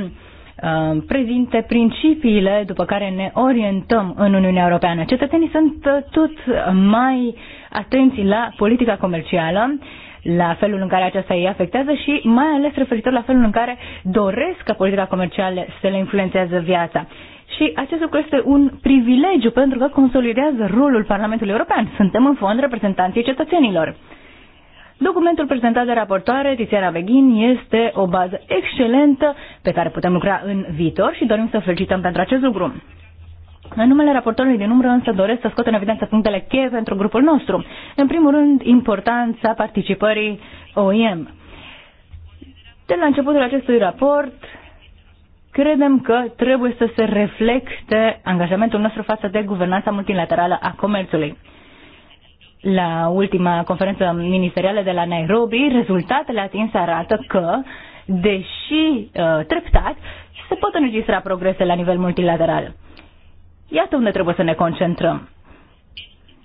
Speaker 2: Uh, prezinte principiile după care ne orientăm în Uniunea Europeană. Cetățenii sunt uh, tot mai atenți la politica comercială, la felul în care aceasta îi afectează și mai ales referitor la felul în care doresc ca politica comercială să le influențează viața. Și acest lucru este un privilegiu pentru că consolidează rolul Parlamentului European. Suntem în fond reprezentanții cetățenilor. Documentul prezentat de raportoare Tiziana Beghin este o bază excelentă pe care putem lucra în viitor și dorim să o felicităm pentru acest lucru. În numele raportorului din umbră însă doresc să scot în evidență punctele cheie pentru grupul nostru. În primul rând, importanța participării OIM. De la începutul acestui raport, credem că trebuie să se reflecte angajamentul nostru față de guvernanța multilaterală a comerțului la ultima conferință ministerială de la Nairobi, rezultatele atinse arată că, deși uh, treptat, se pot înregistra progrese la nivel multilateral. Iată unde trebuie să ne concentrăm.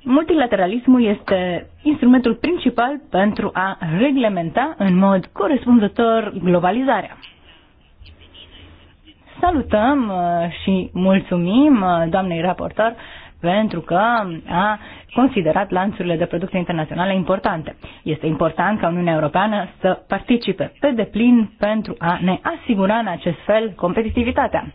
Speaker 2: Multilateralismul este instrumentul principal pentru a reglementa în mod corespunzător globalizarea. Salutăm uh, și mulțumim uh, doamnei raportor pentru că a considerat lanțurile de producție internaționale importante. Este important ca Uniunea Europeană să participe pe deplin pentru a ne asigura în acest fel competitivitatea.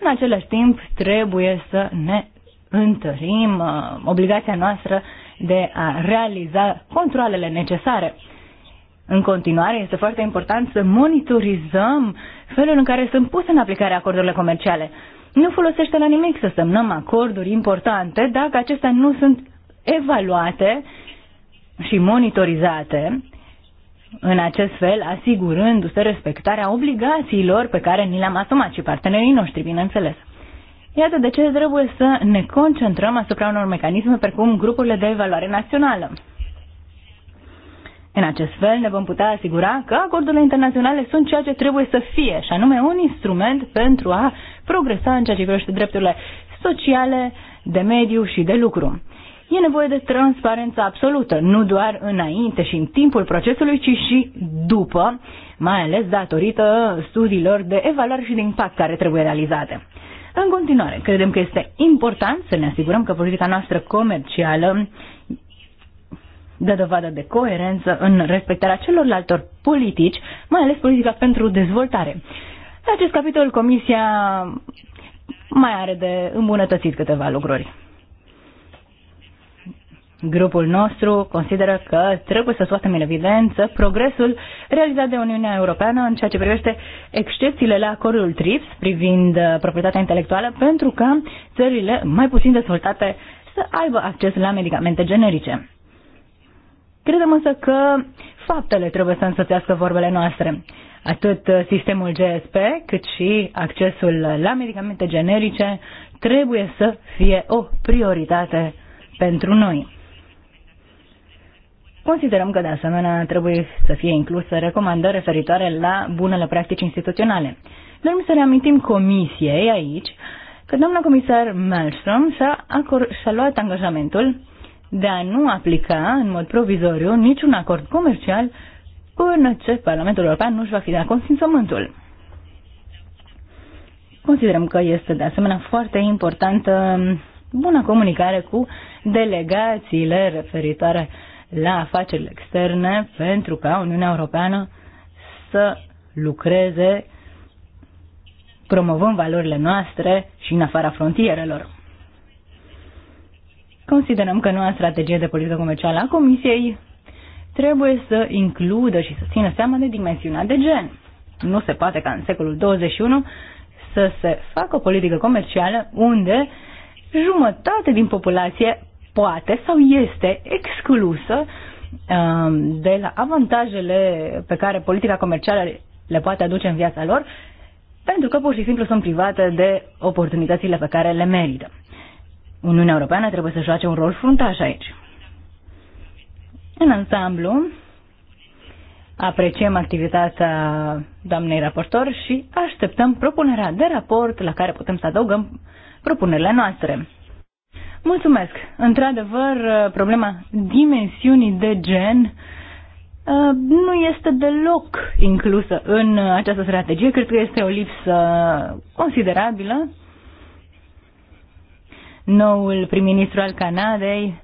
Speaker 2: În același timp, trebuie să ne întărim uh, obligația noastră de a realiza controlele necesare. În continuare, este foarte important să monitorizăm felul în care sunt puse în aplicare acordurile comerciale. Nu folosește la nimic să semnăm acorduri importante dacă acestea nu sunt evaluate și monitorizate, în acest fel asigurându-se respectarea obligațiilor pe care ni le-am asumat și partenerii noștri, bineînțeles. Iată de ce trebuie să ne concentrăm asupra unor mecanisme precum grupurile de evaluare națională. În acest fel ne vom putea asigura că acordurile internaționale sunt ceea ce trebuie să fie, și anume un instrument pentru a progresa în ceea ce privește drepturile sociale, de mediu și de lucru. E nevoie de transparență absolută, nu doar înainte și în timpul procesului, ci și după, mai ales datorită studiilor de evaluare și de impact care trebuie realizate. În continuare, credem că este important să ne asigurăm că politica noastră comercială dă dovadă de coerență în respectarea celorlaltor politici, mai ales politica pentru dezvoltare. în acest capitol, Comisia mai are de îmbunătățit câteva lucruri. Grupul nostru consideră că trebuie să scoatem în evidență progresul realizat de Uniunea Europeană în ceea ce privește excepțiile la acordul TRIPS privind uh, proprietatea intelectuală pentru ca țările mai puțin dezvoltate să aibă acces la medicamente generice. Credem însă că faptele trebuie să însățească vorbele noastre. Atât sistemul GSP, cât și accesul la medicamente generice trebuie să fie o prioritate pentru noi. Considerăm că, de asemenea, trebuie să fie incluse recomandări referitoare la bunele practici instituționale. Vrem să ne amintim comisiei aici că doamna comisar Malmström și -a luat angajamentul de a nu aplica în mod provizoriu niciun acord comercial până ce Parlamentul European nu își va fi dat consimțământul. Considerăm că este de asemenea foarte importantă buna comunicare cu delegațiile referitoare la afacerile externe pentru ca Uniunea Europeană să lucreze promovând valorile noastre și în afara frontierelor. Considerăm că noua strategie de politică comercială a Comisiei trebuie să includă și să țină seama de dimensiunea de gen. Nu se poate ca în secolul 21 să se facă o politică comercială unde jumătate din populație poate sau este exclusă um, de la avantajele pe care politica comercială le poate aduce în viața lor, pentru că pur și simplu sunt private de oportunitățile pe care le merită. Uniunea Europeană trebuie să joace un rol fruntaș aici. În ansamblu, apreciem activitatea doamnei raportor și așteptăm propunerea de raport la care putem să adăugăm propunerile noastre. Mulțumesc! Într-adevăr, problema dimensiunii de gen uh, nu este deloc inclusă în această strategie. Cred că este o lipsă considerabilă noul prim-ministru al Canadei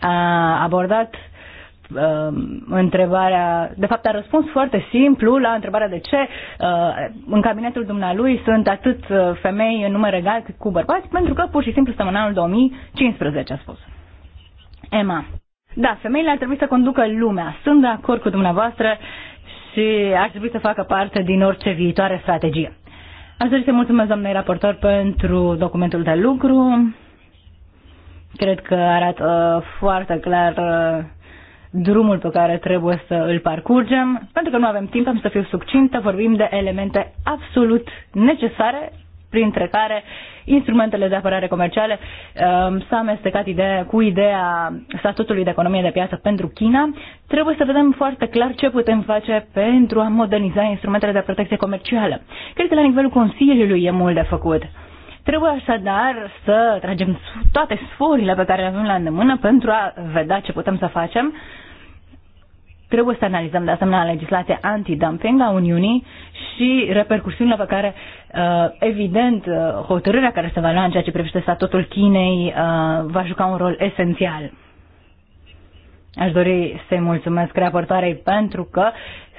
Speaker 2: a abordat uh, întrebarea, de fapt a răspuns foarte simplu la întrebarea de ce uh, în cabinetul dumnealui sunt atât uh, femei în număr egal cât cu bărbați, pentru că pur și simplu stăm în anul 2015, a spus. Emma. Da, femeile ar trebui să conducă lumea. Sunt de acord cu dumneavoastră și ar trebui să facă parte din orice viitoare strategie. Aș dori să mulțumesc doamnei raportor pentru documentul de lucru. Cred că arată uh, foarte clar uh, drumul pe care trebuie să îl parcurgem. Pentru că nu avem timp, am să fiu succintă, vorbim de elemente absolut necesare printre care instrumentele de apărare comerciale. Ehm, s-a amestecat ideea, cu ideea statutului de economie de piață pentru China. Trebuie să vedem foarte clar ce putem face pentru a moderniza instrumentele de protecție comercială. Cred că la nivelul Consiliului e mult de făcut. Trebuie așadar să tragem toate sforile pe care le avem la îndemână pentru a vedea ce putem să facem Trebuie să analizăm de asemenea legislația anti-dumping a Uniunii și repercusiunile pe care, uh, evident, uh, hotărârea care se va lua în ceea ce privește statutul Chinei uh, va juca un rol esențial. Aș dori să-i mulțumesc raportoarei pentru că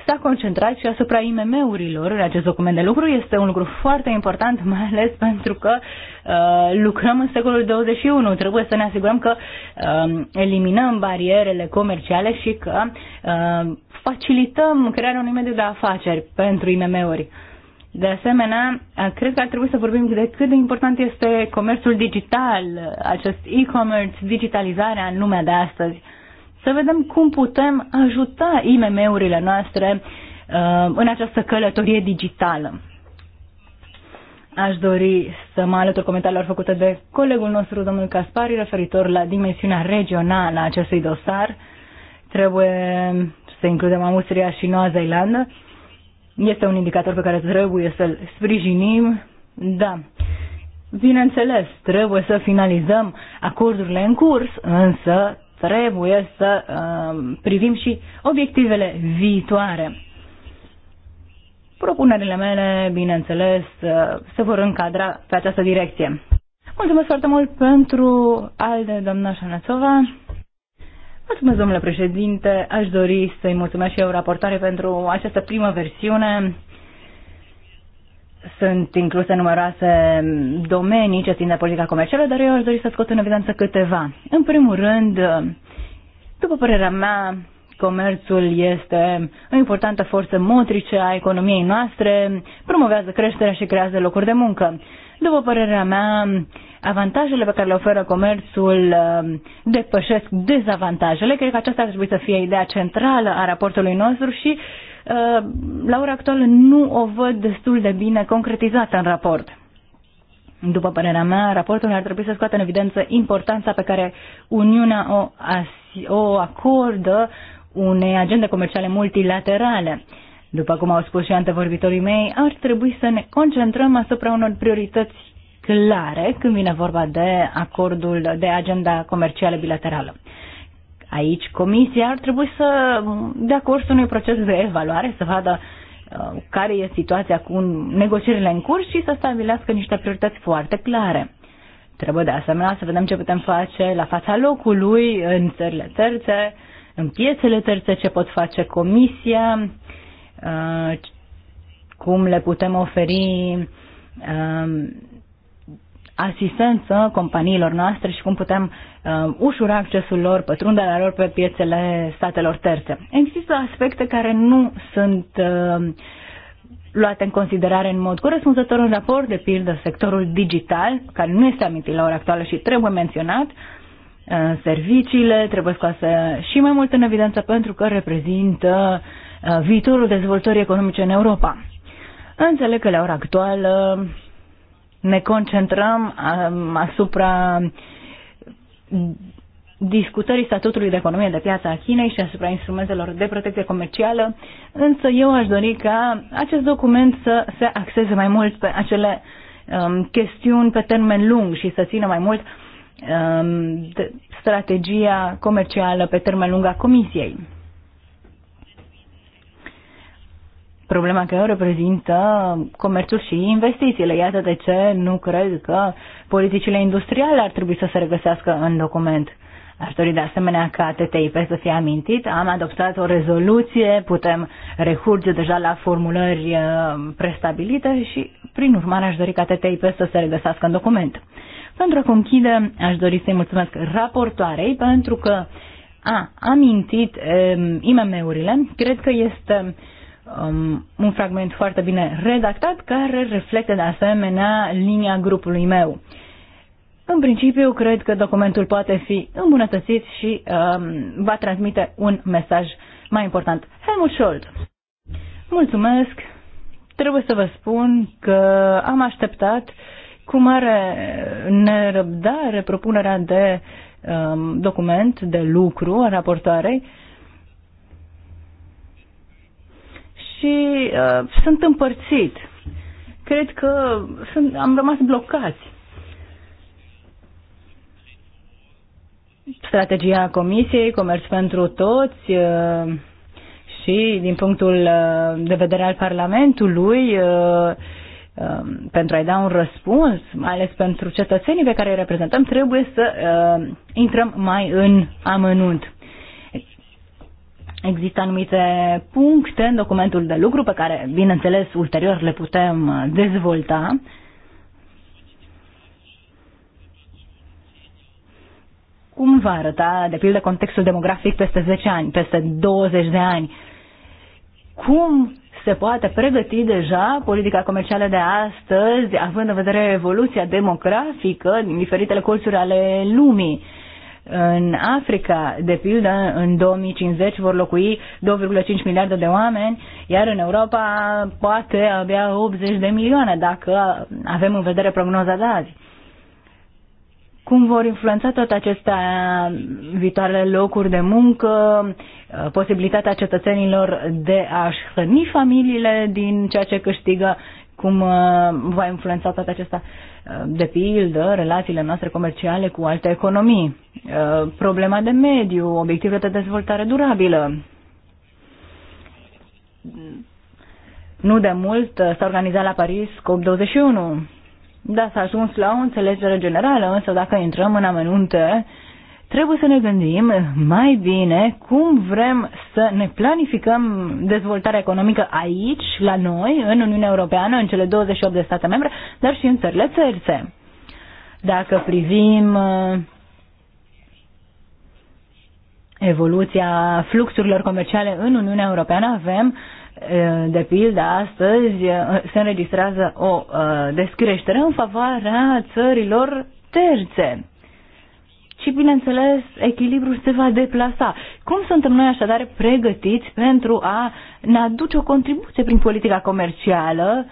Speaker 2: s-a concentrat și asupra IMM-urilor în acest document de lucru. Este un lucru foarte important, mai ales pentru că uh, lucrăm în secolul 21. Trebuie să ne asigurăm că uh, eliminăm barierele comerciale și că uh, facilităm crearea unui mediu de afaceri pentru IMM-uri. De asemenea, uh, cred că ar trebui să vorbim de cât de important este comerțul digital, acest e-commerce, digitalizarea în lumea de astăzi să vedem cum putem ajuta IMM-urile noastre uh, în această călătorie digitală. Aș dori să mă alătur comentariilor făcute de colegul nostru, domnul Caspari, referitor la dimensiunea regională a acestui dosar. Trebuie să includem Austria și Noua Zeelandă. Este un indicator pe care trebuie să-l sprijinim. Da, bineînțeles, trebuie să finalizăm acordurile în curs, însă trebuie să uh, privim și obiectivele viitoare. Propunerile mele, bineînțeles, uh, se vor încadra pe această direcție. Mulțumesc foarte mult pentru alde, doamna Șanățova. Mulțumesc, domnule președinte. Aș dori să-i mulțumesc și eu raportare pentru această primă versiune sunt incluse numeroase domenii ce țin de politica comercială, dar eu aș dori să scot în evidență câteva. În primul rând, după părerea mea, comerțul este o importantă forță motrice a economiei noastre, promovează creșterea și creează locuri de muncă. După părerea mea, avantajele pe care le oferă comerțul um, depășesc dezavantajele. Cred că aceasta ar trebui să fie ideea centrală a raportului nostru și uh, la ora actuală nu o văd destul de bine concretizată în raport. După părerea mea, raportul ar trebui să scoată în evidență importanța pe care Uniunea o, o acordă unei agende comerciale multilaterale. După cum au spus și antevorbitorii mei, ar trebui să ne concentrăm asupra unor priorități clare când vine vorba de acordul de agenda comercială bilaterală. Aici comisia ar trebui să dea curs unui proces de evaluare, să vadă uh, care e situația cu negocierile în curs și să stabilească niște priorități foarte clare. Trebuie de asemenea să vedem ce putem face la fața locului, în țările terțe, în piețele terțe, ce pot face comisia, uh, cum le putem oferi uh, asistență companiilor noastre și cum putem uh, ușura accesul lor, pătrunderea lor pe piețele statelor terțe. Există aspecte care nu sunt uh, luate în considerare în mod corespunzător în raport, de pildă sectorul digital, care nu este amintit la ora actuală și trebuie menționat, uh, serviciile trebuie scoase și mai mult în evidență pentru că reprezintă uh, viitorul dezvoltării economice în Europa. Înțeleg că la ora actuală ne concentrăm um, asupra discutării statutului de economie de piață a Chinei și asupra instrumentelor de protecție comercială, însă eu aș dori ca acest document să se axeze mai mult pe acele um, chestiuni pe termen lung și să țină mai mult um, strategia comercială pe termen lung a Comisiei. Problema că o reprezintă comerțul și investițiile. Iată de ce nu cred că politicile industriale ar trebui să se regăsească în document. Aș dori de asemenea ca TTIP să fie amintit. Am adoptat o rezoluție, putem recurge deja la formulări uh, prestabilite și, prin urmare, aș dori ca TTIP să se regăsească în document. Pentru a conchide, aș dori să-i mulțumesc raportoarei pentru că a amintit um, IMM-urile. Cred că este um, un fragment foarte bine redactat care reflectă de asemenea linia grupului meu. În principiu, cred că documentul poate fi îmbunătățit și um, va transmite un mesaj mai important. Helmut Scholz. Mulțumesc. Trebuie să vă spun că am așteptat cu mare nerăbdare propunerea de um, document, de lucru a raportoarei și uh, sunt împărțit. Cred că sunt, am rămas blocați. Strategia Comisiei, Comerț pentru Toți uh, și din punctul uh, de vedere al Parlamentului uh, um, pentru a-i da un răspuns, mai ales pentru cetățenii pe care îi reprezentăm, trebuie să uh, intrăm mai în amănunt. Există anumite puncte în documentul de lucru pe care, bineînțeles, ulterior le putem uh, dezvolta. Cum va arăta, de pildă, contextul demografic peste 10 ani, peste 20 de ani? Cum se poate pregăti deja politica comercială de astăzi, având în vedere evoluția demografică din diferitele colțuri ale lumii? În Africa, de pildă, în 2050 vor locui 2,5 miliarde de oameni, iar în Europa poate abia 80 de milioane, dacă avem în vedere prognoza de azi cum vor influența toate acestea viitoarele locuri de muncă, posibilitatea cetățenilor de a-și hrăni familiile din ceea ce câștigă, cum uh, va influența toate acestea de pildă, relațiile noastre comerciale cu alte economii, uh, problema de mediu, obiectivele de dezvoltare durabilă. Nu de mult uh, s-a organizat la Paris COP21. Da, s-a ajuns la o înțelegere generală, însă dacă intrăm în amenunte, trebuie să ne gândim mai bine cum vrem să ne planificăm dezvoltarea economică aici, la noi, în Uniunea Europeană, în cele 28 de state membre, dar și în țările țărțe. Dacă privim uh, evoluția fluxurilor comerciale în Uniunea Europeană, avem uh, de pildă, astăzi uh, se înregistrează o descreștere în favoarea țărilor terțe și, bineînțeles, echilibrul se va deplasa. Cum suntem noi așadar pregătiți pentru a ne aduce o contribuție prin politica comercială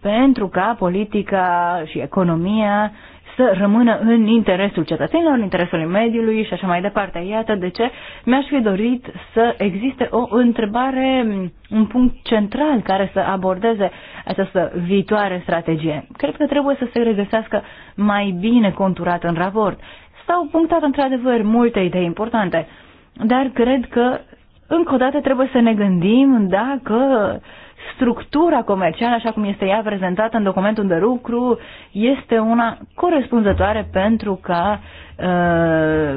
Speaker 2: pentru ca politica și economia să rămână în interesul cetățenilor, în interesul mediului și așa mai departe. Iată de ce mi-aș fi dorit să existe o întrebare, un punct central care să abordeze această viitoare strategie. Cred că trebuie să se regăsească mai bine conturat în raport. S-au punctat într-adevăr multe idei importante, dar cred că încă o dată trebuie să ne gândim dacă structura comercială, așa cum este ea prezentată în documentul de lucru, este una corespunzătoare pentru ca ă,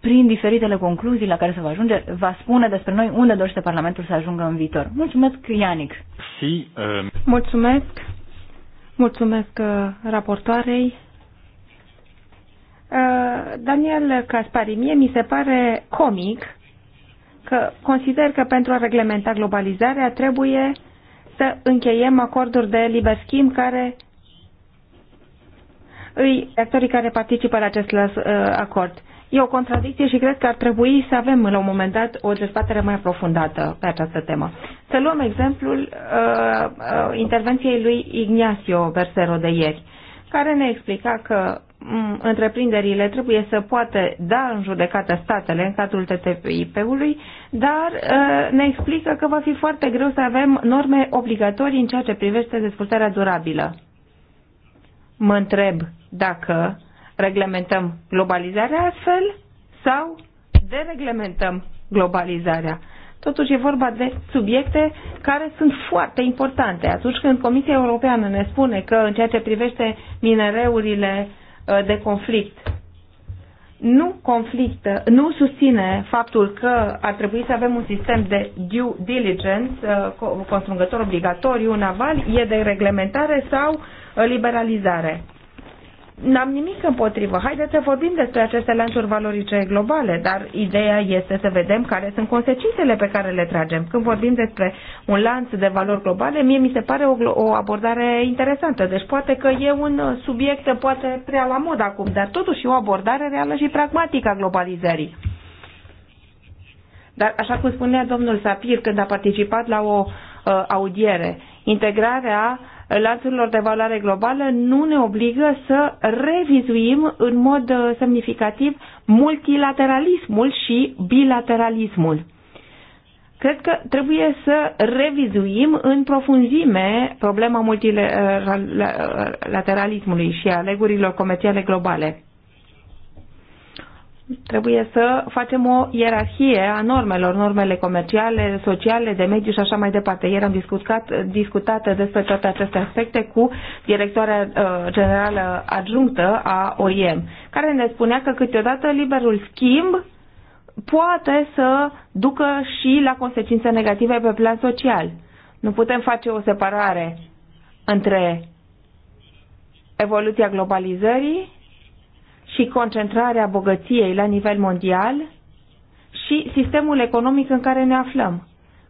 Speaker 2: prin diferitele concluzii la care se va ajunge, va spune despre noi unde dorește Parlamentul să ajungă în viitor. Mulțumesc, Ianic!
Speaker 1: Si, uh...
Speaker 2: Mulțumesc! Mulțumesc uh, raportoarei
Speaker 3: Uh, Daniel Caspari, mie mi se pare comic că consider că pentru a reglementa globalizarea trebuie să încheiem acorduri de liber schimb care îi actorii care participă la acest uh, acord. E o contradicție și cred că ar trebui să avem la un moment dat o dezbatere mai aprofundată pe această temă. Să luăm exemplul uh, uh, intervenției lui Ignacio Bersero de ieri, care ne explica că întreprinderile trebuie să poată da în judecată statele în cadrul TTIP-ului, dar uh, ne explică că va fi foarte greu să avem norme obligatorii în ceea ce privește dezvoltarea durabilă. Mă întreb dacă reglementăm globalizarea astfel sau dereglementăm globalizarea. Totuși e vorba de subiecte care sunt foarte importante. Atunci când Comisia Europeană ne spune că în ceea ce privește minereurile Uh, de conflict nu conflictă, nu susține faptul că ar trebui să avem un sistem de due diligence, uh, constrângător obligatoriu naval, e de reglementare sau uh, liberalizare n-am nimic împotrivă. Haideți să vorbim despre aceste lanțuri valorice globale, dar ideea este să vedem care sunt consecințele pe care le tragem. Când vorbim despre un lanț de valori globale, mie mi se pare o, o abordare interesantă. Deci poate că e un subiect poate prea la mod acum, dar totuși e o abordare reală și pragmatică a globalizării. Dar așa cum spunea domnul Sapir când a participat la o uh, audiere, integrarea uh, lanțurilor de valoare globală nu ne obligă să revizuim în mod uh, semnificativ multilateralismul și bilateralismul. Cred că trebuie să revizuim în profunzime problema multilateralismului și a legurilor comerciale globale trebuie să facem o ierarhie a normelor, normele comerciale, sociale, de mediu și așa mai departe. Ieri am discutat, discutat despre toate aceste aspecte cu directoarea uh, generală adjunctă a OIM, care ne spunea că câteodată liberul schimb poate să ducă și la consecințe negative pe plan social. Nu putem face o separare între evoluția globalizării și concentrarea bogăției la nivel mondial și sistemul economic în care ne aflăm.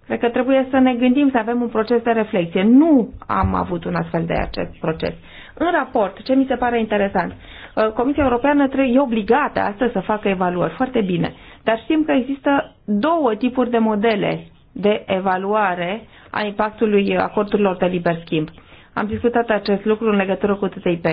Speaker 3: Cred că trebuie să ne gândim să avem un proces de reflexie. Nu am avut un astfel de acest proces. În raport, ce mi se pare interesant, uh, Comisia Europeană trebuie, e obligată astăzi să facă evaluări, foarte bine, dar știm că există două tipuri de modele de evaluare a impactului acordurilor de liber schimb. Am discutat acest lucru în legătură cu TTIP.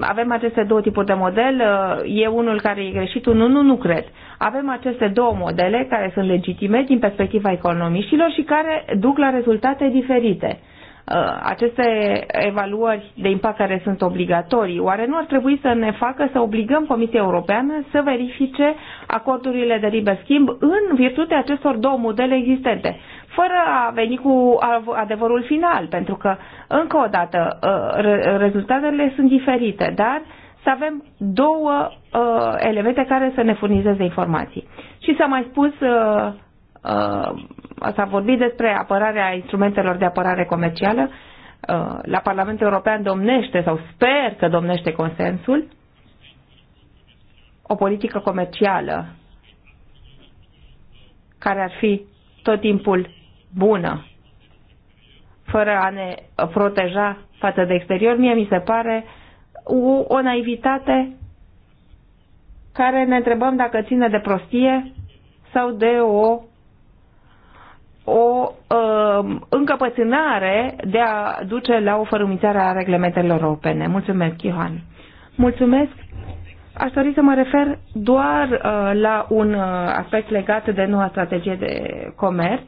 Speaker 3: Avem aceste două tipuri de model. Uh, e unul care e greșit, unul nu, nu cred. Avem aceste două modele care sunt legitime din perspectiva economiștilor și care duc la rezultate diferite. Uh, aceste evaluări de impact care sunt obligatorii, oare nu ar trebui să ne facă să obligăm Comisia Europeană să verifice acordurile de liber schimb în virtutea acestor două modele existente? fără a veni cu adevărul final, pentru că, încă o dată, ă, rezultatele sunt diferite, dar să avem două uh, elemente care să ne furnizeze informații. Și s-a mai spus, uh, uh, s-a vorbit despre apărarea instrumentelor de apărare comercială. Uh, la Parlamentul European domnește sau sper că domnește consensul o politică comercială care ar fi tot timpul bună, fără a ne proteja față de exterior, mie mi se pare o, o naivitate care ne întrebăm dacă ține de prostie sau de o o uh, încăpățânare de a duce la o fărâmițare a reglementelor europene. Mulțumesc, Ioan. Mulțumesc. Aș dori să mă refer doar uh, la un uh, aspect legat de noua strategie de comerț.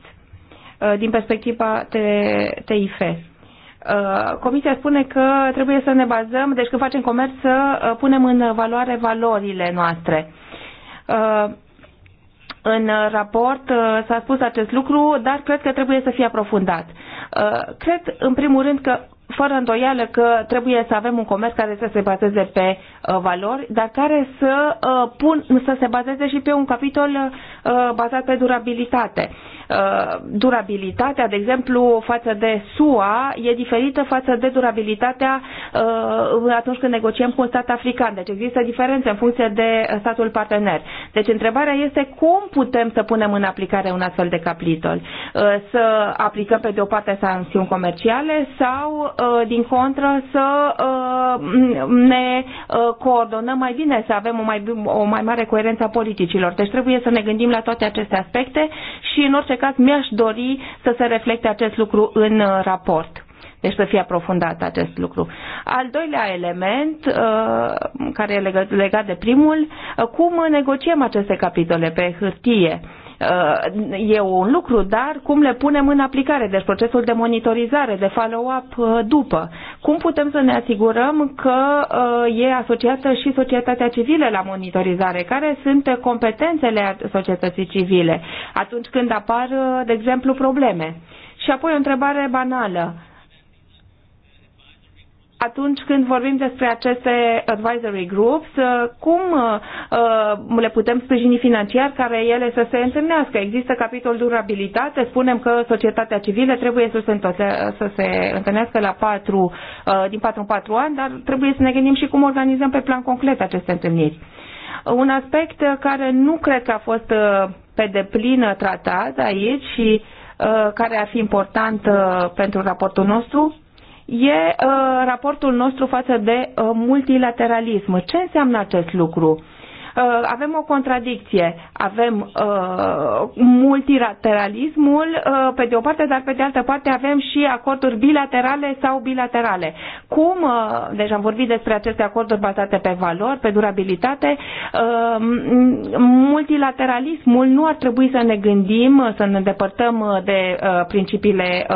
Speaker 3: Uh, din perspectiva TIF. Uh, Comisia spune că trebuie să ne bazăm, deci când facem comerț, să uh, punem în valoare valorile noastre. În raport s-a spus acest lucru, dar cred că trebuie să fie aprofundat. Cred, în primul rând, că fără îndoială că trebuie să avem un comerț care să se bazeze pe valori, dar care să, pun, să se bazeze și pe un capitol bazat pe durabilitate. Uh, durabilitatea, de exemplu, față de SUA, e diferită față de durabilitatea uh, atunci când negociem cu un stat african. Deci există diferențe în funcție de statul partener. Deci întrebarea este cum putem să punem în aplicare un astfel de capitol. Uh, să aplicăm pe de o parte sancțiuni comerciale sau, din contră, să ne coordonăm mai bine, să avem o mai, o mai mare coerență a politicilor. Deci trebuie să ne gândim la toate aceste aspecte și, în orice caz mi-aș dori să se reflecte acest lucru în uh, raport. Deci să fie aprofundat acest lucru. Al doilea element, uh, care e legat de primul, uh, cum negociem aceste capitole pe hârtie? e un lucru, dar cum le punem în aplicare, deci procesul de monitorizare, de follow-up uh, după. Cum putem să ne asigurăm că uh, e asociată și societatea civilă la monitorizare? Care sunt competențele societății civile atunci când apar, uh, de exemplu, probleme? Și apoi o întrebare banală atunci când vorbim despre aceste advisory groups, uh, cum uh, uh, le putem sprijini financiar care ele să se întâlnească? Există capitol durabilitate, spunem că societatea civilă trebuie să se, întoarce, să se întâlnească la 4, din 4 în 4 ani, dar trebuie să ne gândim și cum organizăm pe plan concret aceste întâlniri. Un aspect care nu cred că a fost pe deplin tratat aici și care ar fi important pentru raportul nostru e uh, raportul nostru față de uh, multilateralism. Ce înseamnă acest lucru? Uh, avem o contradicție. Avem uh, multilateralismul uh, pe de o parte, dar pe de altă parte avem și acorduri bilaterale sau bilaterale. Cum, deja deci am vorbit despre aceste acorduri bazate pe valori, pe durabilitate, multilateralismul nu ar trebui să ne gândim, să ne îndepărtăm de principiile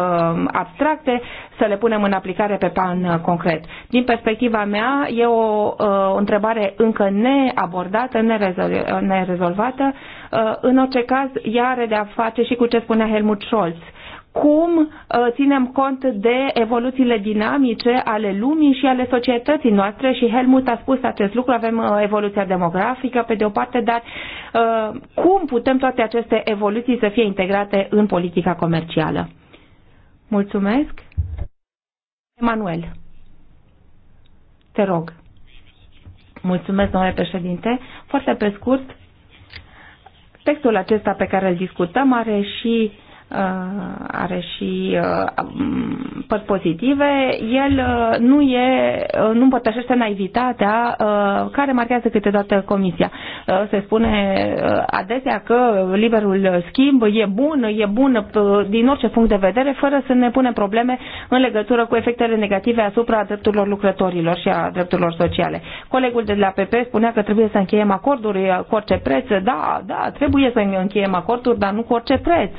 Speaker 3: abstracte, să le punem în aplicare pe plan concret. Din perspectiva mea, e o, o întrebare încă neabordată deocamdată nerezolvată. Uh, în orice caz, ea are de-a face și cu ce spunea Helmut Scholz. Cum uh, ținem cont de evoluțiile dinamice ale lumii și ale societății noastre și Helmut a spus acest lucru, avem uh, evoluția demografică pe de o parte, dar cum putem toate aceste evoluții să fie integrate în politica comercială? Mulțumesc. Emanuel, te rog. Mulțumesc, domnule președinte. Foarte pe scurt, textul acesta pe care îl discutăm are și Uh, are și uh, um, părți pozitive, el uh, nu e, nu împărtășește naivitatea care marchează câteodată comisia. Se spune adesea că liberul schimb e bun, e bun din orice punct de vedere, fără să ne punem probleme în legătură cu efectele negative asupra drepturilor lucrătorilor și a drepturilor sociale. Colegul de la PP spunea că trebuie să încheiem acorduri cu orice preț. Da, da, trebuie să încheiem acorduri, dar nu cu orice preț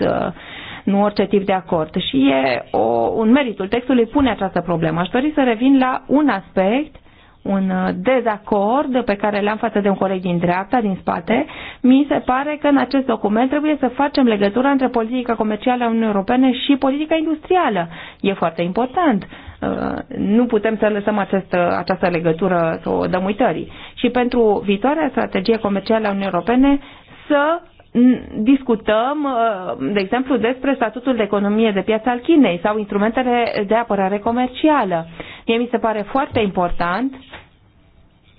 Speaker 3: nu orice tip de acord. Și e o, un meritul textului pune această problemă. Aș dori să revin la un aspect un uh, dezacord pe care l-am față de un coleg din dreapta, din spate, mi se pare că în acest document trebuie să facem legătura între politica comercială a Uniunii Europene și politica industrială. E foarte important. Uh, nu putem să lăsăm acest, uh, această legătură, să o dăm uitării. Și pentru viitoarea strategie comercială a Uniunii Europene să discutăm, uh, de exemplu, despre statutul de economie de piață al Chinei sau instrumentele de apărare comercială. Mie mi se pare foarte important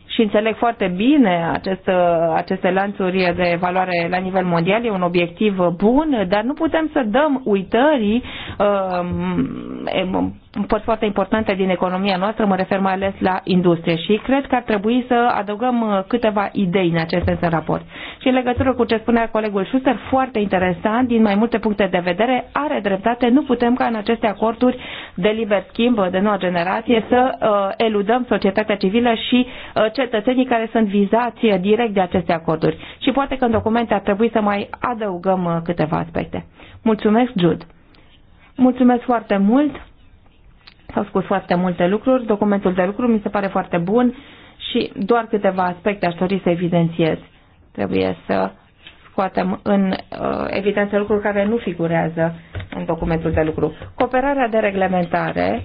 Speaker 3: și înțeleg foarte bine acest, uh, aceste lanțuri de valoare la nivel mondial, e un obiectiv bun, dar nu putem să dăm uitării um, părți foarte importante din economia noastră, mă refer mai ales la industrie și cred că ar trebui să adăugăm uh, câteva idei în acest sens în raport. Și în legătură cu ce spunea colegul Schuster, foarte interesant, din mai multe puncte de vedere, are dreptate, nu putem ca în aceste acorduri de liber schimb de noua generație să uh, eludăm societatea civilă și uh, cetățenii care sunt vizați direct de aceste acorduri. Și poate că în documente ar trebui să mai adăugăm uh, câteva aspecte. Mulțumesc, Jude! Mulțumesc foarte mult! S-au spus foarte multe lucruri, documentul de lucru mi se pare foarte bun și doar câteva aspecte aș dori să evidențiez. Trebuie să scoatem în uh, evidență lucruri care nu figurează în documentul de lucru. Cooperarea de reglementare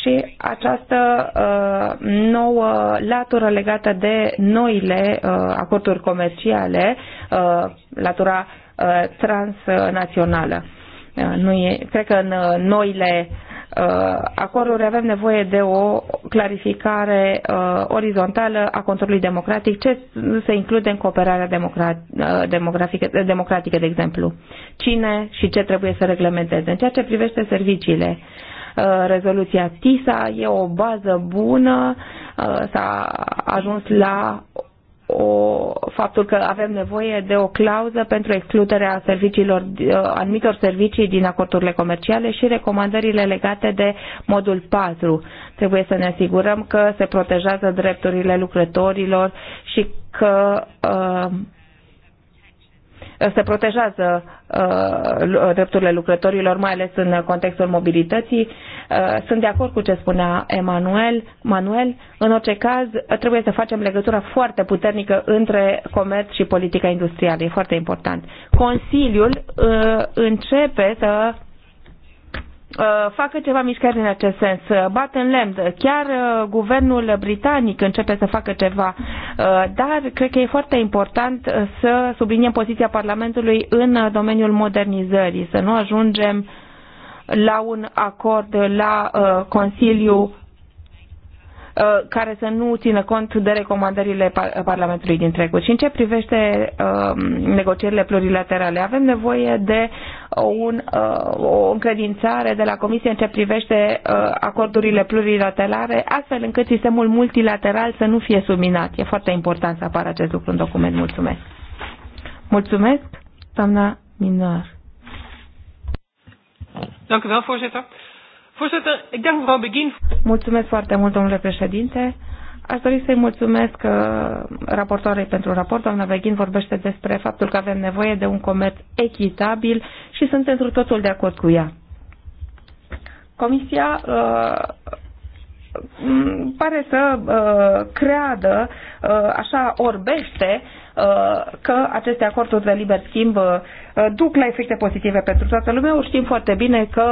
Speaker 3: și această uh, nouă latură legată de noile uh, acorduri comerciale, uh, latura uh, transnațională. Uh, nu e, cred că în uh, noile uh, Uh, acordului avem nevoie de o clarificare uh, orizontală a controlului democratic, ce se include în cooperarea democratică, uh, democratică, de exemplu, cine și ce trebuie să reglementeze. În ceea ce privește serviciile, rezoluția TISA e o bază bună, s-a ajuns la o, faptul că avem nevoie de o clauză pentru excluderea serviciilor, uh, anumitor servicii din acordurile comerciale și recomandările legate de modul 4. Trebuie să ne asigurăm că se protejează drepturile lucrătorilor și că uh, se protejează uh, drepturile lucrătorilor, mai ales în contextul mobilității. Uh, sunt de acord cu ce spunea Emanuel. Manuel, în orice caz, trebuie să facem legătura foarte puternică între comerț și politica industrială. E foarte important. Consiliul uh, începe să Uh, facă ceva mișcări în acest sens. Uh, bat în lemn. Chiar uh, guvernul britanic începe să facă ceva, dar cred că e foarte important să subliniem poziția Parlamentului în domeniul modernizării, să nu ajungem la un acord la Consiliu Uh, care să nu țină cont de recomandările Parlamentului din trecut. Și în ce privește uh, negocierile plurilaterale, avem nevoie de un, uh, o încredințare de la Comisie în ce privește uh, acordurile plurilaterale, astfel încât sistemul multilateral să nu fie subminat. E foarte important să apară acest lucru în document. Mulțumesc. Mulțumesc, doamna Minar. Dank u wel, voorzitter. Voorzitter,
Speaker 2: ik dank mevrouw Begin.
Speaker 3: Mulțumesc foarte mult, domnule președinte. Aș dori să-i mulțumesc uh, raportoarei pentru raport. Doamna Beghin vorbește despre faptul că avem nevoie de un comerț echitabil și sunt într totul de acord cu ea. Comisia uh, pare să uh, creadă, uh, așa orbește, Uh, că aceste acorduri de liber schimb uh, duc la efecte pozitive pentru toată lumea. O știm foarte bine că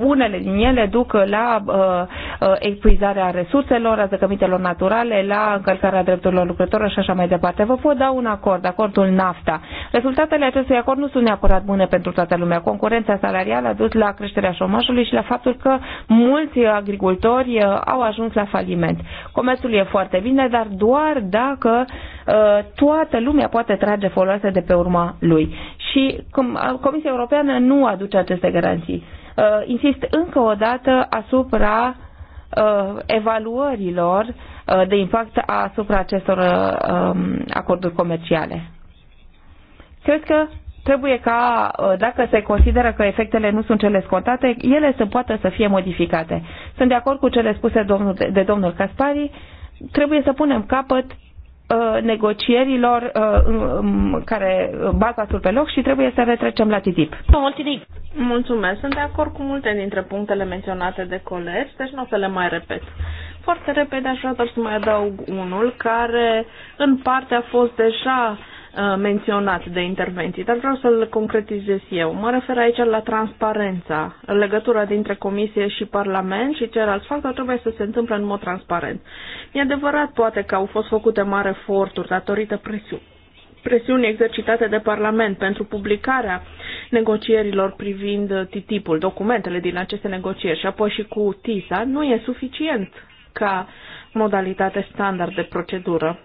Speaker 3: unele din ele duc la uh, epuizarea resurselor, a zăcămitelor naturale, la încălcarea drepturilor lucrătorilor și așa mai departe. Vă pot da un acord, acordul NAFTA. Rezultatele acestui acord nu sunt neapărat bune pentru toată lumea. Concurența salarială a dus la creșterea șomajului și la faptul că mulți agricultori au ajuns la faliment. Comerțul e foarte bine, dar doar dacă uh, Uh, toată lumea poate trage foloase de pe urma lui. Și uh, Comisia Europeană nu aduce aceste garanții. Uh, insist încă o dată asupra evaluărilor de impact asupra acestor um, acorduri comerciale. Cred că trebuie ca, dacă se consideră că efectele nu sunt cele scontate, ele să poată să fie modificate. Sunt de acord cu cele spuse de domnul Caspari, trebuie să punem capăt Uh, negocierilor uh, care uh, bazasul pe loc și trebuie să retrecem la TTIP.
Speaker 4: Mulțumesc, sunt de acord cu multe dintre punctele menționate de colegi, deci nu o să le mai repet. Foarte repede aș vrea doar să mai adaug unul care în parte a fost deja uh, Uh, menționat de intervenții, dar vreau să-l concretizez eu. Mă refer aici la transparența, legătura dintre Comisie și Parlament și ceilalți factori trebuie să se întâmple în mod transparent. E adevărat, poate că au fost făcute mari eforturi datorită presiunii presiuni exercitate de Parlament pentru publicarea negocierilor privind TTIP-ul, documentele din aceste negocieri și apoi și cu TISA, nu e suficient ca modalitate standard de procedură.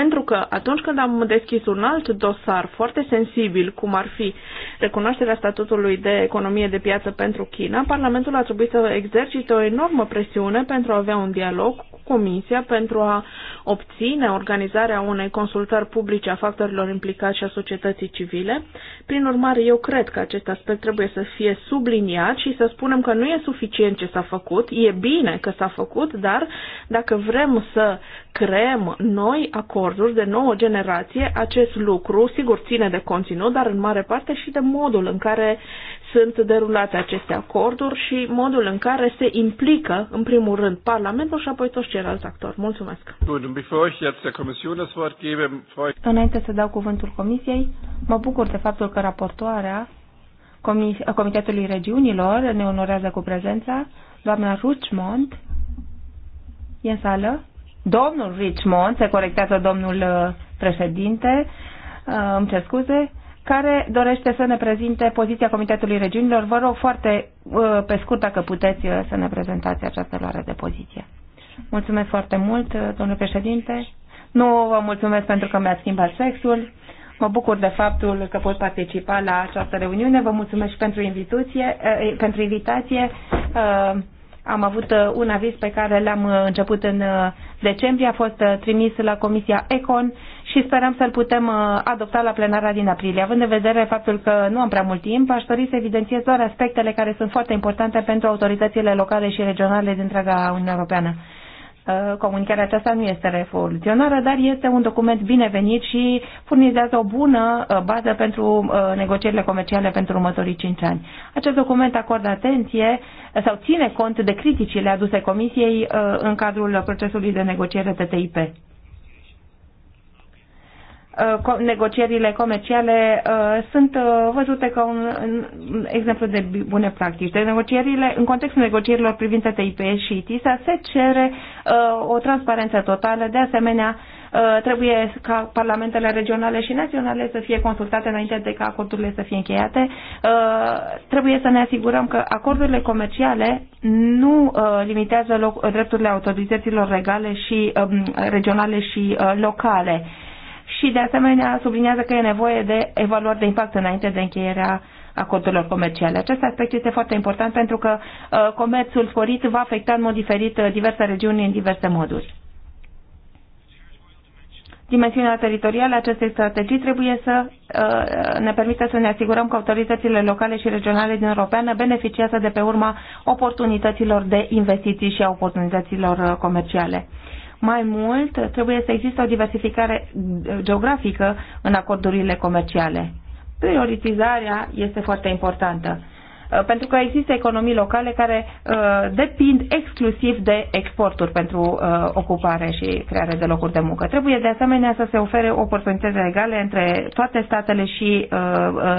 Speaker 4: Pentru că atunci când am deschis un alt dosar foarte sensibil, cum ar fi recunoașterea statutului de economie de piață pentru China, Parlamentul a trebuit să exercite o enormă presiune pentru a avea un dialog cu Comisia, pentru a obține organizarea unei consultări publice a factorilor implicați și a societății civile. Prin urmare, eu cred că acest aspect trebuie să fie subliniat și să spunem că nu e suficient ce s-a făcut, e bine că s-a făcut, dar dacă vrem să creăm noi acolo Orzuri de nouă generație, acest lucru sigur ține de conținut, dar în mare parte și de modul în care sunt derulate aceste acorduri și modul în care se implică, în primul rând, Parlamentul și apoi toți ceilalți actori.
Speaker 3: Mulțumesc! Înainte să dau cuvântul Comisiei, mă bucur de faptul că raportoarea Comitetului Regiunilor ne onorează cu prezența, doamna Ruchmont, e în sală? domnul Richmond, se corectează domnul uh, președinte, uh, îmi cer scuze, care dorește să ne prezinte poziția Comitetului Regiunilor. Vă rog foarte uh, pe scurt dacă puteți să ne prezentați această luare de poziție. Mulțumesc foarte mult, domnule președinte. Nu vă mulțumesc pentru că mi-ați schimbat sexul. Mă bucur de faptul că pot participa la această reuniune. Vă mulțumesc și pentru, invitație, pentru invitație. Am avut uh, un aviz pe care l-am uh, început în uh, decembrie, a fost trimis la Comisia Econ și sperăm să-l putem adopta la plenara din aprilie. Având în vedere faptul că nu am prea mult timp, aș dori să evidențiez doar aspectele care sunt foarte importante pentru autoritățile locale și regionale din întreaga Uniunea Europeană. Uh, comunicarea aceasta nu este revoluționară, dar este un document binevenit și furnizează o bună uh, bază pentru uh, negocierile comerciale pentru următorii 5 ani. Acest document acordă atenție sau ține cont de criticile aduse Comisiei în cadrul procesului de negociere TTIP. Uh, negocierile comerciale uh, sunt uh, văzute ca un exemplu de bune practici. De deci negocierile, în contextul negocierilor privind TTIP și TISA se cere o transparență totală. De asemenea, trebuie ca parlamentele regionale și naționale să fie consultate înainte de ca acordurile să fie încheiate. Trebuie să ne asigurăm că acordurile comerciale nu limitează drepturile autorităților regale și um, regionale și locale și, de asemenea, subliniază că e nevoie de evaluări de impact înainte de încheierea acordurilor comerciale. Acest aspect este foarte important pentru că uh, comerțul sporit va afecta în mod diferit uh, diverse regiuni în diverse moduri. Dimensiunea teritorială a acestei strategii trebuie să uh, ne permită să ne asigurăm că autoritățile locale și regionale din Europeană beneficiază de pe urma oportunităților de investiții și a oportunităților comerciale. Mai mult, trebuie să existe o diversificare geografică în acordurile comerciale. Prioritizarea este foarte importantă uh, pentru că există economii locale care uh, depind exclusiv de exporturi pentru uh, ocupare și creare de locuri de muncă. Trebuie de asemenea să se ofere oportunități egale între toate statele și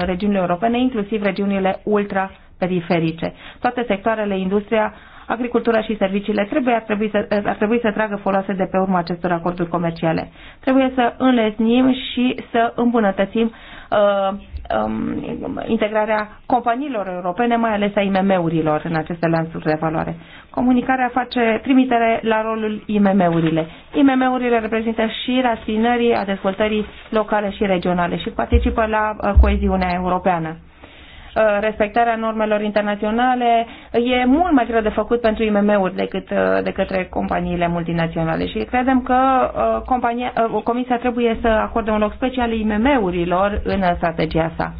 Speaker 3: regiunile europene, inclusiv regiunile ultra periferice. Toate sectoarele industria agricultura și serviciile trebuie, ar, trebui să, ar trebui să tragă folose de pe urma acestor acorduri comerciale. Trebuie să înlesnim și să îmbunătățim uh, um, integrarea companiilor europene, mai ales a IMM-urilor în aceste lanțuri de valoare. Comunicarea face trimitere la rolul IMM-urile. IMM-urile reprezintă și rafinării a dezvoltării locale și regionale și participă la uh, coeziunea europeană. Uh, respectarea normelor internaționale e mult mai greu de făcut pentru IMM-uri decât uh, de către companiile multinaționale și credem că uh, compania, Comisia trebuie să acorde un loc special IMM-urilor în strategia sa.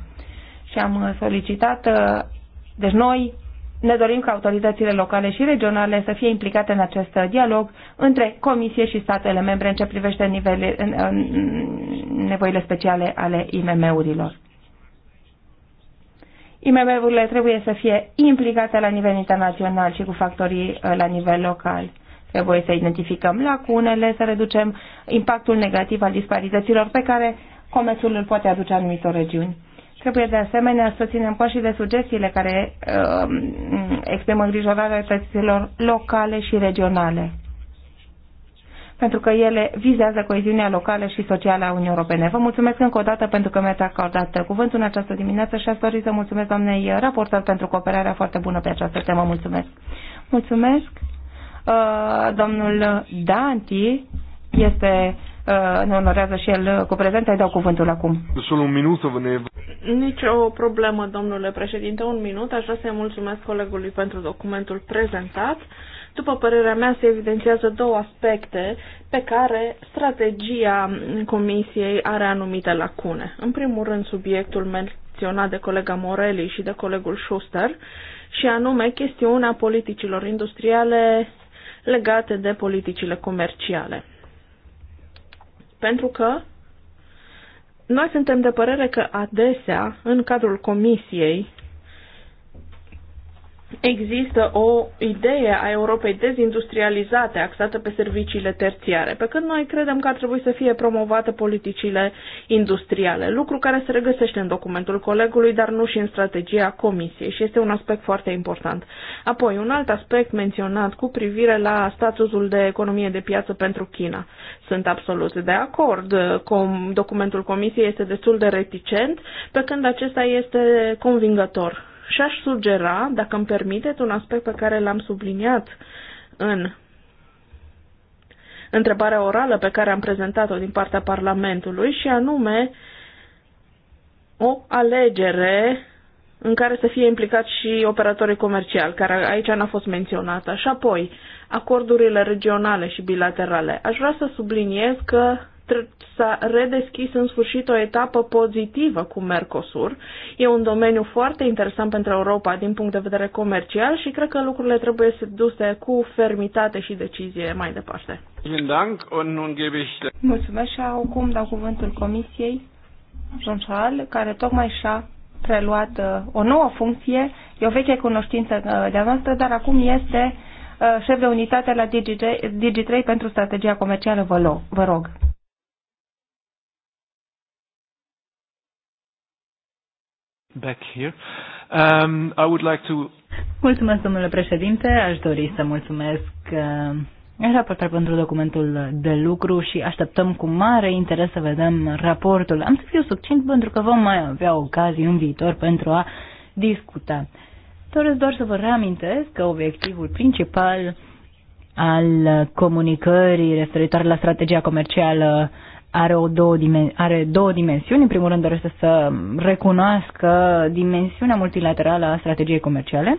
Speaker 3: Și am solicitat, deci noi ne dorim ca autoritățile locale și regionale să fie implicate în acest dialog între Comisie și statele membre în ce privește nivele, în, în, nevoile speciale ale IMM-urilor. IMM-urile trebuie să fie implicate la nivel internațional și cu factorii uh, la nivel local. Trebuie să identificăm lacunele, să reducem impactul negativ al disparităților pe care comerțul îl poate aduce anumitor regiuni. Trebuie de asemenea să ținem cont și de sugestiile care uh, exprimă îngrijorarea autorităților locale și regionale pentru că ele vizează coeziunea locală și socială a Uniunii Europene. Vă mulțumesc încă o dată pentru că mi-ați acordat cuvântul în această dimineață și aș dori să mulțumesc doamnei raportor pentru cooperarea foarte bună pe această temă. Mulțumesc! Mulțumesc! Uh, domnul Danti este uh, ne onorează și el cu prezent. Îi dau cuvântul acum. Sunt un minut să vă ne...
Speaker 4: Nici o problemă, domnule președinte. Un minut. Aș vrea să-i mulțumesc colegului pentru documentul prezentat. După părerea mea, se evidențiază două aspecte pe care strategia Comisiei are anumite lacune. În primul rând, subiectul menționat de colega Morelli și de colegul Schuster, și anume chestiunea politicilor industriale legate de politicile comerciale. Pentru că noi suntem de părere că adesea, în cadrul Comisiei există o idee a Europei dezindustrializate, axată pe serviciile terțiare, pe când noi credem că ar trebui să fie promovate politicile industriale, lucru care se regăsește în documentul colegului, dar nu și în strategia Comisiei și este un aspect foarte important. Apoi, un alt aspect menționat cu privire la statusul de economie de piață pentru China. Sunt absolut de acord. Com documentul Comisiei este destul de reticent, pe când acesta este convingător și aș sugera, dacă îmi permiteți, un aspect pe care l-am subliniat în întrebarea orală pe care am prezentat-o din partea Parlamentului și anume o alegere în care să fie implicat și operatorii comerciali, care aici n-a fost menționată. Și apoi, acordurile regionale și bilaterale. Aș vrea să subliniez că s-a redeschis în sfârșit o etapă pozitivă cu Mercosur. E un domeniu foarte interesant pentru Europa din punct de vedere comercial și cred că lucrurile trebuie să duse cu fermitate și decizie mai departe.
Speaker 3: Mulțumesc și acum dau cuvântul Comisiei, Jean Charles, care tocmai și-a preluat uh, o nouă funcție, e o veche cunoștință uh, de-a noastră, dar acum este uh, șef de unitate la DigiTrade pentru strategia comercială, vă, vă rog.
Speaker 2: back here. Um, I would like to... Mulțumesc, domnule președinte. Aș dori să mulțumesc uh, raportar pentru documentul de lucru și așteptăm cu mare interes să vedem raportul. Am să fiu succint pentru că vom mai avea ocazii în viitor pentru a discuta. Doresc doar să vă reamintesc că obiectivul principal al comunicării referitoare la strategia comercială are, o două are două dimensiuni. În primul rând dorește să recunoască dimensiunea multilaterală a strategiei comerciale,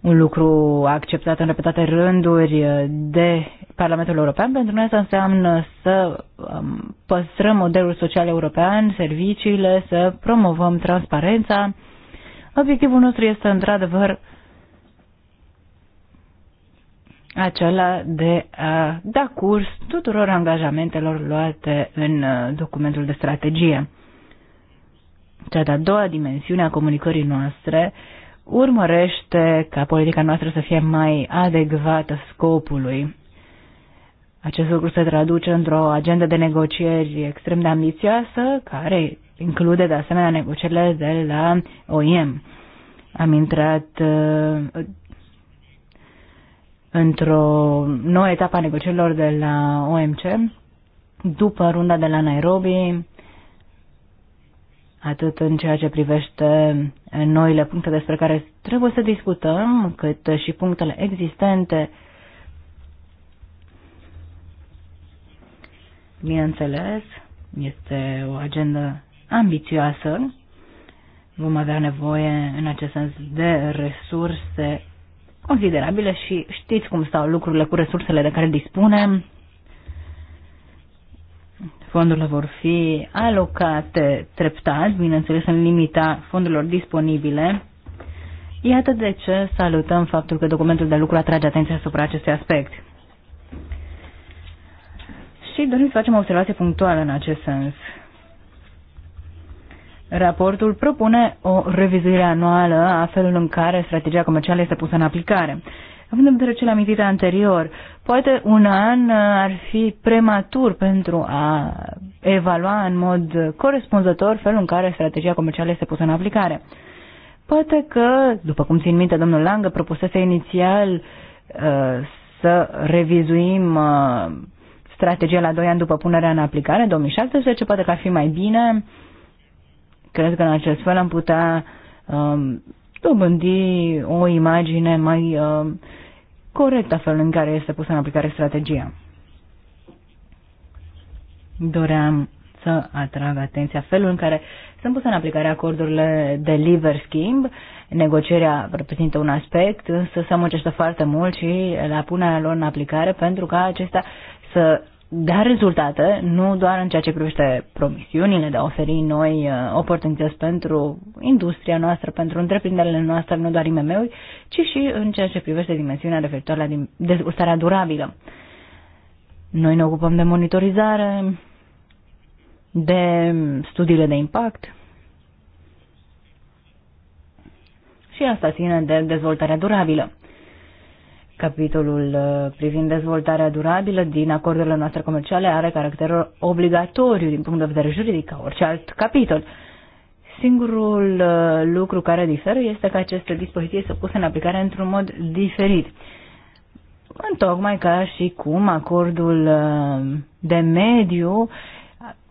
Speaker 2: un lucru acceptat în repetate rânduri de Parlamentul European. Pentru noi asta înseamnă să um, păstrăm modelul social european, serviciile, să promovăm transparența. Obiectivul nostru este într-adevăr acela de a da curs tuturor angajamentelor luate în uh, documentul de strategie. Cea de-a doua dimensiune a comunicării noastre urmărește ca politica noastră să fie mai adecvată scopului. Acest lucru se traduce într-o agendă de negocieri extrem de ambițioasă, care include de asemenea negocierile de la OIM. Am intrat uh, într-o nouă etapă a negocierilor de la OMC, după runda de la Nairobi, atât în ceea ce privește noile puncte despre care trebuie să discutăm, cât și punctele existente. Bineînțeles, este o agendă ambițioasă. Vom avea nevoie în acest sens de resurse considerabile și știți cum stau lucrurile cu resursele de care dispunem. Fondurile vor fi alocate treptat, bineînțeles în limita fondurilor disponibile. Iată de ce salutăm faptul că documentul de lucru atrage atenția asupra acestui aspect. Și dorim să facem o observație punctuală în acest sens. Raportul propune o revizuire anuală a felului în care strategia comercială este pusă în aplicare. Având în vedere cele amintite anterior, poate un an ar fi prematur pentru a evalua în mod corespunzător felul în care strategia comercială este pusă în aplicare. Poate că, după cum țin minte, domnul Langă propusese inițial uh, să revizuim uh, strategia la 2 ani după punerea în aplicare, 2016, poate că ar fi mai bine Cred că în acest fel am putea um, dobândi o imagine mai um, corectă a felului în care este pusă în aplicare strategia. Doream să atrag atenția felul în care sunt puse în aplicare acordurile de liver schimb. Negocierea reprezintă un aspect, însă se muncește foarte mult și la punerea lor în aplicare pentru ca acestea să da rezultate, nu doar în ceea ce privește promisiunile de a oferi noi uh, oportunități pentru industria noastră, pentru întreprinderile noastre, nu doar IMM-uri, ci și în ceea ce privește dimensiunea referitoare la dezvoltarea durabilă. Noi ne ocupăm de monitorizare, de studiile de impact și asta ține de dezvoltarea durabilă. Capitolul uh, privind dezvoltarea durabilă din acordurile noastre comerciale are caracter obligatoriu din punct de vedere juridic ca orice alt capitol. Singurul uh, lucru care diferă este că aceste dispoziții sunt puse în aplicare într-un mod diferit. tocmai ca și cum acordul uh, de mediu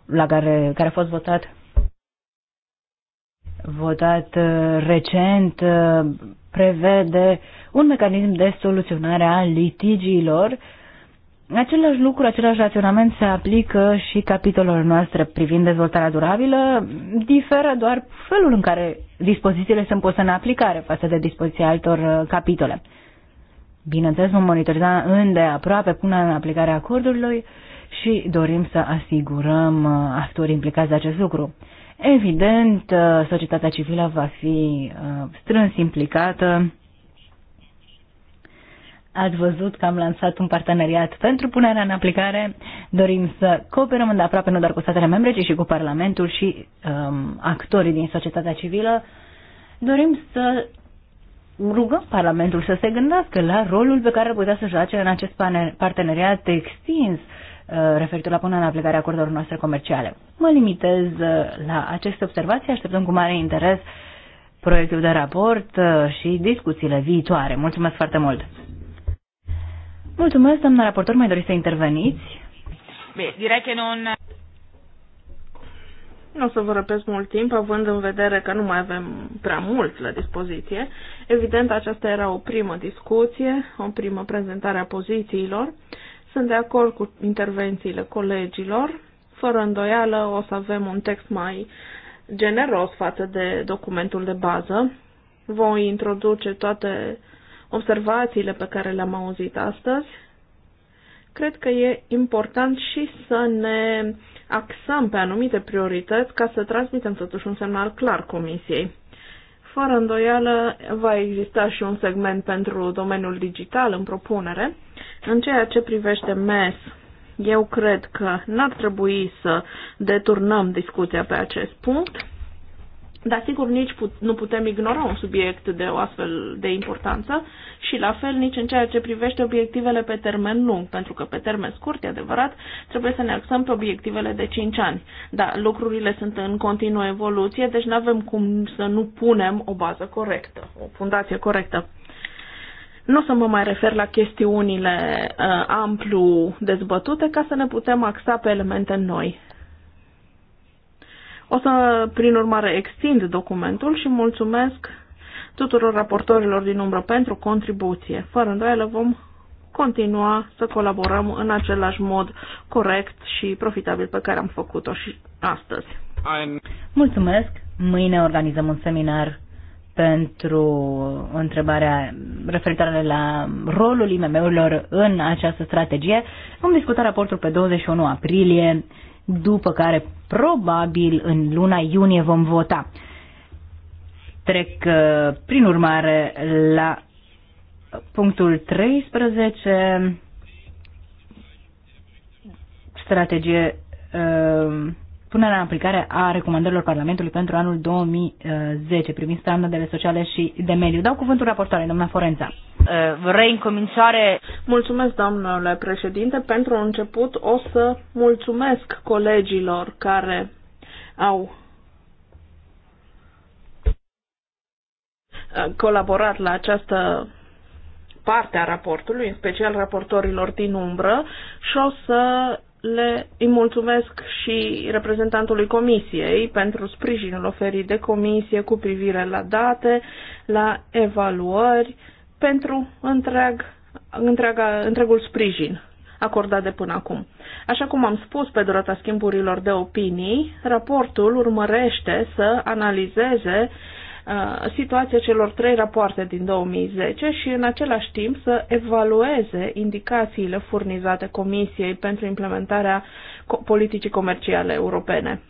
Speaker 2: la care, care a fost votat votat recent prevede un mecanism de soluționare a litigiilor. Același lucru, același raționament se aplică și capitolelor noastre privind dezvoltarea durabilă, diferă doar felul în care dispozițiile sunt puse în aplicare față de dispoziția altor uh, capitole. Bineînțeles, vom monitoriza îndeaproape până în aplicarea acordului și dorim să asigurăm uh, actorii implicați de acest lucru. Evident, uh, societatea civilă va fi strâns implicată Ați văzut că am lansat un parteneriat pentru punerea în aplicare. Dorim să cooperăm îndeaproape nu doar cu statele membre, ci și cu Parlamentul și um, actorii din societatea civilă. Dorim să rugăm Parlamentul să se gândească la rolul pe care putea să joace în acest parteneriat extins uh, referitor la punerea în aplicare a acordurilor noastre comerciale. Mă limitez uh, la aceste observații, așteptăm cu mare interes proiectul de raport uh, și discuțiile viitoare. Mulțumesc foarte mult! Mulțumesc, doamna raportor. Mai doriți să interveniți?
Speaker 3: Bine, direct că nu... Nu o să
Speaker 4: vă răpesc mult timp, având în vedere că nu mai avem prea mult la dispoziție. Evident, aceasta era o primă discuție, o primă prezentare a pozițiilor. Sunt de acord cu intervențiile colegilor. Fără îndoială o să avem un text mai generos față de documentul de bază. Voi introduce toate observațiile pe care le-am auzit astăzi, cred că e important și să ne axăm pe anumite priorități ca să transmitem totuși un semnal clar Comisiei. Fără îndoială, va exista și un segment pentru domeniul digital în propunere. În ceea ce privește MES, eu cred că n-ar trebui să deturnăm discuția pe acest punct. Dar sigur nici put, nu putem ignora un subiect de o astfel de importanță și la fel nici în ceea ce privește obiectivele pe termen lung, pentru că pe termen scurt, e adevărat, trebuie să ne axăm pe obiectivele de 5 ani. Dar lucrurile sunt în continuă evoluție, deci nu avem cum să nu punem o bază corectă, o fundație corectă. Nu să mă mai refer la chestiunile uh, amplu dezbătute ca să ne putem axa pe elemente noi. O să, prin urmare, extind documentul și mulțumesc tuturor raportorilor din umbră pentru contribuție. Fără îndoială vom continua să colaborăm în
Speaker 2: același mod corect și profitabil pe care am făcut-o și astăzi. Mulțumesc! Mâine organizăm un seminar pentru întrebarea referitoare la rolul IMM-urilor în această strategie. Vom discuta raportul pe 21 aprilie după care probabil în luna iunie vom vota. Trec uh, prin urmare la punctul 13, strategie uh, punerea în aplicare a recomandărilor Parlamentului pentru anul 2010 privind standardele sociale și de mediu. Dau cuvântul raportoarei, doamna Forența.
Speaker 4: Uh, reîncomințare. Mulțumesc, domnule președinte. Pentru început o să mulțumesc colegilor care au uh, colaborat la această parte a raportului, în special raportorilor din umbră, și o să le îi mulțumesc și reprezentantului comisiei pentru sprijinul oferit de comisie cu privire la date, la evaluări, pentru întreg, întreaga, întregul sprijin acordat de până acum. Așa cum am spus pe durata schimburilor de opinii, raportul urmărește să analizeze Uh, situația celor trei rapoarte din 2010 și în același timp să evalueze indicațiile furnizate Comisiei pentru implementarea politicii comerciale europene.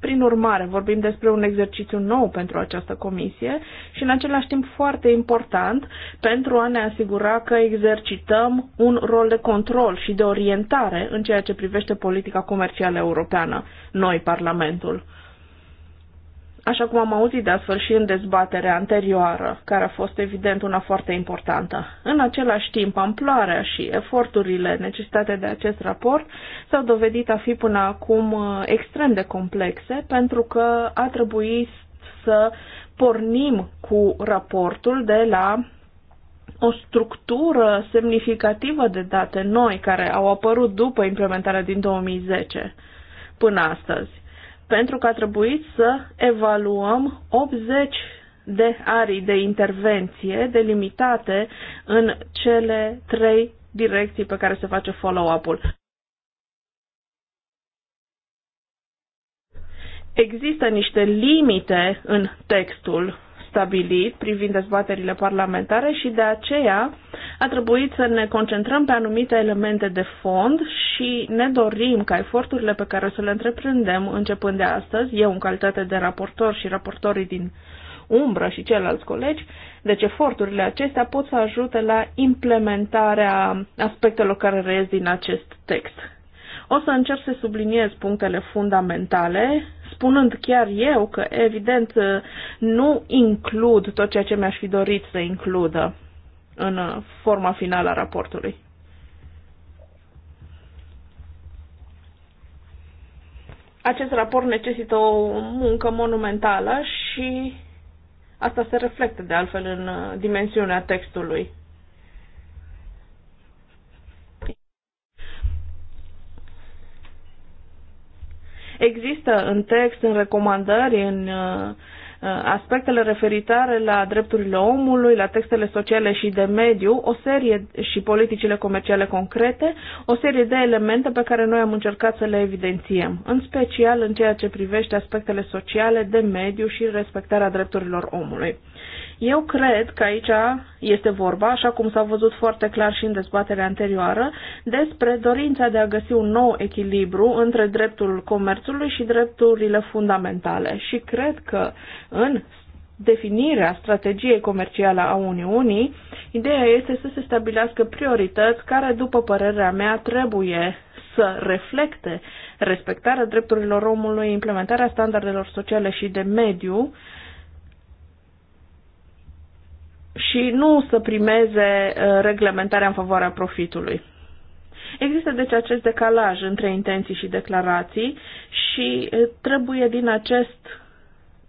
Speaker 4: Prin urmare, vorbim despre un exercițiu nou pentru această comisie și în același timp foarte important pentru a ne asigura că exercităm un rol de control și de orientare în ceea ce privește politica comercială europeană, noi Parlamentul așa cum am auzit de astfel și în dezbaterea anterioară, care a fost evident una foarte importantă. În același timp, amploarea și eforturile necesitate de acest raport s-au dovedit a fi până acum uh, extrem de complexe, pentru că a trebuit să pornim cu raportul de la o structură semnificativă de date noi care au apărut după implementarea din 2010 până astăzi pentru că a trebuit să evaluăm 80 de arii de intervenție delimitate în cele trei direcții pe care se face follow-up-ul. Există niște limite în textul stabilit privind dezbaterile parlamentare și de aceea a trebuit să ne concentrăm pe anumite elemente de fond și ne dorim ca eforturile pe care o să le întreprindem începând de astăzi, eu în calitate de raportor și raportorii din umbră și ceilalți colegi, deci eforturile acestea pot să ajute la implementarea aspectelor care reiesc din acest text. O să încerc să subliniez punctele fundamentale, spunând chiar eu că, evident, nu includ tot ceea ce mi-aș fi dorit să includă în forma finală a raportului. Acest raport necesită o muncă monumentală și asta se reflectă de altfel în dimensiunea textului. Există în text, în recomandări, în uh, uh, aspectele referitare la drepturile omului, la textele sociale și de mediu, o serie și politicile comerciale concrete, o serie de elemente pe care noi am încercat să le evidențiem, în special în ceea ce privește aspectele sociale, de mediu și respectarea drepturilor omului. Eu cred că aici este vorba, așa cum s-a văzut foarte clar și în dezbaterea anterioară, despre dorința de a găsi un nou echilibru între dreptul comerțului și drepturile fundamentale. Și cred că în definirea strategiei comerciale a Uniunii, ideea este să se stabilească priorități care, după părerea mea, trebuie să reflecte respectarea drepturilor omului, implementarea standardelor sociale și de mediu, uh, și nu să primeze uh, reglementarea în favoarea profitului. Există deci acest decalaj între intenții și declarații și uh, trebuie din acest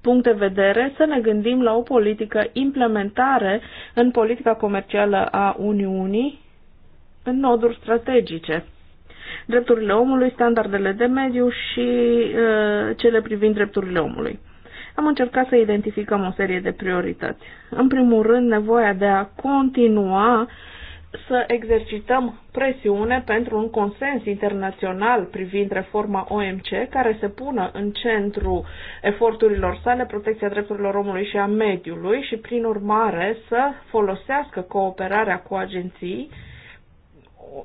Speaker 4: punct de vedere să ne gândim la o politică implementare în politica comercială a Uniunii în noduri strategice. Drepturile omului, standardele de mediu și uh, cele privind drepturile omului am încercat să identificăm o serie de priorități. În primul rând, nevoia de a continua să exercităm presiune pentru un consens internațional privind reforma OMC, care se pună în centru eforturilor sale protecția drepturilor omului și a mediului și, prin urmare, să folosească cooperarea cu agenții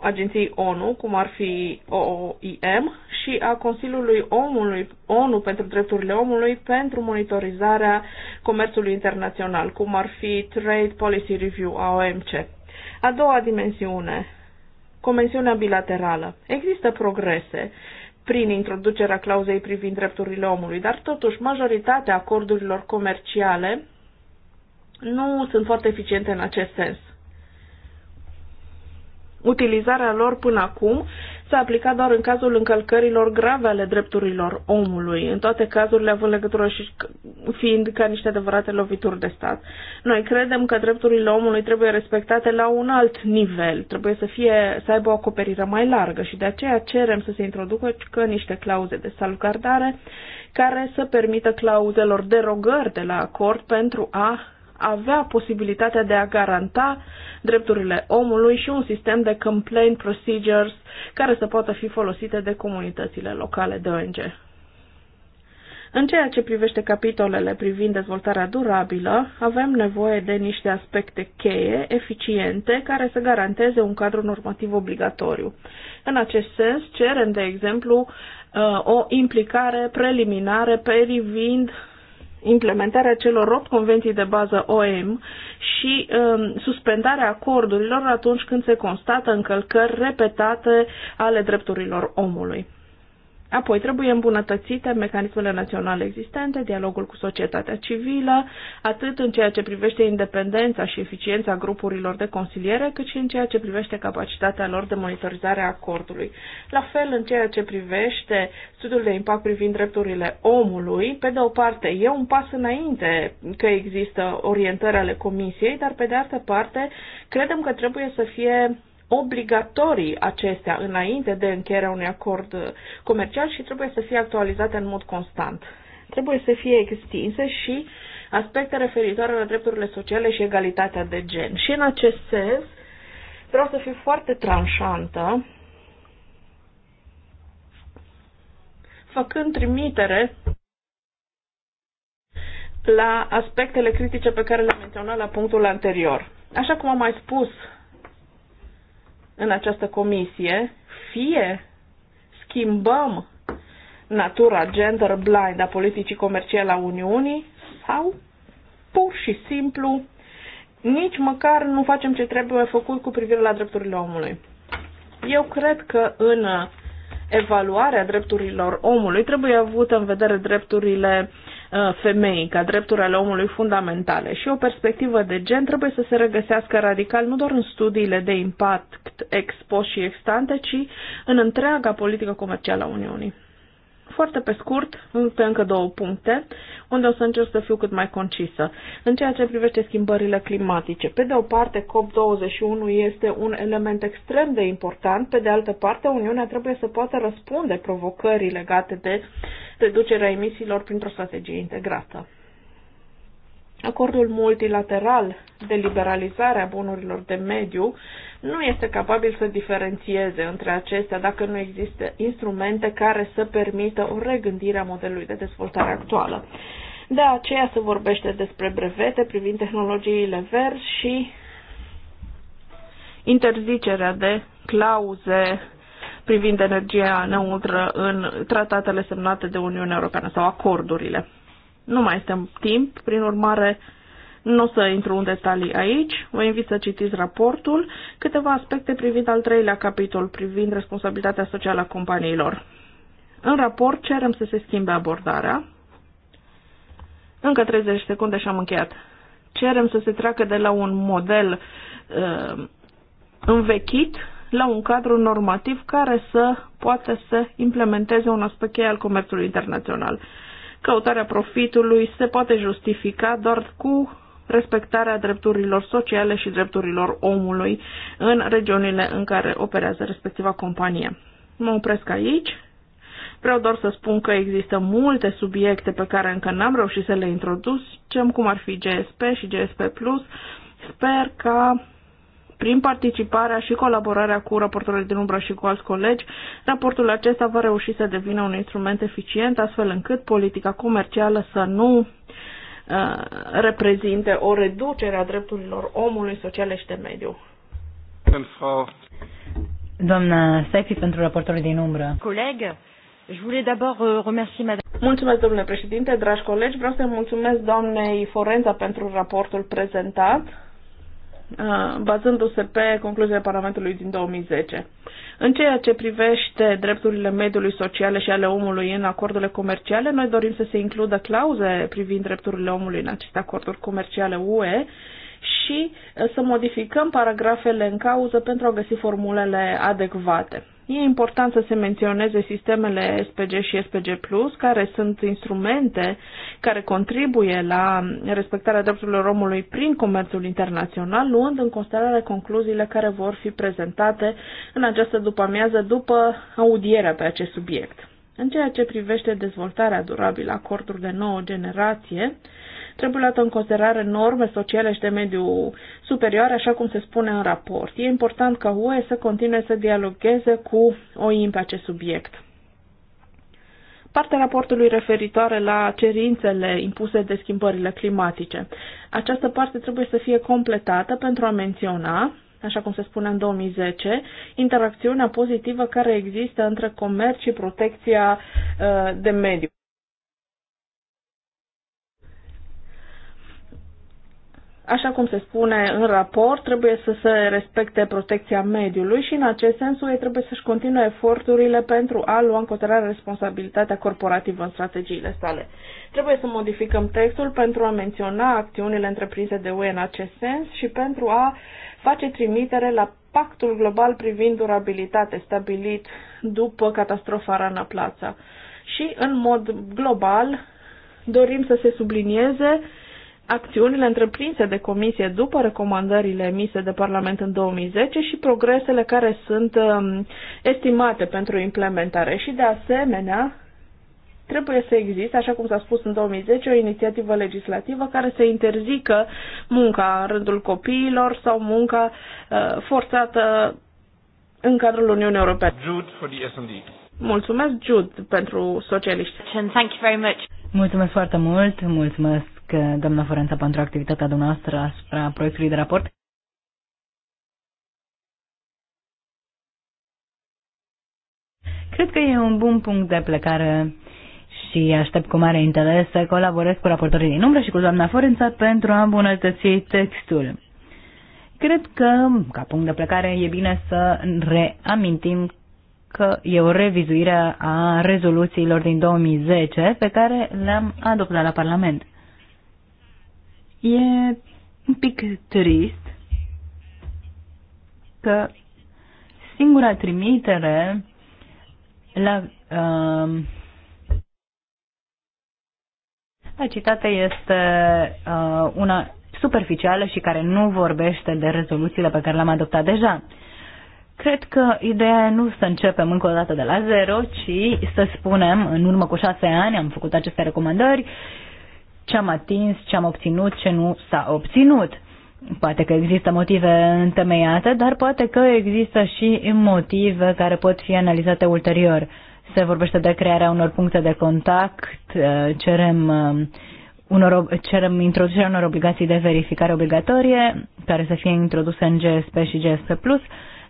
Speaker 4: agenției ONU, cum ar fi OIM și a Consiliului Omului, ONU pentru Drepturile Omului pentru monitorizarea comerțului internațional, cum ar fi Trade Policy Review, AOMC. A doua dimensiune, Convențiunea bilaterală. Există progrese prin introducerea clauzei privind drepturile omului, dar totuși majoritatea acordurilor comerciale nu sunt foarte eficiente în acest sens. Utilizarea lor până acum s-a aplicat doar în cazul încălcărilor grave ale drepturilor omului, în toate cazurile având legătură și fiind ca niște adevărate lovituri de stat. Noi credem că drepturile omului trebuie respectate la un alt nivel, trebuie să, fie, să aibă o acoperire mai largă și de aceea cerem să se introducă că niște clauze de salvgardare care să permită clauzelor derogări de la acord pentru a avea posibilitatea de a garanta drepturile omului și un sistem de complaint procedures care să poată fi folosite de comunitățile locale de ONG. În ceea ce privește capitolele privind dezvoltarea durabilă, avem nevoie de niște aspecte cheie, eficiente, care să garanteze un cadru normativ obligatoriu. În acest sens, cerem, de exemplu, uh, o implicare preliminară privind implementarea celor 8 convenții de bază OM și um, suspendarea acordurilor atunci când se constată încălcări repetate ale drepturilor omului. Apoi trebuie îmbunătățite mecanismele naționale existente, dialogul cu societatea civilă, atât în ceea ce privește independența și eficiența grupurilor de consiliere, cât și în ceea ce privește capacitatea lor de monitorizare a acordului. La fel, în ceea ce privește studiul de impact privind drepturile omului, pe de o parte e un pas înainte că există orientări ale Comisiei, dar pe de altă parte credem că trebuie să fie obligatorii acestea înainte de încheierea unui acord comercial și trebuie să fie actualizate în mod constant. Trebuie să fie extinse și aspecte referitoare la drepturile sociale și egalitatea de gen. Și în acest sens, vreau să fiu foarte tranșantă, făcând trimitere la aspectele critice pe care le-am menționat la punctul anterior. Așa cum am mai spus în această comisie, fie schimbăm natura gender blind a politicii comerciale a Uniunii sau pur și simplu nici măcar nu facem ce trebuie făcut cu privire la drepturile omului. Eu cred că în evaluarea drepturilor omului trebuie avută în vedere drepturile Uh, femei ca drepturi ale omului fundamentale și o perspectivă de gen trebuie să se regăsească radical nu doar în studiile de impact ex post și extante, ci în întreaga politică comercială a Uniunii foarte pe scurt, pe încă două puncte, unde o să încerc să fiu cât mai concisă. În ceea ce privește schimbările climatice, pe de o parte, COP21 este un element extrem de important, pe de altă parte, Uniunea trebuie să poată răspunde provocării legate de reducerea emisiilor printr-o strategie integrată. Acordul multilateral de liberalizare a bunurilor de mediu nu este capabil să diferențieze între acestea dacă nu există instrumente care să permită o regândire a modelului de dezvoltare actuală. De aceea se vorbește despre brevete privind tehnologiile verzi și interzicerea de clauze privind energia neutră în tratatele semnate de Uniunea Europeană sau acordurile. Nu mai este timp, prin urmare nu o să intru în detalii aici, vă invit să citiți raportul, câteva aspecte privind al treilea capitol, privind responsabilitatea socială a companiilor. În raport cerem să se schimbe abordarea. Încă 30 secunde și am încheiat. Cerem să se treacă de la un model uh, învechit la un cadru normativ care să poată să implementeze un aspect cheie al comerțului internațional. Căutarea profitului se poate justifica doar cu respectarea drepturilor sociale și drepturilor omului în regiunile în care operează respectiva companie. Mă opresc aici. Vreau doar să spun că există multe subiecte pe care încă n-am reușit să le introducem, cum ar fi GSP și GSP+. Sper ca prin participarea și colaborarea cu raportorii din umbră și cu alți colegi, raportul acesta va reuși să devină un instrument eficient, astfel încât politica comercială să nu uh, reprezinte o reducere a drepturilor omului, sociale și de mediu.
Speaker 2: Doamna Sefi, pentru raportorul din umbră.
Speaker 4: Coleg, je voulais d'abord euh, remercier madame. Mulțumesc, domnule președinte, dragi colegi. Vreau să mulțumesc doamnei Forenza pentru raportul prezentat Uh, bazându-se pe concluziile Parlamentului din 2010. În ceea ce privește drepturile mediului sociale și ale omului în acordurile comerciale, noi dorim să se includă clauze privind drepturile omului în aceste acorduri comerciale UE și uh, să modificăm paragrafele în cauză pentru a găsi formulele adecvate. E important să se menționeze sistemele SPG și SPG+, care sunt instrumente care contribuie la respectarea drepturilor omului prin comerțul internațional, luând în considerare concluziile care vor fi prezentate în această după-amiază după audierea pe acest subiect. În ceea ce privește dezvoltarea durabilă a corturi de nouă generație, Trebuie luată în considerare norme sociale și de mediu superioare, așa cum se spune în raport. E important ca UE să continue să dialogueze cu OIM pe acest subiect. Partea raportului referitoare la cerințele impuse de schimbările climatice. Această parte trebuie să fie completată pentru a menționa așa cum se spune în 2010, interacțiunea pozitivă care există între comerț și protecția uh, de mediu. Așa cum se spune în raport, trebuie să se respecte protecția mediului și în acest sens ei trebuie să-și continue eforturile pentru a lua în considerare responsabilitatea corporativă în strategiile sale. Trebuie să modificăm textul pentru a menționa acțiunile întreprinse de UE în acest sens și pentru a face trimitere la pactul global privind durabilitate stabilit după catastrofa Rana Plaza. Și, în mod global, dorim să se sublinieze acțiunile întreprinse de comisie după recomandările emise de Parlament în 2010 și progresele care sunt um, estimate pentru implementare. Și de asemenea, trebuie să existe, așa cum s-a spus în 2010, o inițiativă legislativă care să interzică munca în rândul copiilor sau munca uh, forțată în cadrul Uniunii Europene. Jude for the S&D. Mulțumesc, Jude, pentru socialiști. Thank you very much.
Speaker 2: Mulțumesc foarte mult, mulțumesc doamna Forența, pentru activitatea dumneavoastră asupra proiectului de raport. Cred că e un bun punct de plecare și aștept cu mare interes să colaborez cu raportorii din umbră și cu doamna Forența pentru a îmbunătăți textul. Cred că, ca punct de plecare, e bine să reamintim că e o revizuire a rezoluțiilor din 2010 pe care le-am adoptat la Parlament. E un pic trist că singura trimitere la uh, la citată este uh, una superficială și care nu vorbește de rezoluțiile pe care le-am adoptat deja. Cred că ideea nu să începem încă o dată de la zero, ci să spunem, în urmă cu șase ani am făcut aceste recomandări, uh, ce am atins, ce am obținut, ce nu s-a obținut. Poate că există motive întemeiate, dar poate că există și motive care pot fi analizate ulterior. Se vorbește de crearea unor puncte de contact, uh, cerem, uh, unor, cerem introducerea unor obligații de verificare obligatorie, care să fie introduse în GSP și GSP+,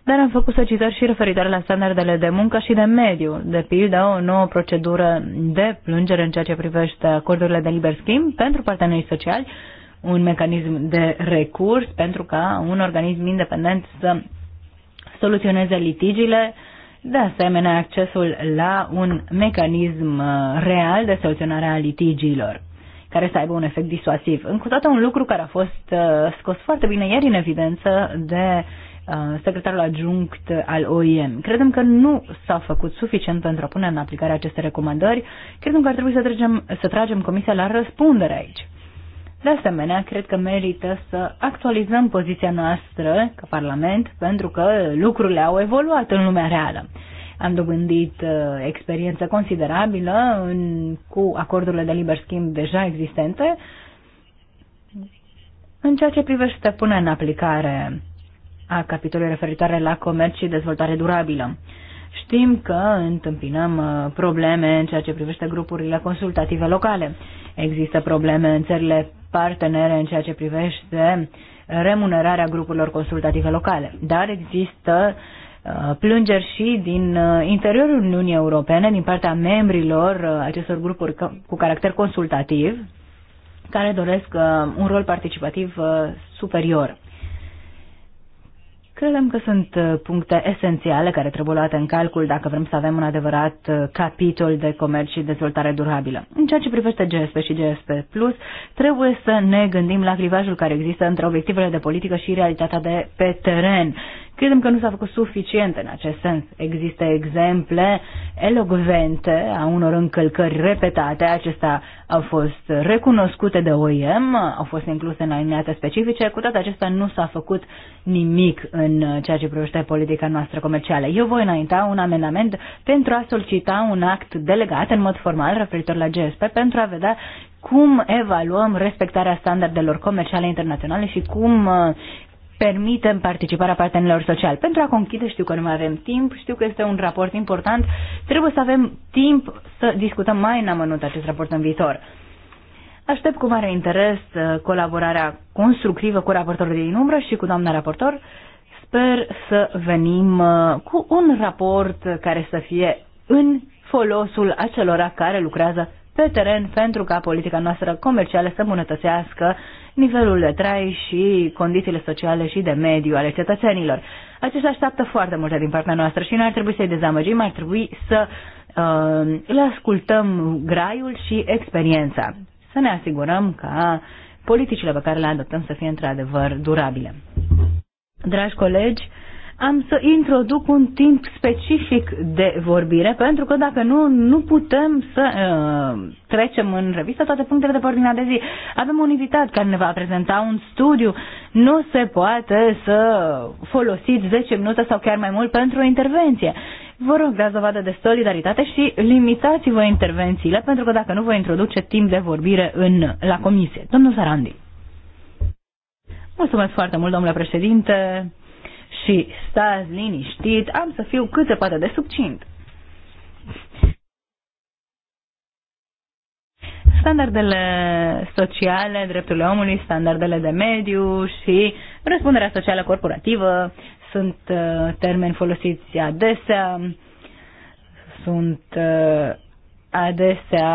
Speaker 2: dar am făcut solicitări și referitoare la standardele de muncă și de mediu, de pildă o nouă procedură de plângere în ceea ce privește acordurile de liber schimb pentru partenerii sociali, un mecanism de recurs pentru ca un organism independent să soluționeze litigiile, de asemenea accesul la un mecanism uh, real de soluționare a litigiilor care să aibă un efect disuasiv. Încă toată un lucru care a fost uh, scos foarte bine ieri în evidență de Uh, secretarul adjunct al OIM. Credem că nu s-a făcut suficient pentru a pune în aplicare aceste recomandări. Credem că ar trebui să, trecem, să tragem Comisia la răspundere aici. De asemenea, cred că merită să actualizăm poziția noastră ca Parlament pentru că lucrurile au evoluat în lumea reală. Am dobândit uh, experiență considerabilă în, cu acordurile de liber schimb deja existente în ceea ce privește pune în aplicare a capitolului referitoare la comerț și dezvoltare durabilă. Știm că întâmpinăm uh, probleme în ceea ce privește grupurile consultative locale. Există probleme în țările partenere în ceea ce privește remunerarea grupurilor consultative locale. Dar există uh, plângeri și din uh, interiorul Uniunii Europene, din partea membrilor acestor grupuri cu caracter consultativ, care doresc un rol participativ superior. Credem că sunt uh, puncte esențiale care trebuie luate în calcul dacă vrem să avem un adevărat uh, capitol de comerț și dezvoltare durabilă. În ceea ce privește GSP și GSP+, Plus, trebuie să ne gândim la clivajul care există între obiectivele de politică și realitatea de pe teren. Credem că nu s-a făcut suficient în acest sens. Există exemple elogvente a unor încălcări repetate. Acestea au fost recunoscute de OIM, au fost incluse în alineate specifice. Cu toate acestea nu s-a făcut nimic în ceea ce privește politica noastră comercială. Eu voi înainta un amendament pentru a solicita un act delegat în mod formal referitor la GSP pentru a vedea cum evaluăm respectarea standardelor comerciale internaționale și cum permitem participarea partenerilor sociali. Pentru a conchide, știu că nu mai avem timp, știu că este un raport important, trebuie să avem timp să discutăm mai în amănunt acest raport în viitor. Aștept cu mare interes uh, colaborarea constructivă cu raportorul din umbră și cu doamna raportor. Sper să venim uh, cu un raport care să fie în folosul acelora care lucrează pe teren pentru ca politica noastră comercială să îmbunătățească nivelul de trai și condițiile sociale și de mediu ale cetățenilor. Aceștia așteaptă foarte multe din partea noastră și noi ar trebui să-i dezamăgim, ar trebui să uh, le ascultăm graiul și experiența. Să ne asigurăm ca politicile pe care le adoptăm să fie într-adevăr durabile. Dragi colegi, am să introduc un timp specific de vorbire, pentru că dacă nu, nu putem să uh, trecem în revistă toate punctele de ordinea de zi. Avem un invitat care ne va prezenta un studiu. Nu se poate să folosiți 10 minute sau chiar mai mult pentru o intervenție. Vă rog, dați dovadă de solidaritate și limitați-vă intervențiile, pentru că dacă nu, vă introduce timp de vorbire în, la comisie. Domnul Sarandi. Mulțumesc foarte mult, domnule președinte și stați liniștit, am să fiu cât se poate de subțint. Standardele sociale, drepturile omului, standardele de mediu și răspunderea socială corporativă sunt uh, termeni folosiți adesea, sunt uh, adesea,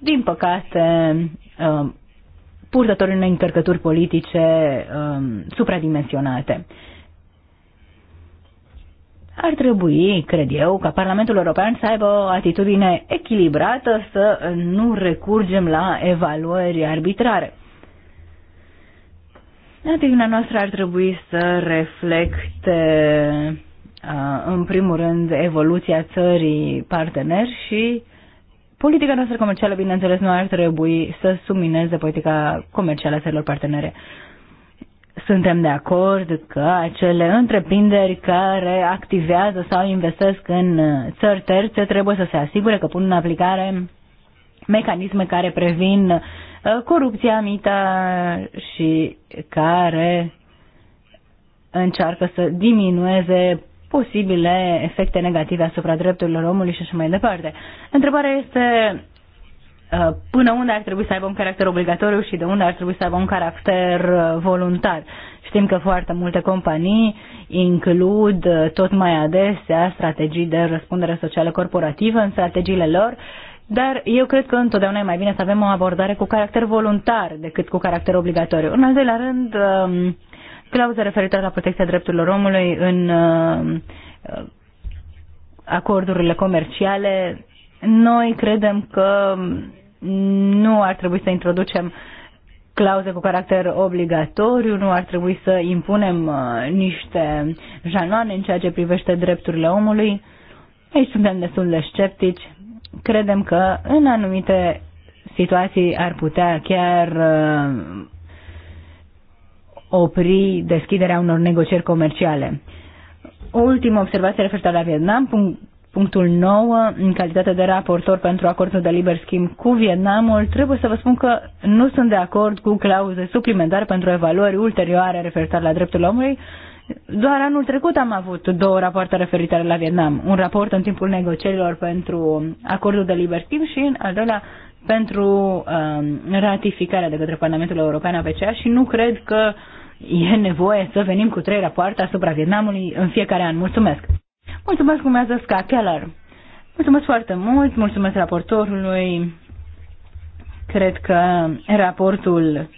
Speaker 2: din păcate, uh, purtători unei încărcături politice um, supradimensionate ar trebui, cred eu, ca Parlamentul European să aibă o atitudine echilibrată, să nu recurgem la evaluări arbitrare. Atitudinea noastră ar trebui să reflecte, în primul rând, evoluția țării parteneri și politica noastră comercială, bineînțeles, nu ar trebui să submineze politica comercială a țărilor partenere. Suntem de acord că acele întreprinderi care activează sau investesc în uh, țări terțe trebuie să se asigure că pun în aplicare mecanisme care previn uh, corupția, mită și care încearcă să diminueze posibile efecte negative asupra drepturilor omului și așa mai departe. Întrebarea este Uh, până unde ar trebui să aibă un caracter obligatoriu și de unde ar trebui să aibă un caracter uh, voluntar. Știm că foarte multe companii includ uh, tot mai adesea strategii de răspundere socială corporativă în strategiile lor, dar eu cred că întotdeauna e mai bine să avem o abordare cu caracter voluntar decât cu caracter obligatoriu. În al doilea rând, um, clauza referitoare la protecția drepturilor omului în acordurile comerciale noi credem că nu ar trebui să introducem clauze cu caracter obligatoriu, nu ar trebui să impunem uh, niște janoane în ceea ce privește drepturile omului. Aici suntem destul de sceptici. Credem că în anumite situații ar putea chiar uh, opri deschiderea unor negocieri comerciale. O ultimă observație referitoare la Vietnam, punctul 9, în calitate de raportor pentru acordul de liber schimb cu Vietnamul, trebuie să vă spun că nu sunt de acord cu clauze suplimentare pentru evaluări ulterioare referitoare la dreptul omului. Doar anul trecut am avut două rapoarte referitoare la Vietnam. Un raport în timpul negocierilor pentru acordul de liber schimb și în al doilea pentru um, ratificarea de către Parlamentul European a PCA și nu cred că e nevoie să venim cu trei rapoarte asupra Vietnamului în fiecare an. Mulțumesc! Mulțumesc, urmează ca Keller. Mulțumesc foarte mult, mulțumesc raportorului. Cred că raportul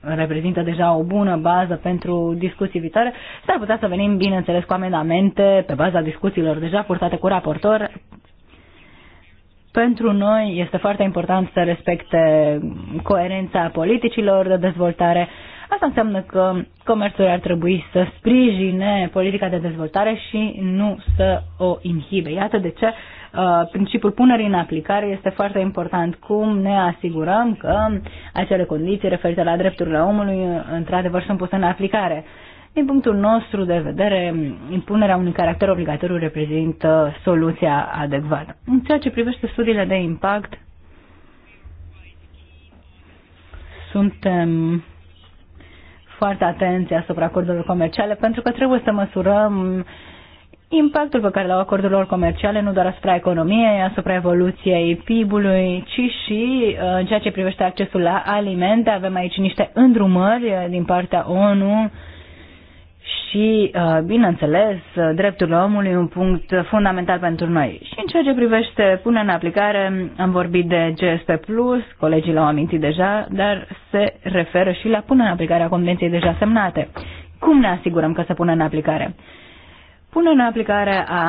Speaker 2: reprezintă deja o bună bază pentru discuții viitoare. S-ar putea să venim, bineînțeles, cu amendamente pe baza discuțiilor deja purtate cu raportor. Pentru noi este foarte important să respecte coerența politicilor de dezvoltare, Asta înseamnă că comerțul ar trebui să sprijine politica de dezvoltare și nu să o inhibe. Iată de ce uh, principiul punerii în aplicare este foarte important. Cum ne asigurăm că acele condiții referite la drepturile omului într-adevăr sunt puse în aplicare. Din punctul nostru de vedere, impunerea unui caracter obligatoriu reprezintă soluția adecvată. În ceea ce privește studiile de impact, suntem foarte atenți asupra acordurilor comerciale pentru că trebuie să măsurăm impactul pe care l-au acordurilor comerciale nu doar asupra economiei, asupra evoluției PIB-ului, ci și uh, în ceea ce privește accesul la alimente. Avem aici niște îndrumări uh, din partea ONU și, uh, bineînțeles, drepturile omului un punct fundamental pentru noi. Și în ceea ce privește punerea în aplicare, am vorbit de GSP+, colegii l-au amintit deja, dar se referă și la punerea în aplicare a convenției deja semnate. Cum ne asigurăm că se pune în aplicare? Punerea în aplicare a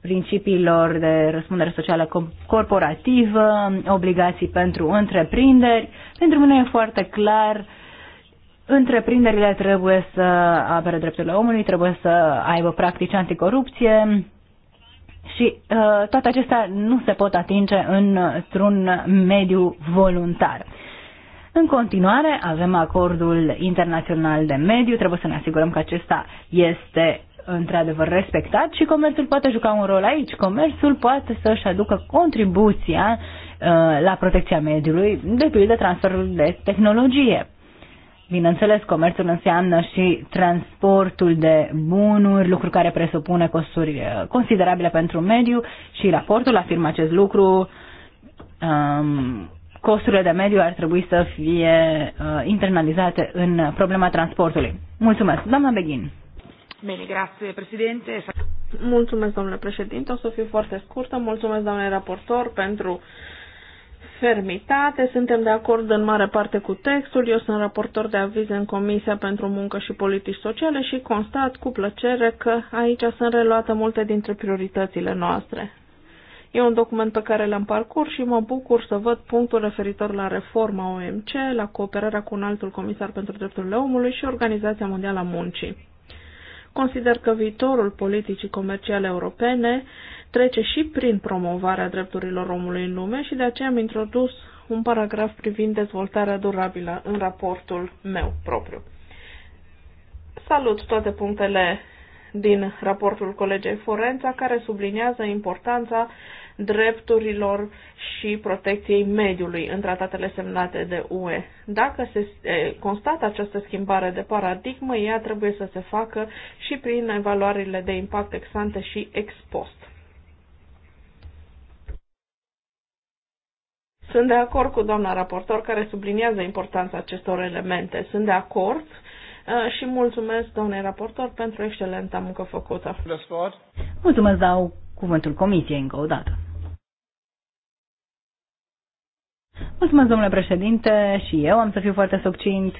Speaker 2: principiilor de răspundere socială corporativă, obligații pentru întreprinderi, pentru mine e foarte clar uh, Întreprinderile trebuie să apere drepturile omului, trebuie să aibă practici anticorupție și uh, toate acestea nu se pot atinge într-un mediu voluntar. În continuare, avem acordul internațional de mediu, trebuie să ne asigurăm că acesta este într-adevăr respectat și comerțul poate juca un rol aici. Comerțul poate să-și aducă contribuția uh, la protecția mediului, de pildă transferul de tehnologie. Bineînțeles, comerțul înseamnă și transportul de bunuri, lucru care presupune costuri uh, considerabile pentru mediu și raportul afirmă acest lucru. Um, costurile de mediu ar trebui să fie uh, internalizate în problema transportului. Mulțumesc. Doamna Beghin.
Speaker 4: Bine, grazie, președinte. Mulțumesc, domnule președinte. O să fiu foarte scurtă. Mulțumesc, doamne raportor, pentru fermitate, suntem de acord în mare parte cu textul, eu sunt raportor de aviz în Comisia pentru Muncă și Politici Sociale și constat cu plăcere că aici sunt reluate multe dintre prioritățile noastre. E un document pe care l-am parcurs și mă bucur să văd punctul referitor la reforma OMC, la cooperarea cu un altul comisar pentru drepturile omului și Organizația Mondială a Muncii. Consider că viitorul politicii comerciale europene trece și prin promovarea drepturilor omului în lume și de aceea am introdus un paragraf privind dezvoltarea durabilă în raportul meu propriu. Salut toate punctele din raportul colegei Forența, care subliniază importanța drepturilor și protecției mediului în tratatele semnate de UE. Dacă se constată această schimbare de paradigmă, ea trebuie să se facă și prin evaluările de impact ex ante și ex post. Sunt de acord cu doamna raportor care subliniază importanța acestor elemente. Sunt de acord uh, și mulțumesc doamnei raportor pentru excelenta muncă făcută.
Speaker 2: Mulțumesc, dau cuvântul comisiei încă o dată. Mulțumesc, domnule președinte, și eu am să fiu foarte succint.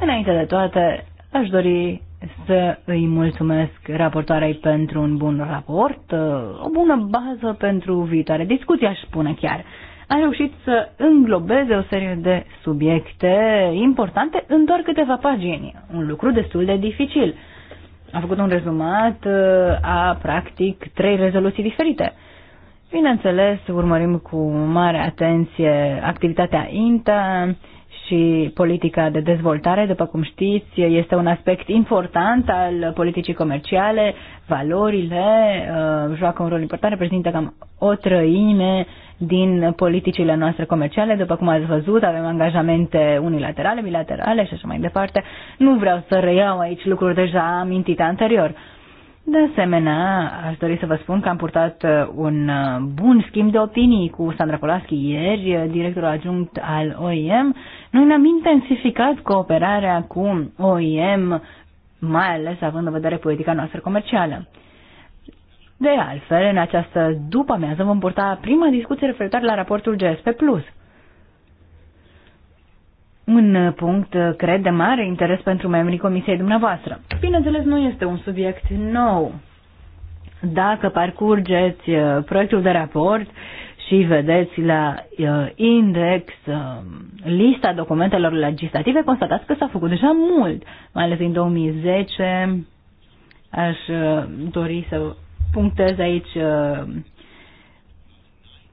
Speaker 2: Înainte de toate, aș dori să îi mulțumesc raportoarei pentru un bun raport, uh, o bună bază pentru viitoare discuții, aș spune chiar a reușit să înglobeze o serie de subiecte importante în doar câteva pagini. Un lucru destul de dificil. A făcut un rezumat a, practic, trei rezoluții diferite. Bineînțeles, urmărim cu mare atenție activitatea INTA, și politica de dezvoltare, după cum știți, este un aspect important al politicii comerciale, valorile uh, joacă un rol important, reprezintă cam o trăime din politicile noastre comerciale, după cum ați văzut, avem angajamente unilaterale, bilaterale și așa mai departe. Nu vreau să reiau aici lucruri deja amintite anterior. De asemenea, aș dori să vă spun că am purtat uh, un uh, bun schimb de opinii cu Sandra Polaschi ieri, uh, directorul adjunct al OIM. Noi ne-am intensificat cooperarea cu OIM, mai ales având în vedere politica noastră comercială. De altfel, în această după-amiază vom purta prima discuție referitoare la raportul GSP+ un punct, cred, de mare interes pentru membrii comisiei dumneavoastră. Bineînțeles, nu este un subiect nou. Dacă parcurgeți uh, proiectul de raport și vedeți la uh, index uh, lista documentelor legislative, constatați că s-a făcut deja mult, mai ales în 2010. Aș dori să punctez aici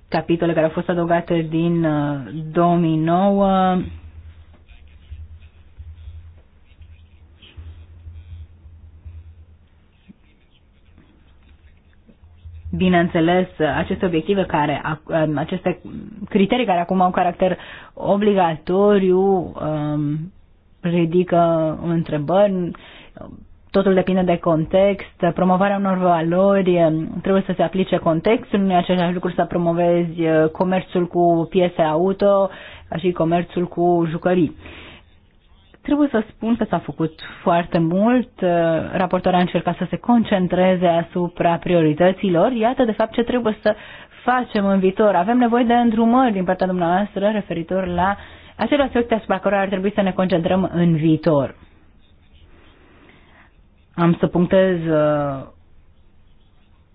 Speaker 2: capitole care au fost adăugate din 2009 bineînțeles, aceste obiective care, aceste criterii care acum au caracter obligatoriu um, ridică întrebări, totul depinde de context, promovarea unor valori, um, trebuie să se aplice contextul, nu e același lucru să promovezi uh, comerțul cu piese auto și comerțul cu jucării. Trebuie să spun că s-a făcut foarte mult. Uh, Raportoarea a încercat să se concentreze asupra priorităților. Iată, de fapt, ce trebuie să facem în viitor. Avem nevoie de îndrumări din partea dumneavoastră referitor la acele aspecte asupra care ar trebui să ne concentrăm în viitor. Am să punctez uh,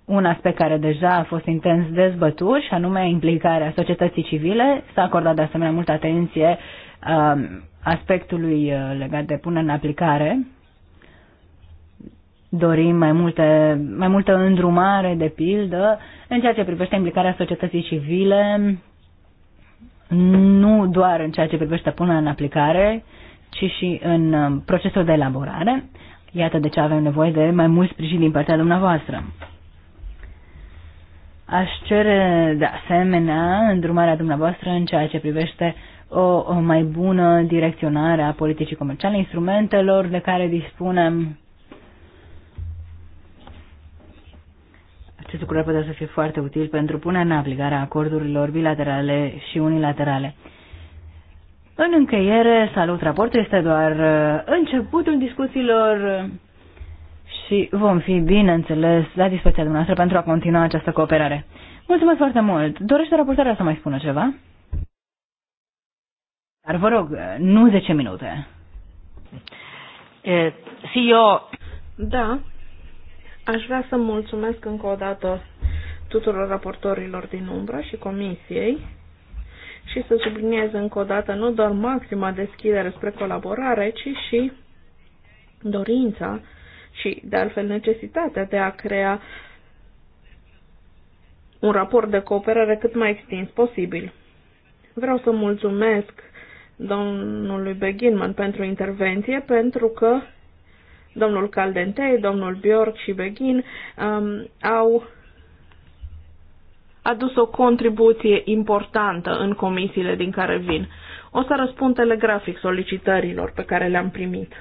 Speaker 2: un aspect care deja a fost intens dezbătut și anume implicarea societății civile. S-a acordat de asemenea multă atenție uh, aspectului uh, legat de pune în aplicare. Dorim mai, multe, mai multă îndrumare, de pildă, în ceea ce privește implicarea societății civile, nu doar în ceea ce privește punerea în aplicare, ci și în uh, procesul de elaborare. Iată de ce avem nevoie de mai mult sprijin din partea dumneavoastră. Aș cere de asemenea îndrumarea dumneavoastră în ceea ce privește o mai bună direcționare a politicii comerciale, instrumentelor de care dispunem. Acest lucru ar putea să fie foarte util pentru punerea în aplicare a acordurilor bilaterale și unilaterale. În încheiere, salut, raportul este doar uh, începutul discuțiilor și vom fi, bineînțeles, la dispoziția dumneavoastră pentru a continua această cooperare. Mulțumesc foarte mult! Dorește raportarea să mai spună ceva? Dar vă rog, nu 10 minute. Si
Speaker 3: eh, eu...
Speaker 4: Da, aș vrea să mulțumesc încă o dată tuturor raportorilor din umbră și comisiei și să subliniez încă o dată nu doar maxima deschidere spre colaborare, ci și dorința și, de altfel, necesitatea de a crea un raport de cooperare cât mai extins posibil. Vreau să mulțumesc domnului Beginman pentru intervenție, pentru că domnul Caldentei, domnul Bjork și Begin um, au adus o contribuție importantă în comisiile din care vin. O să răspund telegrafic solicitărilor pe care le-am primit.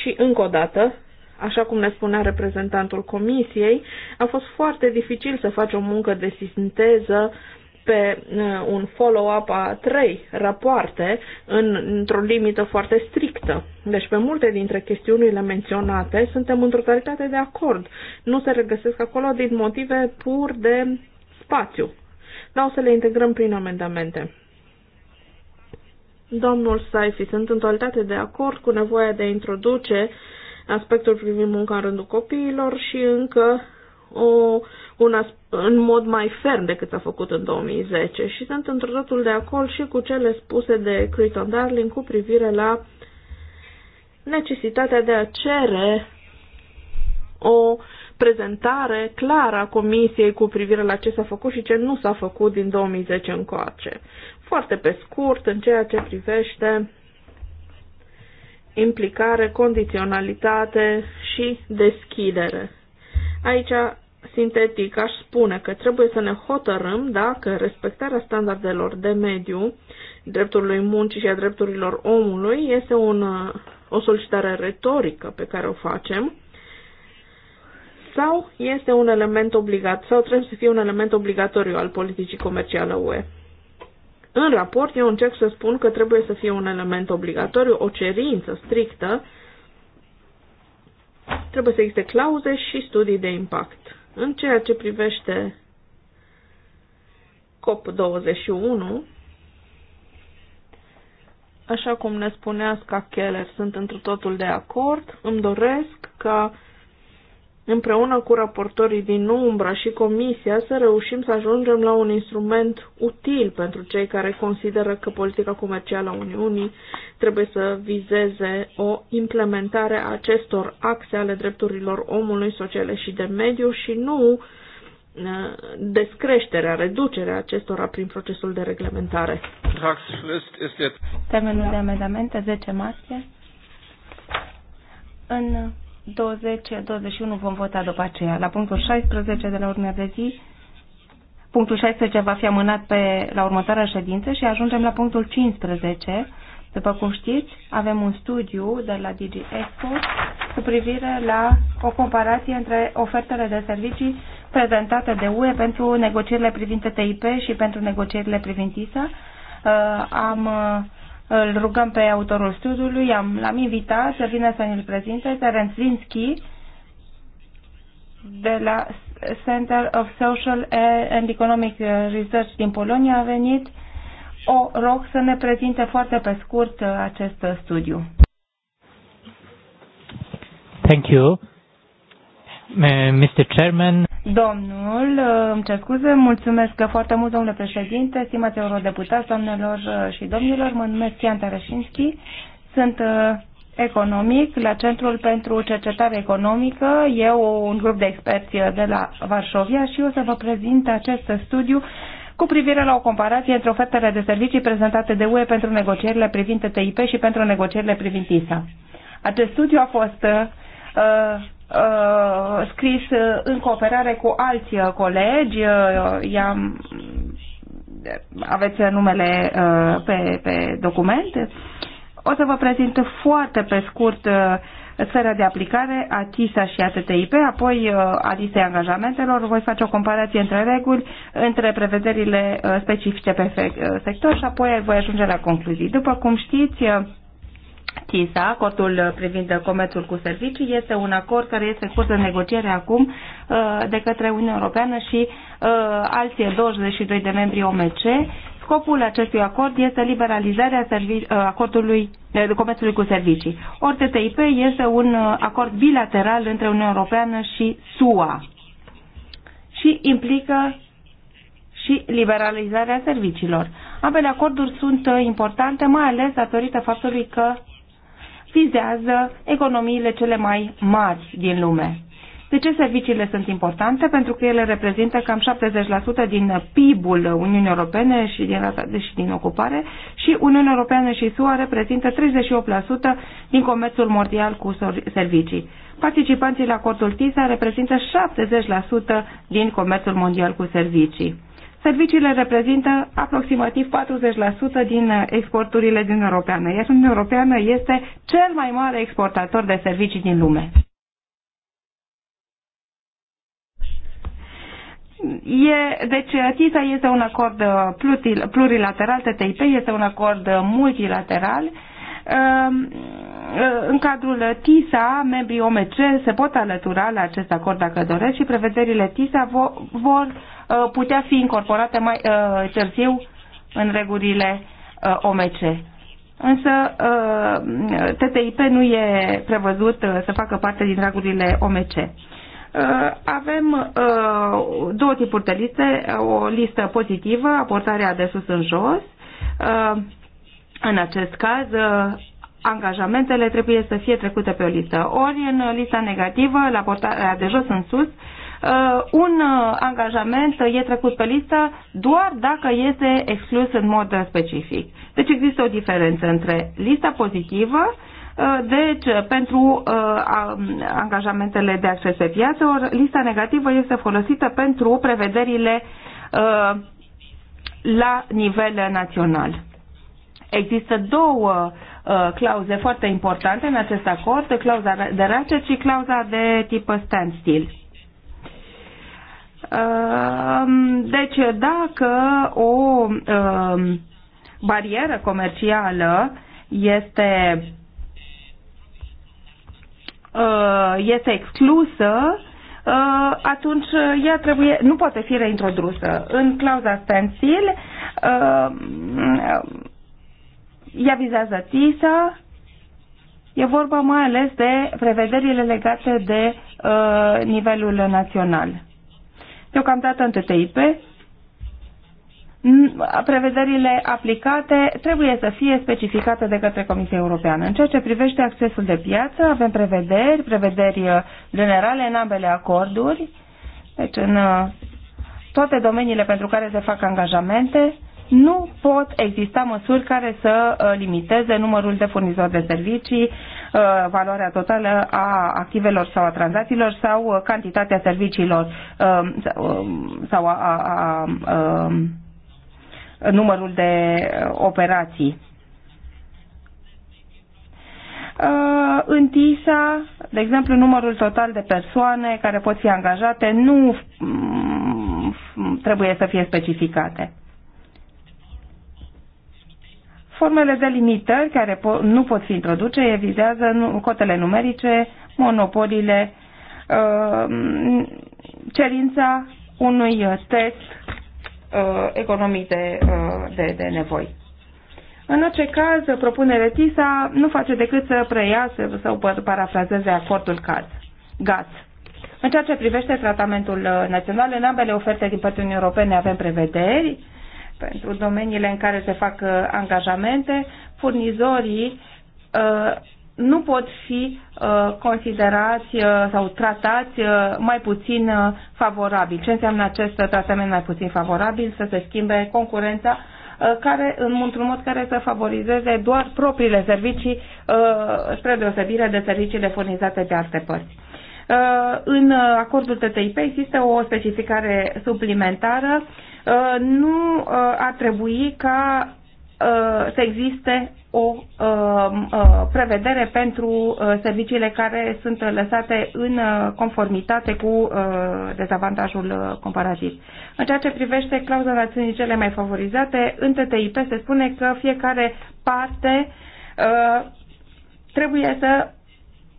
Speaker 4: Și încă o dată, Așa cum ne spunea reprezentantul comisiei, a fost foarte dificil să faci o muncă de sinteză pe uh, un follow-up a trei rapoarte în, într-o limită foarte strictă. Deci pe multe dintre chestiunile menționate suntem într-o totalitate de acord. Nu se regăsesc acolo din motive pur de spațiu. Dar o să le integrăm prin amendamente. Domnul Saifi, sunt în totalitate de acord cu nevoia de a introduce aspectul privind munca în rândul copiilor și încă o, un aspect în mod mai ferm decât s-a făcut în 2010 și sunt într totul de acord și cu cele spuse de Creighton Darling cu privire la necesitatea de a cere o prezentare clară a Comisiei cu privire la ce s-a făcut și ce nu s-a făcut din 2010 încoace. Foarte pe scurt, în ceea ce privește implicare, condiționalitate și deschidere. Aici sintetic, aș spune că trebuie să ne hotărâm dacă respectarea standardelor de mediu, drepturilor muncii și a drepturilor omului este un, o solicitare retorică pe care o facem sau este un element obligat sau trebuie să fie un element obligatoriu al politicii comerciale UE. În raport eu încerc să spun că trebuie să fie un element obligatoriu, o cerință strictă, trebuie să existe clauze și studii de impact. În ceea ce privește COP21, așa cum ne spunea Ska Keller, sunt într totul de acord. Îmi doresc ca împreună cu raportorii din umbra și comisia, să reușim să ajungem la un instrument util pentru cei care consideră că politica comercială a Uniunii trebuie să vizeze o implementare a acestor axe ale drepturilor omului, sociale și de mediu și nu uh, descreșterea, reducerea acestora prin procesul de reglementare.
Speaker 3: Termenul de amendamente 10 martie. În 20-21 vom vota după aceea. La punctul 16 de la urmea de zi, punctul 16 va fi amânat pe, la următoarea ședință și ajungem la punctul 15. După cum știți, avem un studiu de la Digi Expo cu privire la o comparație între ofertele de servicii prezentate de UE pentru negocierile privind TTIP și pentru negocierile privind Uh, am uh, îl rugăm pe autorul studiului, am, l-am invitat să vină să ne-l prezinte, Terence Zinsky, de la Center of Social and Economic Research din Polonia a venit. O rog să ne prezinte foarte pe scurt acest studiu.
Speaker 2: Thank you. Eh, Mr. Chairman.
Speaker 3: Domnul, eh, îmi cer scuze, mulțumesc foarte mult, domnule președinte, stimați eurodeputați, doamnelor eh, și domnilor, mă numesc Ian Tarășinski, sunt economic la Centrul pentru Cercetare Economică, eu un grup de experți de la Varșovia și o să vă prezint acest studiu cu privire la o comparație între ofertele de servicii prezentate de UE pentru negocierile privind TTIP și pentru negocierile privind TISA. Acest studiu a fost uh, uh, scris uh, în cooperare cu alți uh, colegi. Uh, i-am, aveți numele uh, pe, pe document. O să vă prezint foarte pe scurt uh, sfera de aplicare a TISA și a TTIP, apoi uh, a listei angajamentelor. Voi face o comparație între reguli, între prevederile specifice pe sector și apoi voi ajunge la concluzii. După cum știți, TISA, acordul privind comerțul cu servicii, este un acord care este în curs de negociere acum uh, de către Uniunea Europeană și uh, alții 22 de membri OMC. Scopul acestui acord este liberalizarea uh, acordului de comerțului cu servicii. Ori TTIP este un acord bilateral între Uniunea Europeană și SUA și implică și liberalizarea serviciilor. Ambele acorduri sunt importante, mai ales datorită faptului că vizează economiile cele mai mari din lume. De ce serviciile sunt importante? Pentru că ele reprezintă cam 70% din PIB-ul Uniunii Europene și din, și din ocupare și Uniunea Europeană și SUA reprezintă 38% din comerțul mondial cu servicii. Participanții la acordul TISA reprezintă 70% din comerțul mondial cu servicii. Serviciile reprezintă aproximativ 40% din exporturile din Europeană, iar Uniunea Europeană este cel mai mare exportator de servicii din lume. E, deci TISA este un acord uh, plurilateral, TTIP este un acord uh, multilateral. Um, uh, în cadrul TISA, membrii OMC se pot alătura la acest acord dacă doresc și prevederile TISA vor Uh, putea fi incorporate mai uh, târziu în regulile uh, OMC. Însă TTIP nu e prevăzut să facă parte din regulile OMC. Avem două tipuri de liste, o listă pozitivă, aportarea de sus în jos. În acest caz, angajamentele trebuie să fie trecute pe o listă. Ori în lista negativă, la portarea de jos în sus, Uh, un uh, angajament e trecut pe listă doar dacă este exclus în mod specific. Deci există o diferență între lista pozitivă uh, deci, pentru uh, um, angajamentele de acces pe piață, ori lista negativă este folosită pentru prevederile uh, la nivel național. Există două uh, clauze foarte importante în acest acord, clauza de ratchet și clauza de tip standstill. Ehm, deci, dacă o ehm, barieră comercială este, ehm, este exclusă, atunci ea trebuie, nu poate fi reintrodusă. În clauza stencil, ea vizează TISA, e vorba mai ales de prevederile legate de nivelul național. Deocamdată în TTIP, prevederile aplicate trebuie să fie specificate de către Comisia Europeană. În ceea ce privește accesul de piață, avem prevederi, prevederi uh, generale în ambele acorduri, deci în uh, toate domeniile pentru care se fac angajamente, nu pot exista măsuri care să uh, limiteze numărul de furnizori de servicii, Uh, valoarea totală a activelor sau a tranzacțiilor sau uh, cantitatea serviciilor um, um, sau a, a, a, a um, numărul de uh, operații. În TISA, de exemplu, numărul total de persoane care pot fi angajate nu mm, trebuie să fie specificate. Formele de limitări care po- nu pot fi introduce vizează cotele numerice, monopolile, uh, cerința unui uh, test uh, economii de, de, de nevoi. În orice caz, propunerea TISA nu face decât să preia sau parafrazeze acordul CAD. GAT. În ceea ce privește tratamentul național, în ambele oferte din partea Uniunii Europene avem prevederi pentru domeniile în care se fac uh, angajamente, furnizorii uh, nu pot fi uh, considerați sau tratați mai puțin favorabil. Ce înseamnă acest tratament mai puțin favorabil? Să se schimbe concurența care, într-un mod care să favorizeze doar propriile servicii spre deosebire de serviciile furnizate de alte părți. În acordul TTIP există o specificare suplimentară Uh, nu uh, ar trebui ca uh, să existe o prevedere pentru serviciile care sunt lăsate în conformitate cu dezavantajul comparativ. În ceea ce privește clauza națiunii cele mai favorizate, în TTIP se spune că fiecare parte trebuie să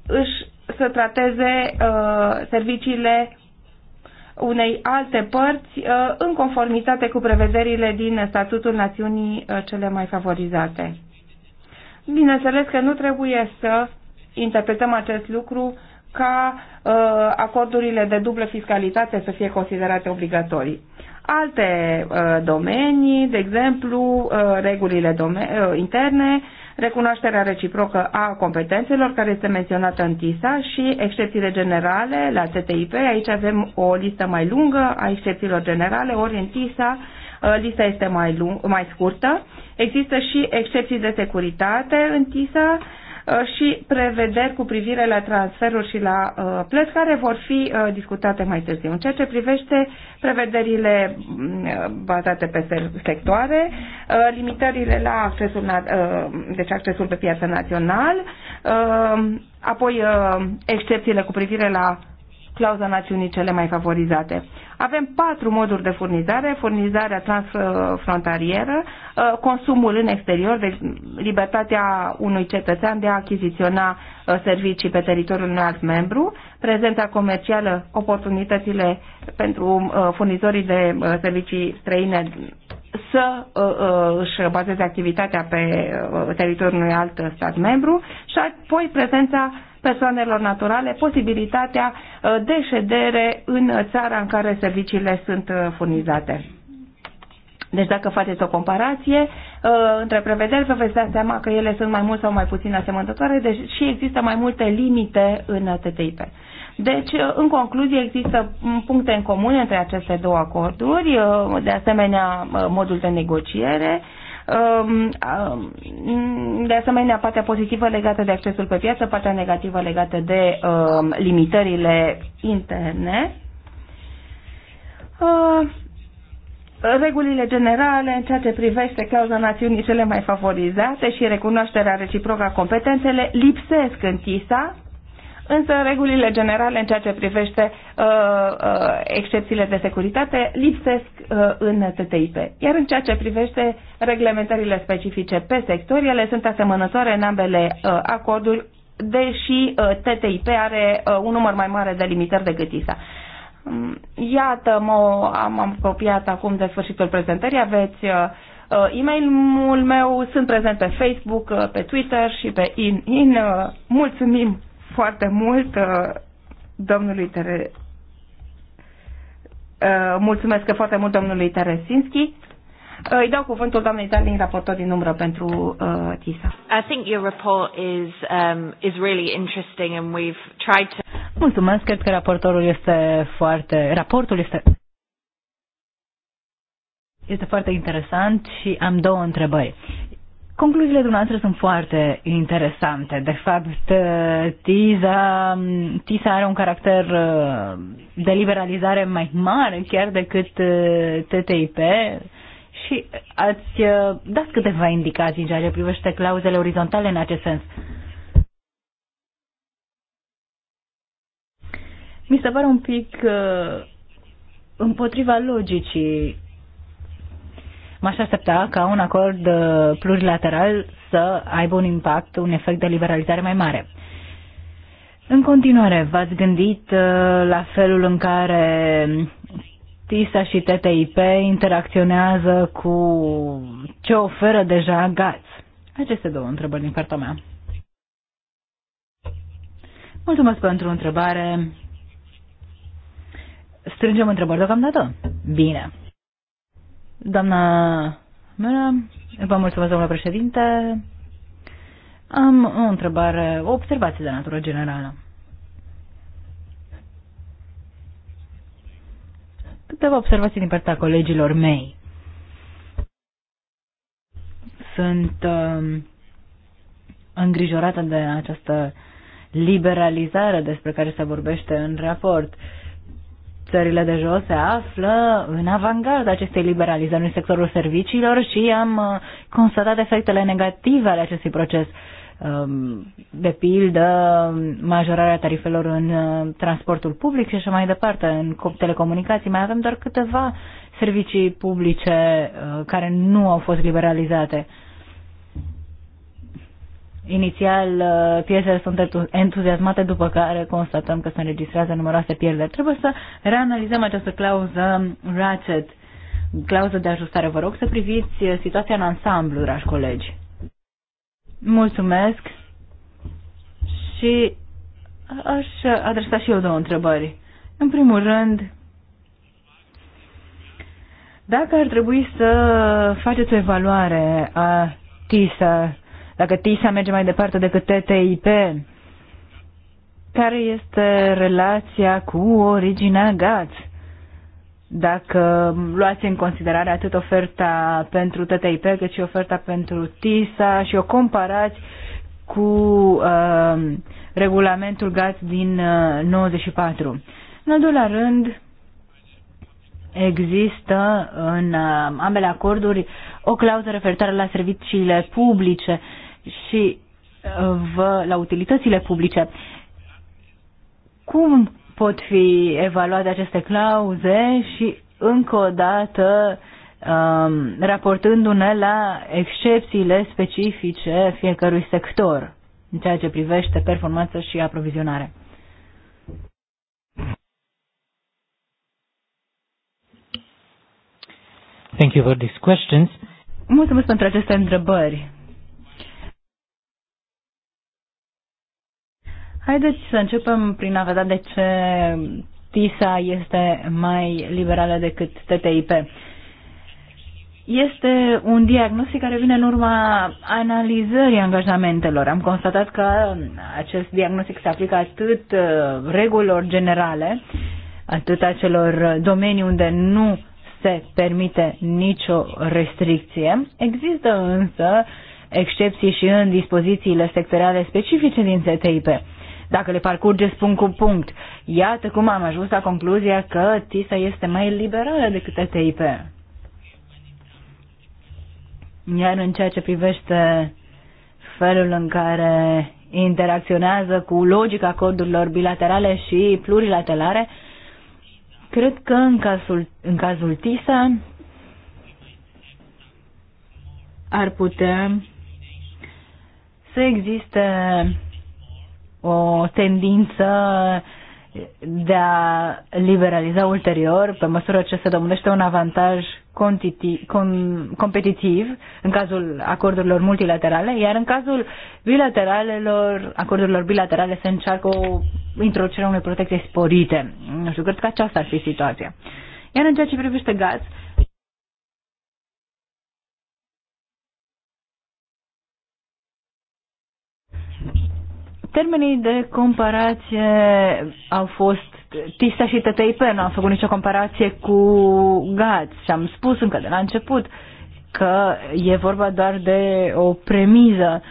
Speaker 3: își să trateze serviciile unei alte părți uh, în conformitate cu prevederile din statutul națiunii uh, cele mai favorizate. Bineînțeles că nu trebuie să interpretăm acest lucru ca uh, acordurile de dublă fiscalitate să fie considerate obligatorii. Alte uh, domenii, de exemplu, uh, regulile uh, interne, recunoașterea reciprocă a competențelor care este menționată în TISA și excepțiile generale la TTIP. Aici avem o listă mai lungă a excepțiilor generale, ori în TISA uh, lista este mai, lung, mai scurtă. Există și excepții de securitate în TISA, Uh, și prevederi cu privire la transferuri și la uh, plăți care vor fi uh, discutate mai târziu. În ceea ce privește prevederile mm, bazate pe sectoare, limitările la accesul, deci accesul pe piața național, apoi excepțiile cu privire la clauza națiunii cele mai favorizate. Avem patru moduri de furnizare, furnizarea transfrontalieră, uh, consumul în exterior, deci libertatea unui cetățean de a achiziționa uh, servicii pe teritoriul unui alt membru, prezența comercială, oportunitățile pentru uh, furnizorii de servicii străine să își bazeze activitatea pe teritoriul unui alt stat membru și apoi prezența persoanelor naturale posibilitatea uh, de ședere în țara în care serviciile sunt uh, furnizate. Deci dacă faceți o comparație uh, între prevederi, vă veți da seama că ele sunt mai mult sau mai puțin asemănătoare deci și există mai multe limite în TTIP. Deci, în concluzie, există mm, puncte în comun între aceste două acorduri, de asemenea modul de negociere, Um, um, de asemenea, partea pozitivă legată de accesul pe piață, partea negativă legată de um, limitările interne. Uh, regulile generale în ceea ce privește clauza națiunii cele mai favorizate și recunoașterea reciprocă a competențele lipsesc în TISA, însă regulile generale în ceea ce privește uh, uh, excepțiile de securitate lipsesc uh, în TTIP. Iar în ceea ce privește reglementările specifice pe sector, ele sunt asemănătoare în ambele uh, acorduri, deși uh, TTIP are uh, un număr mai mare de limitări decât ISA. Mm, iată, mă, am apropiat acum de sfârșitul prezentării. Aveți uh, uh e-mail-ul meu, sunt prezent pe Facebook, uh, pe Twitter și pe IN. IN uh, mulțumim foarte mult uh, domnului Tere... Uh, mulțumesc foarte mult domnului Teresinski. Uh, îi dau cuvântul doamnei Darling, raportor din umbră pentru
Speaker 2: uh, TISA. I think your report is, um, is really interesting and we've tried to... Mulțumesc, cred că raportorul este foarte... Raportul este... Este foarte interesant și am două întrebări. Concluziile dumneavoastră sunt foarte interesante. De fapt, uh, TISA, TISA are un caracter uh, de liberalizare mai mare chiar decât uh, TTIP și ați dat câteva indicații în ceea ce privește clauzele orizontale în acest sens. Mi se pare un pic împotriva logicii m-aș aștepta ca un acord uh, plurilateral să aibă un impact, un efect de liberalizare mai mare. În continuare, v-ați gândit uh, la felul în care TISA și TTIP interacționează cu ce oferă deja GATS? Aceste două întrebări din partea mea. Mulțumesc pentru întrebare. Strângem întrebări deocamdată? Bine. Doamna Mera, vă mulțumesc, domnule președinte. Am o întrebare, o observație de natură generală. Câteva observații din partea colegilor mei. Sunt uh, îngrijorată de această liberalizare despre care se vorbește în raport. Uh, țările de jos se află în avangarda acestei liberalizări în sectorul serviciilor și am uh, constatat efectele negative ale acestui proces. Um, de pildă, majorarea tarifelor în uh, transportul public și așa mai departe, în telecomunicații. Mai avem doar câteva servicii publice uh, care nu au fost liberalizate Inițial, uh, piesele sunt entuziasmate, după care constatăm că se înregistrează numeroase pierderi. Trebuie să reanalizăm această clauză ratchet, clauză de ajustare. Vă rog să priviți uh, situația în ansamblu, dragi colegi. Mulțumesc și aș adresa și eu două întrebări. În primul rând, dacă ar trebui să faceți o evaluare a TISA, dacă TISA merge mai departe decât TTIP, care este relația cu originea GAT? Dacă luați în considerare atât oferta pentru TTIP cât și oferta pentru TISA și o comparați cu uh, regulamentul GAT din uh, 94. În al doilea rând, există în uh, ambele acorduri o clauză referitoare la serviciile publice și uh, vă, la utilitățile publice. Cum pot fi evaluate aceste clauze și încă o dată um, raportându-ne la excepțiile specifice fiecărui sector în ceea ce privește performanță și aprovizionare. Thank you for these questions. Mulțumesc pentru aceste întrebări. Haideți să începem prin a vedea de ce TISA este mai liberală decât TTIP. Este un diagnostic care vine în urma analizării angajamentelor. Am constatat că acest diagnostic se aplică atât uh, regulilor generale, atât acelor domenii unde nu se permite nicio restricție. Există însă excepții și în dispozițiile sectoriale specifice din TTIP dacă le parcurgeți punct cu punct. Iată cum am ajuns la concluzia că TISA este mai liberală decât TTIP. Iar în ceea ce privește felul în care interacționează cu logica acordurilor bilaterale și plurilaterale, cred că în cazul, în cazul TISA ar putea să existe o tendință de a liberaliza ulterior pe măsură ce se domnește un avantaj competitiv în cazul acordurilor multilaterale, iar în cazul bilateralelor, acordurilor bilaterale se încearcă o introducere a unei protecții sporite. Nu știu, cred că aceasta ar fi situația. Iar în ceea ce privește gaz, Termenii de comparație au fost TISA și TTIP, nu am făcut nicio comparație cu GAT. și am spus încă de la început că e vorba doar de o premiză.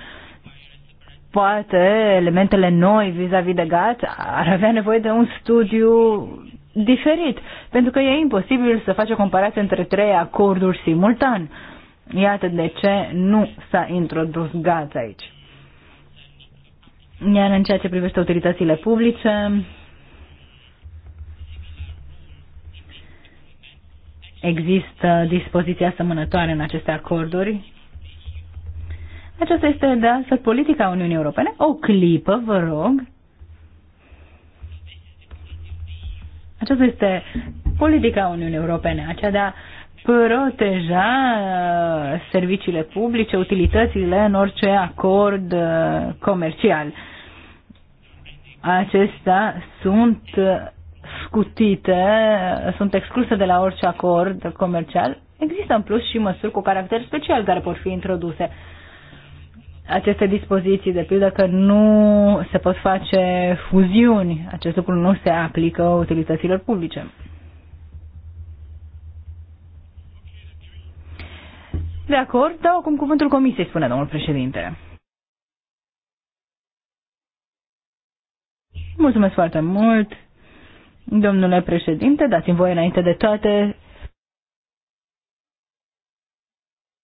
Speaker 2: Poate elementele noi vis-a-vis -vis de GAT ar avea nevoie de un studiu diferit, pentru că e imposibil să faci o comparație între trei acorduri simultan. Iată de ce nu s-a introdus GAT aici. Iar în ceea ce privește autoritățile publice, există dispoziția asemănătoare în aceste acorduri. Aceasta este, de altfel, politica Uniunii Europene. O clipă, vă rog. Aceasta este politica Uniunii Europene, aceea de a proteja serviciile publice, utilitățile în orice acord uh, comercial. Acestea sunt scutite, sunt excluse de la orice acord comercial. Există în plus și măsuri cu caracter special care pot fi introduse. Aceste dispoziții, de pildă că nu se pot face fuziuni, acest lucru nu se aplică utilităților publice. De acord, dau acum cuvântul comisiei, spune domnul președinte. Mulțumesc foarte mult, domnule președinte. Dați-mi voie înainte de toate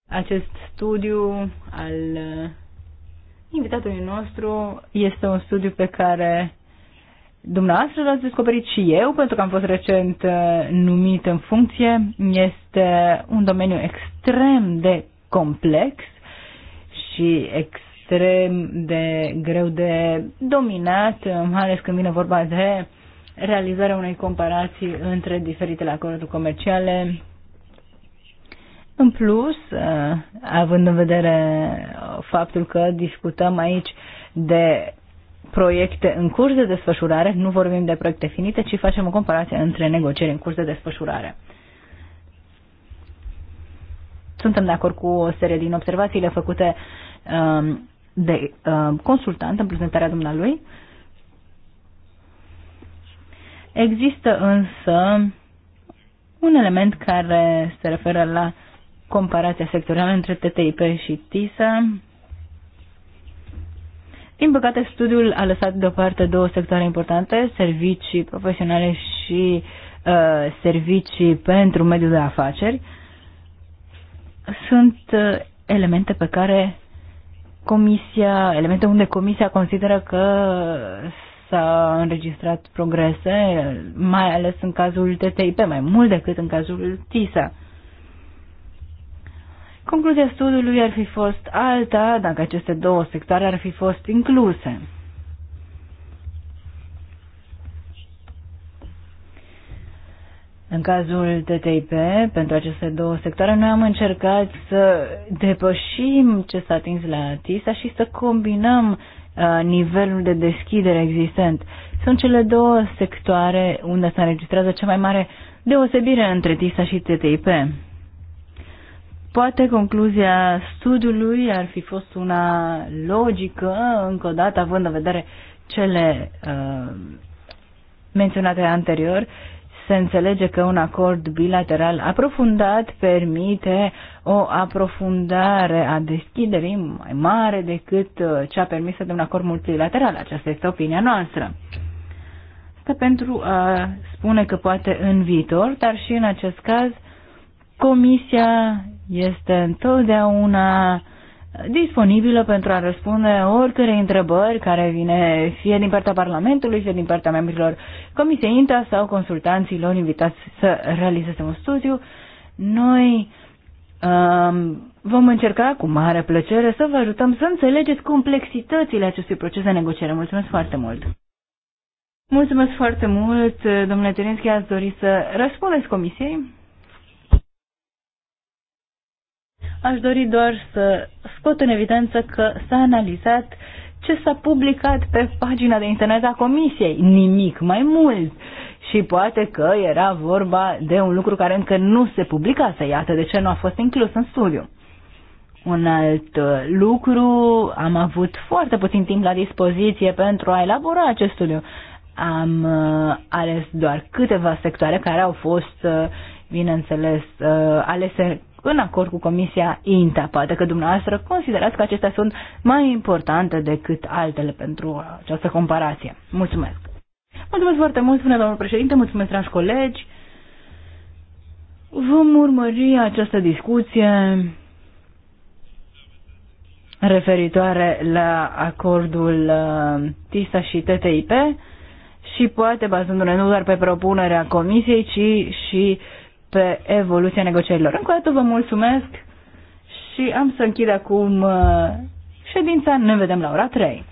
Speaker 2: acest studiu al uh, invitatului nostru este un studiu pe care dumneavoastră l-ați descoperit și eu, pentru că am fost recent uh, numit în funcție. Este un domeniu extrem de complex și extrem de greu de dominat, mai ales când vine vorba de realizarea unei comparații între diferitele acorduri comerciale. În plus, uh, având în vedere faptul că discutăm aici de proiecte în curs de desfășurare, nu vorbim de proiecte finite, ci facem o comparație între negocieri în curs de desfășurare. Suntem de acord cu o serie din observațiile făcute um, de um, consultant în prezentarea dumnealui. Există însă un element care se referă la comparația sectorială între TTIP și TISA, din păcate, studiul a lăsat deoparte două sectoare importante, servicii profesionale și uh, servicii pentru mediul de afaceri. Sunt uh, elemente pe care comisia, elemente unde comisia consideră că s-a înregistrat progrese, mai ales în cazul TTIP, mai mult decât în cazul TISA. Concluzia studiului ar fi fost alta dacă aceste două sectoare ar fi fost incluse. În cazul TTIP, pentru aceste două sectoare, noi am încercat să depășim ce s-a atins la TISA și să combinăm uh, nivelul de deschidere existent. Sunt cele două sectoare unde se înregistrează cea mai mare deosebire între TISA și TTIP. Poate concluzia studiului ar fi fost una logică, încă o dată, având în vedere cele uh, menționate anterior, se înțelege că un acord bilateral aprofundat permite o aprofundare a deschiderii mai mare decât uh, cea permisă de un acord multilateral. Aceasta este opinia noastră. Asta pentru a spune că poate în viitor, dar și în acest caz uh, Comisia este întotdeauna disponibilă pentru a răspunde oricărei întrebări care vine fie din partea Parlamentului, fie din partea membrilor Comisiei INTA sau consultanților invitați să realizeze un studiu. Noi um, vom încerca cu mare plăcere să vă ajutăm să înțelegeți complexitățile acestui proces de negociere. Mulțumesc foarte mult! Mulțumesc foarte mult, domnule Terinski, ați dorit să răspundeți Comisiei? Aș dori doar să scot în evidență că s-a analizat ce s-a publicat pe pagina de internet a comisiei. Nimic mai mult. Și poate că era vorba de un lucru care încă nu se publicase. Iată de ce nu a fost inclus în studiu. Un alt lucru, am avut foarte puțin timp la dispoziție pentru a elabora acest studiu. Am uh, ales doar câteva sectoare care au fost, uh, bineînțeles, uh, alese în acord cu Comisia INTA. Poate că dumneavoastră considerați că acestea sunt mai importante decât altele pentru această comparație. Mulțumesc! Mulțumesc foarte mult, spune domnul președinte, mulțumesc, dragi colegi. Vom urmări această discuție referitoare la acordul uh, TISA și TTIP și poate bazându-ne nu doar pe propunerea Comisiei, ci și uh, pe evoluția negocierilor. Încă o dată vă mulțumesc și am să închid acum uh, ședința. Ne vedem la ora 3.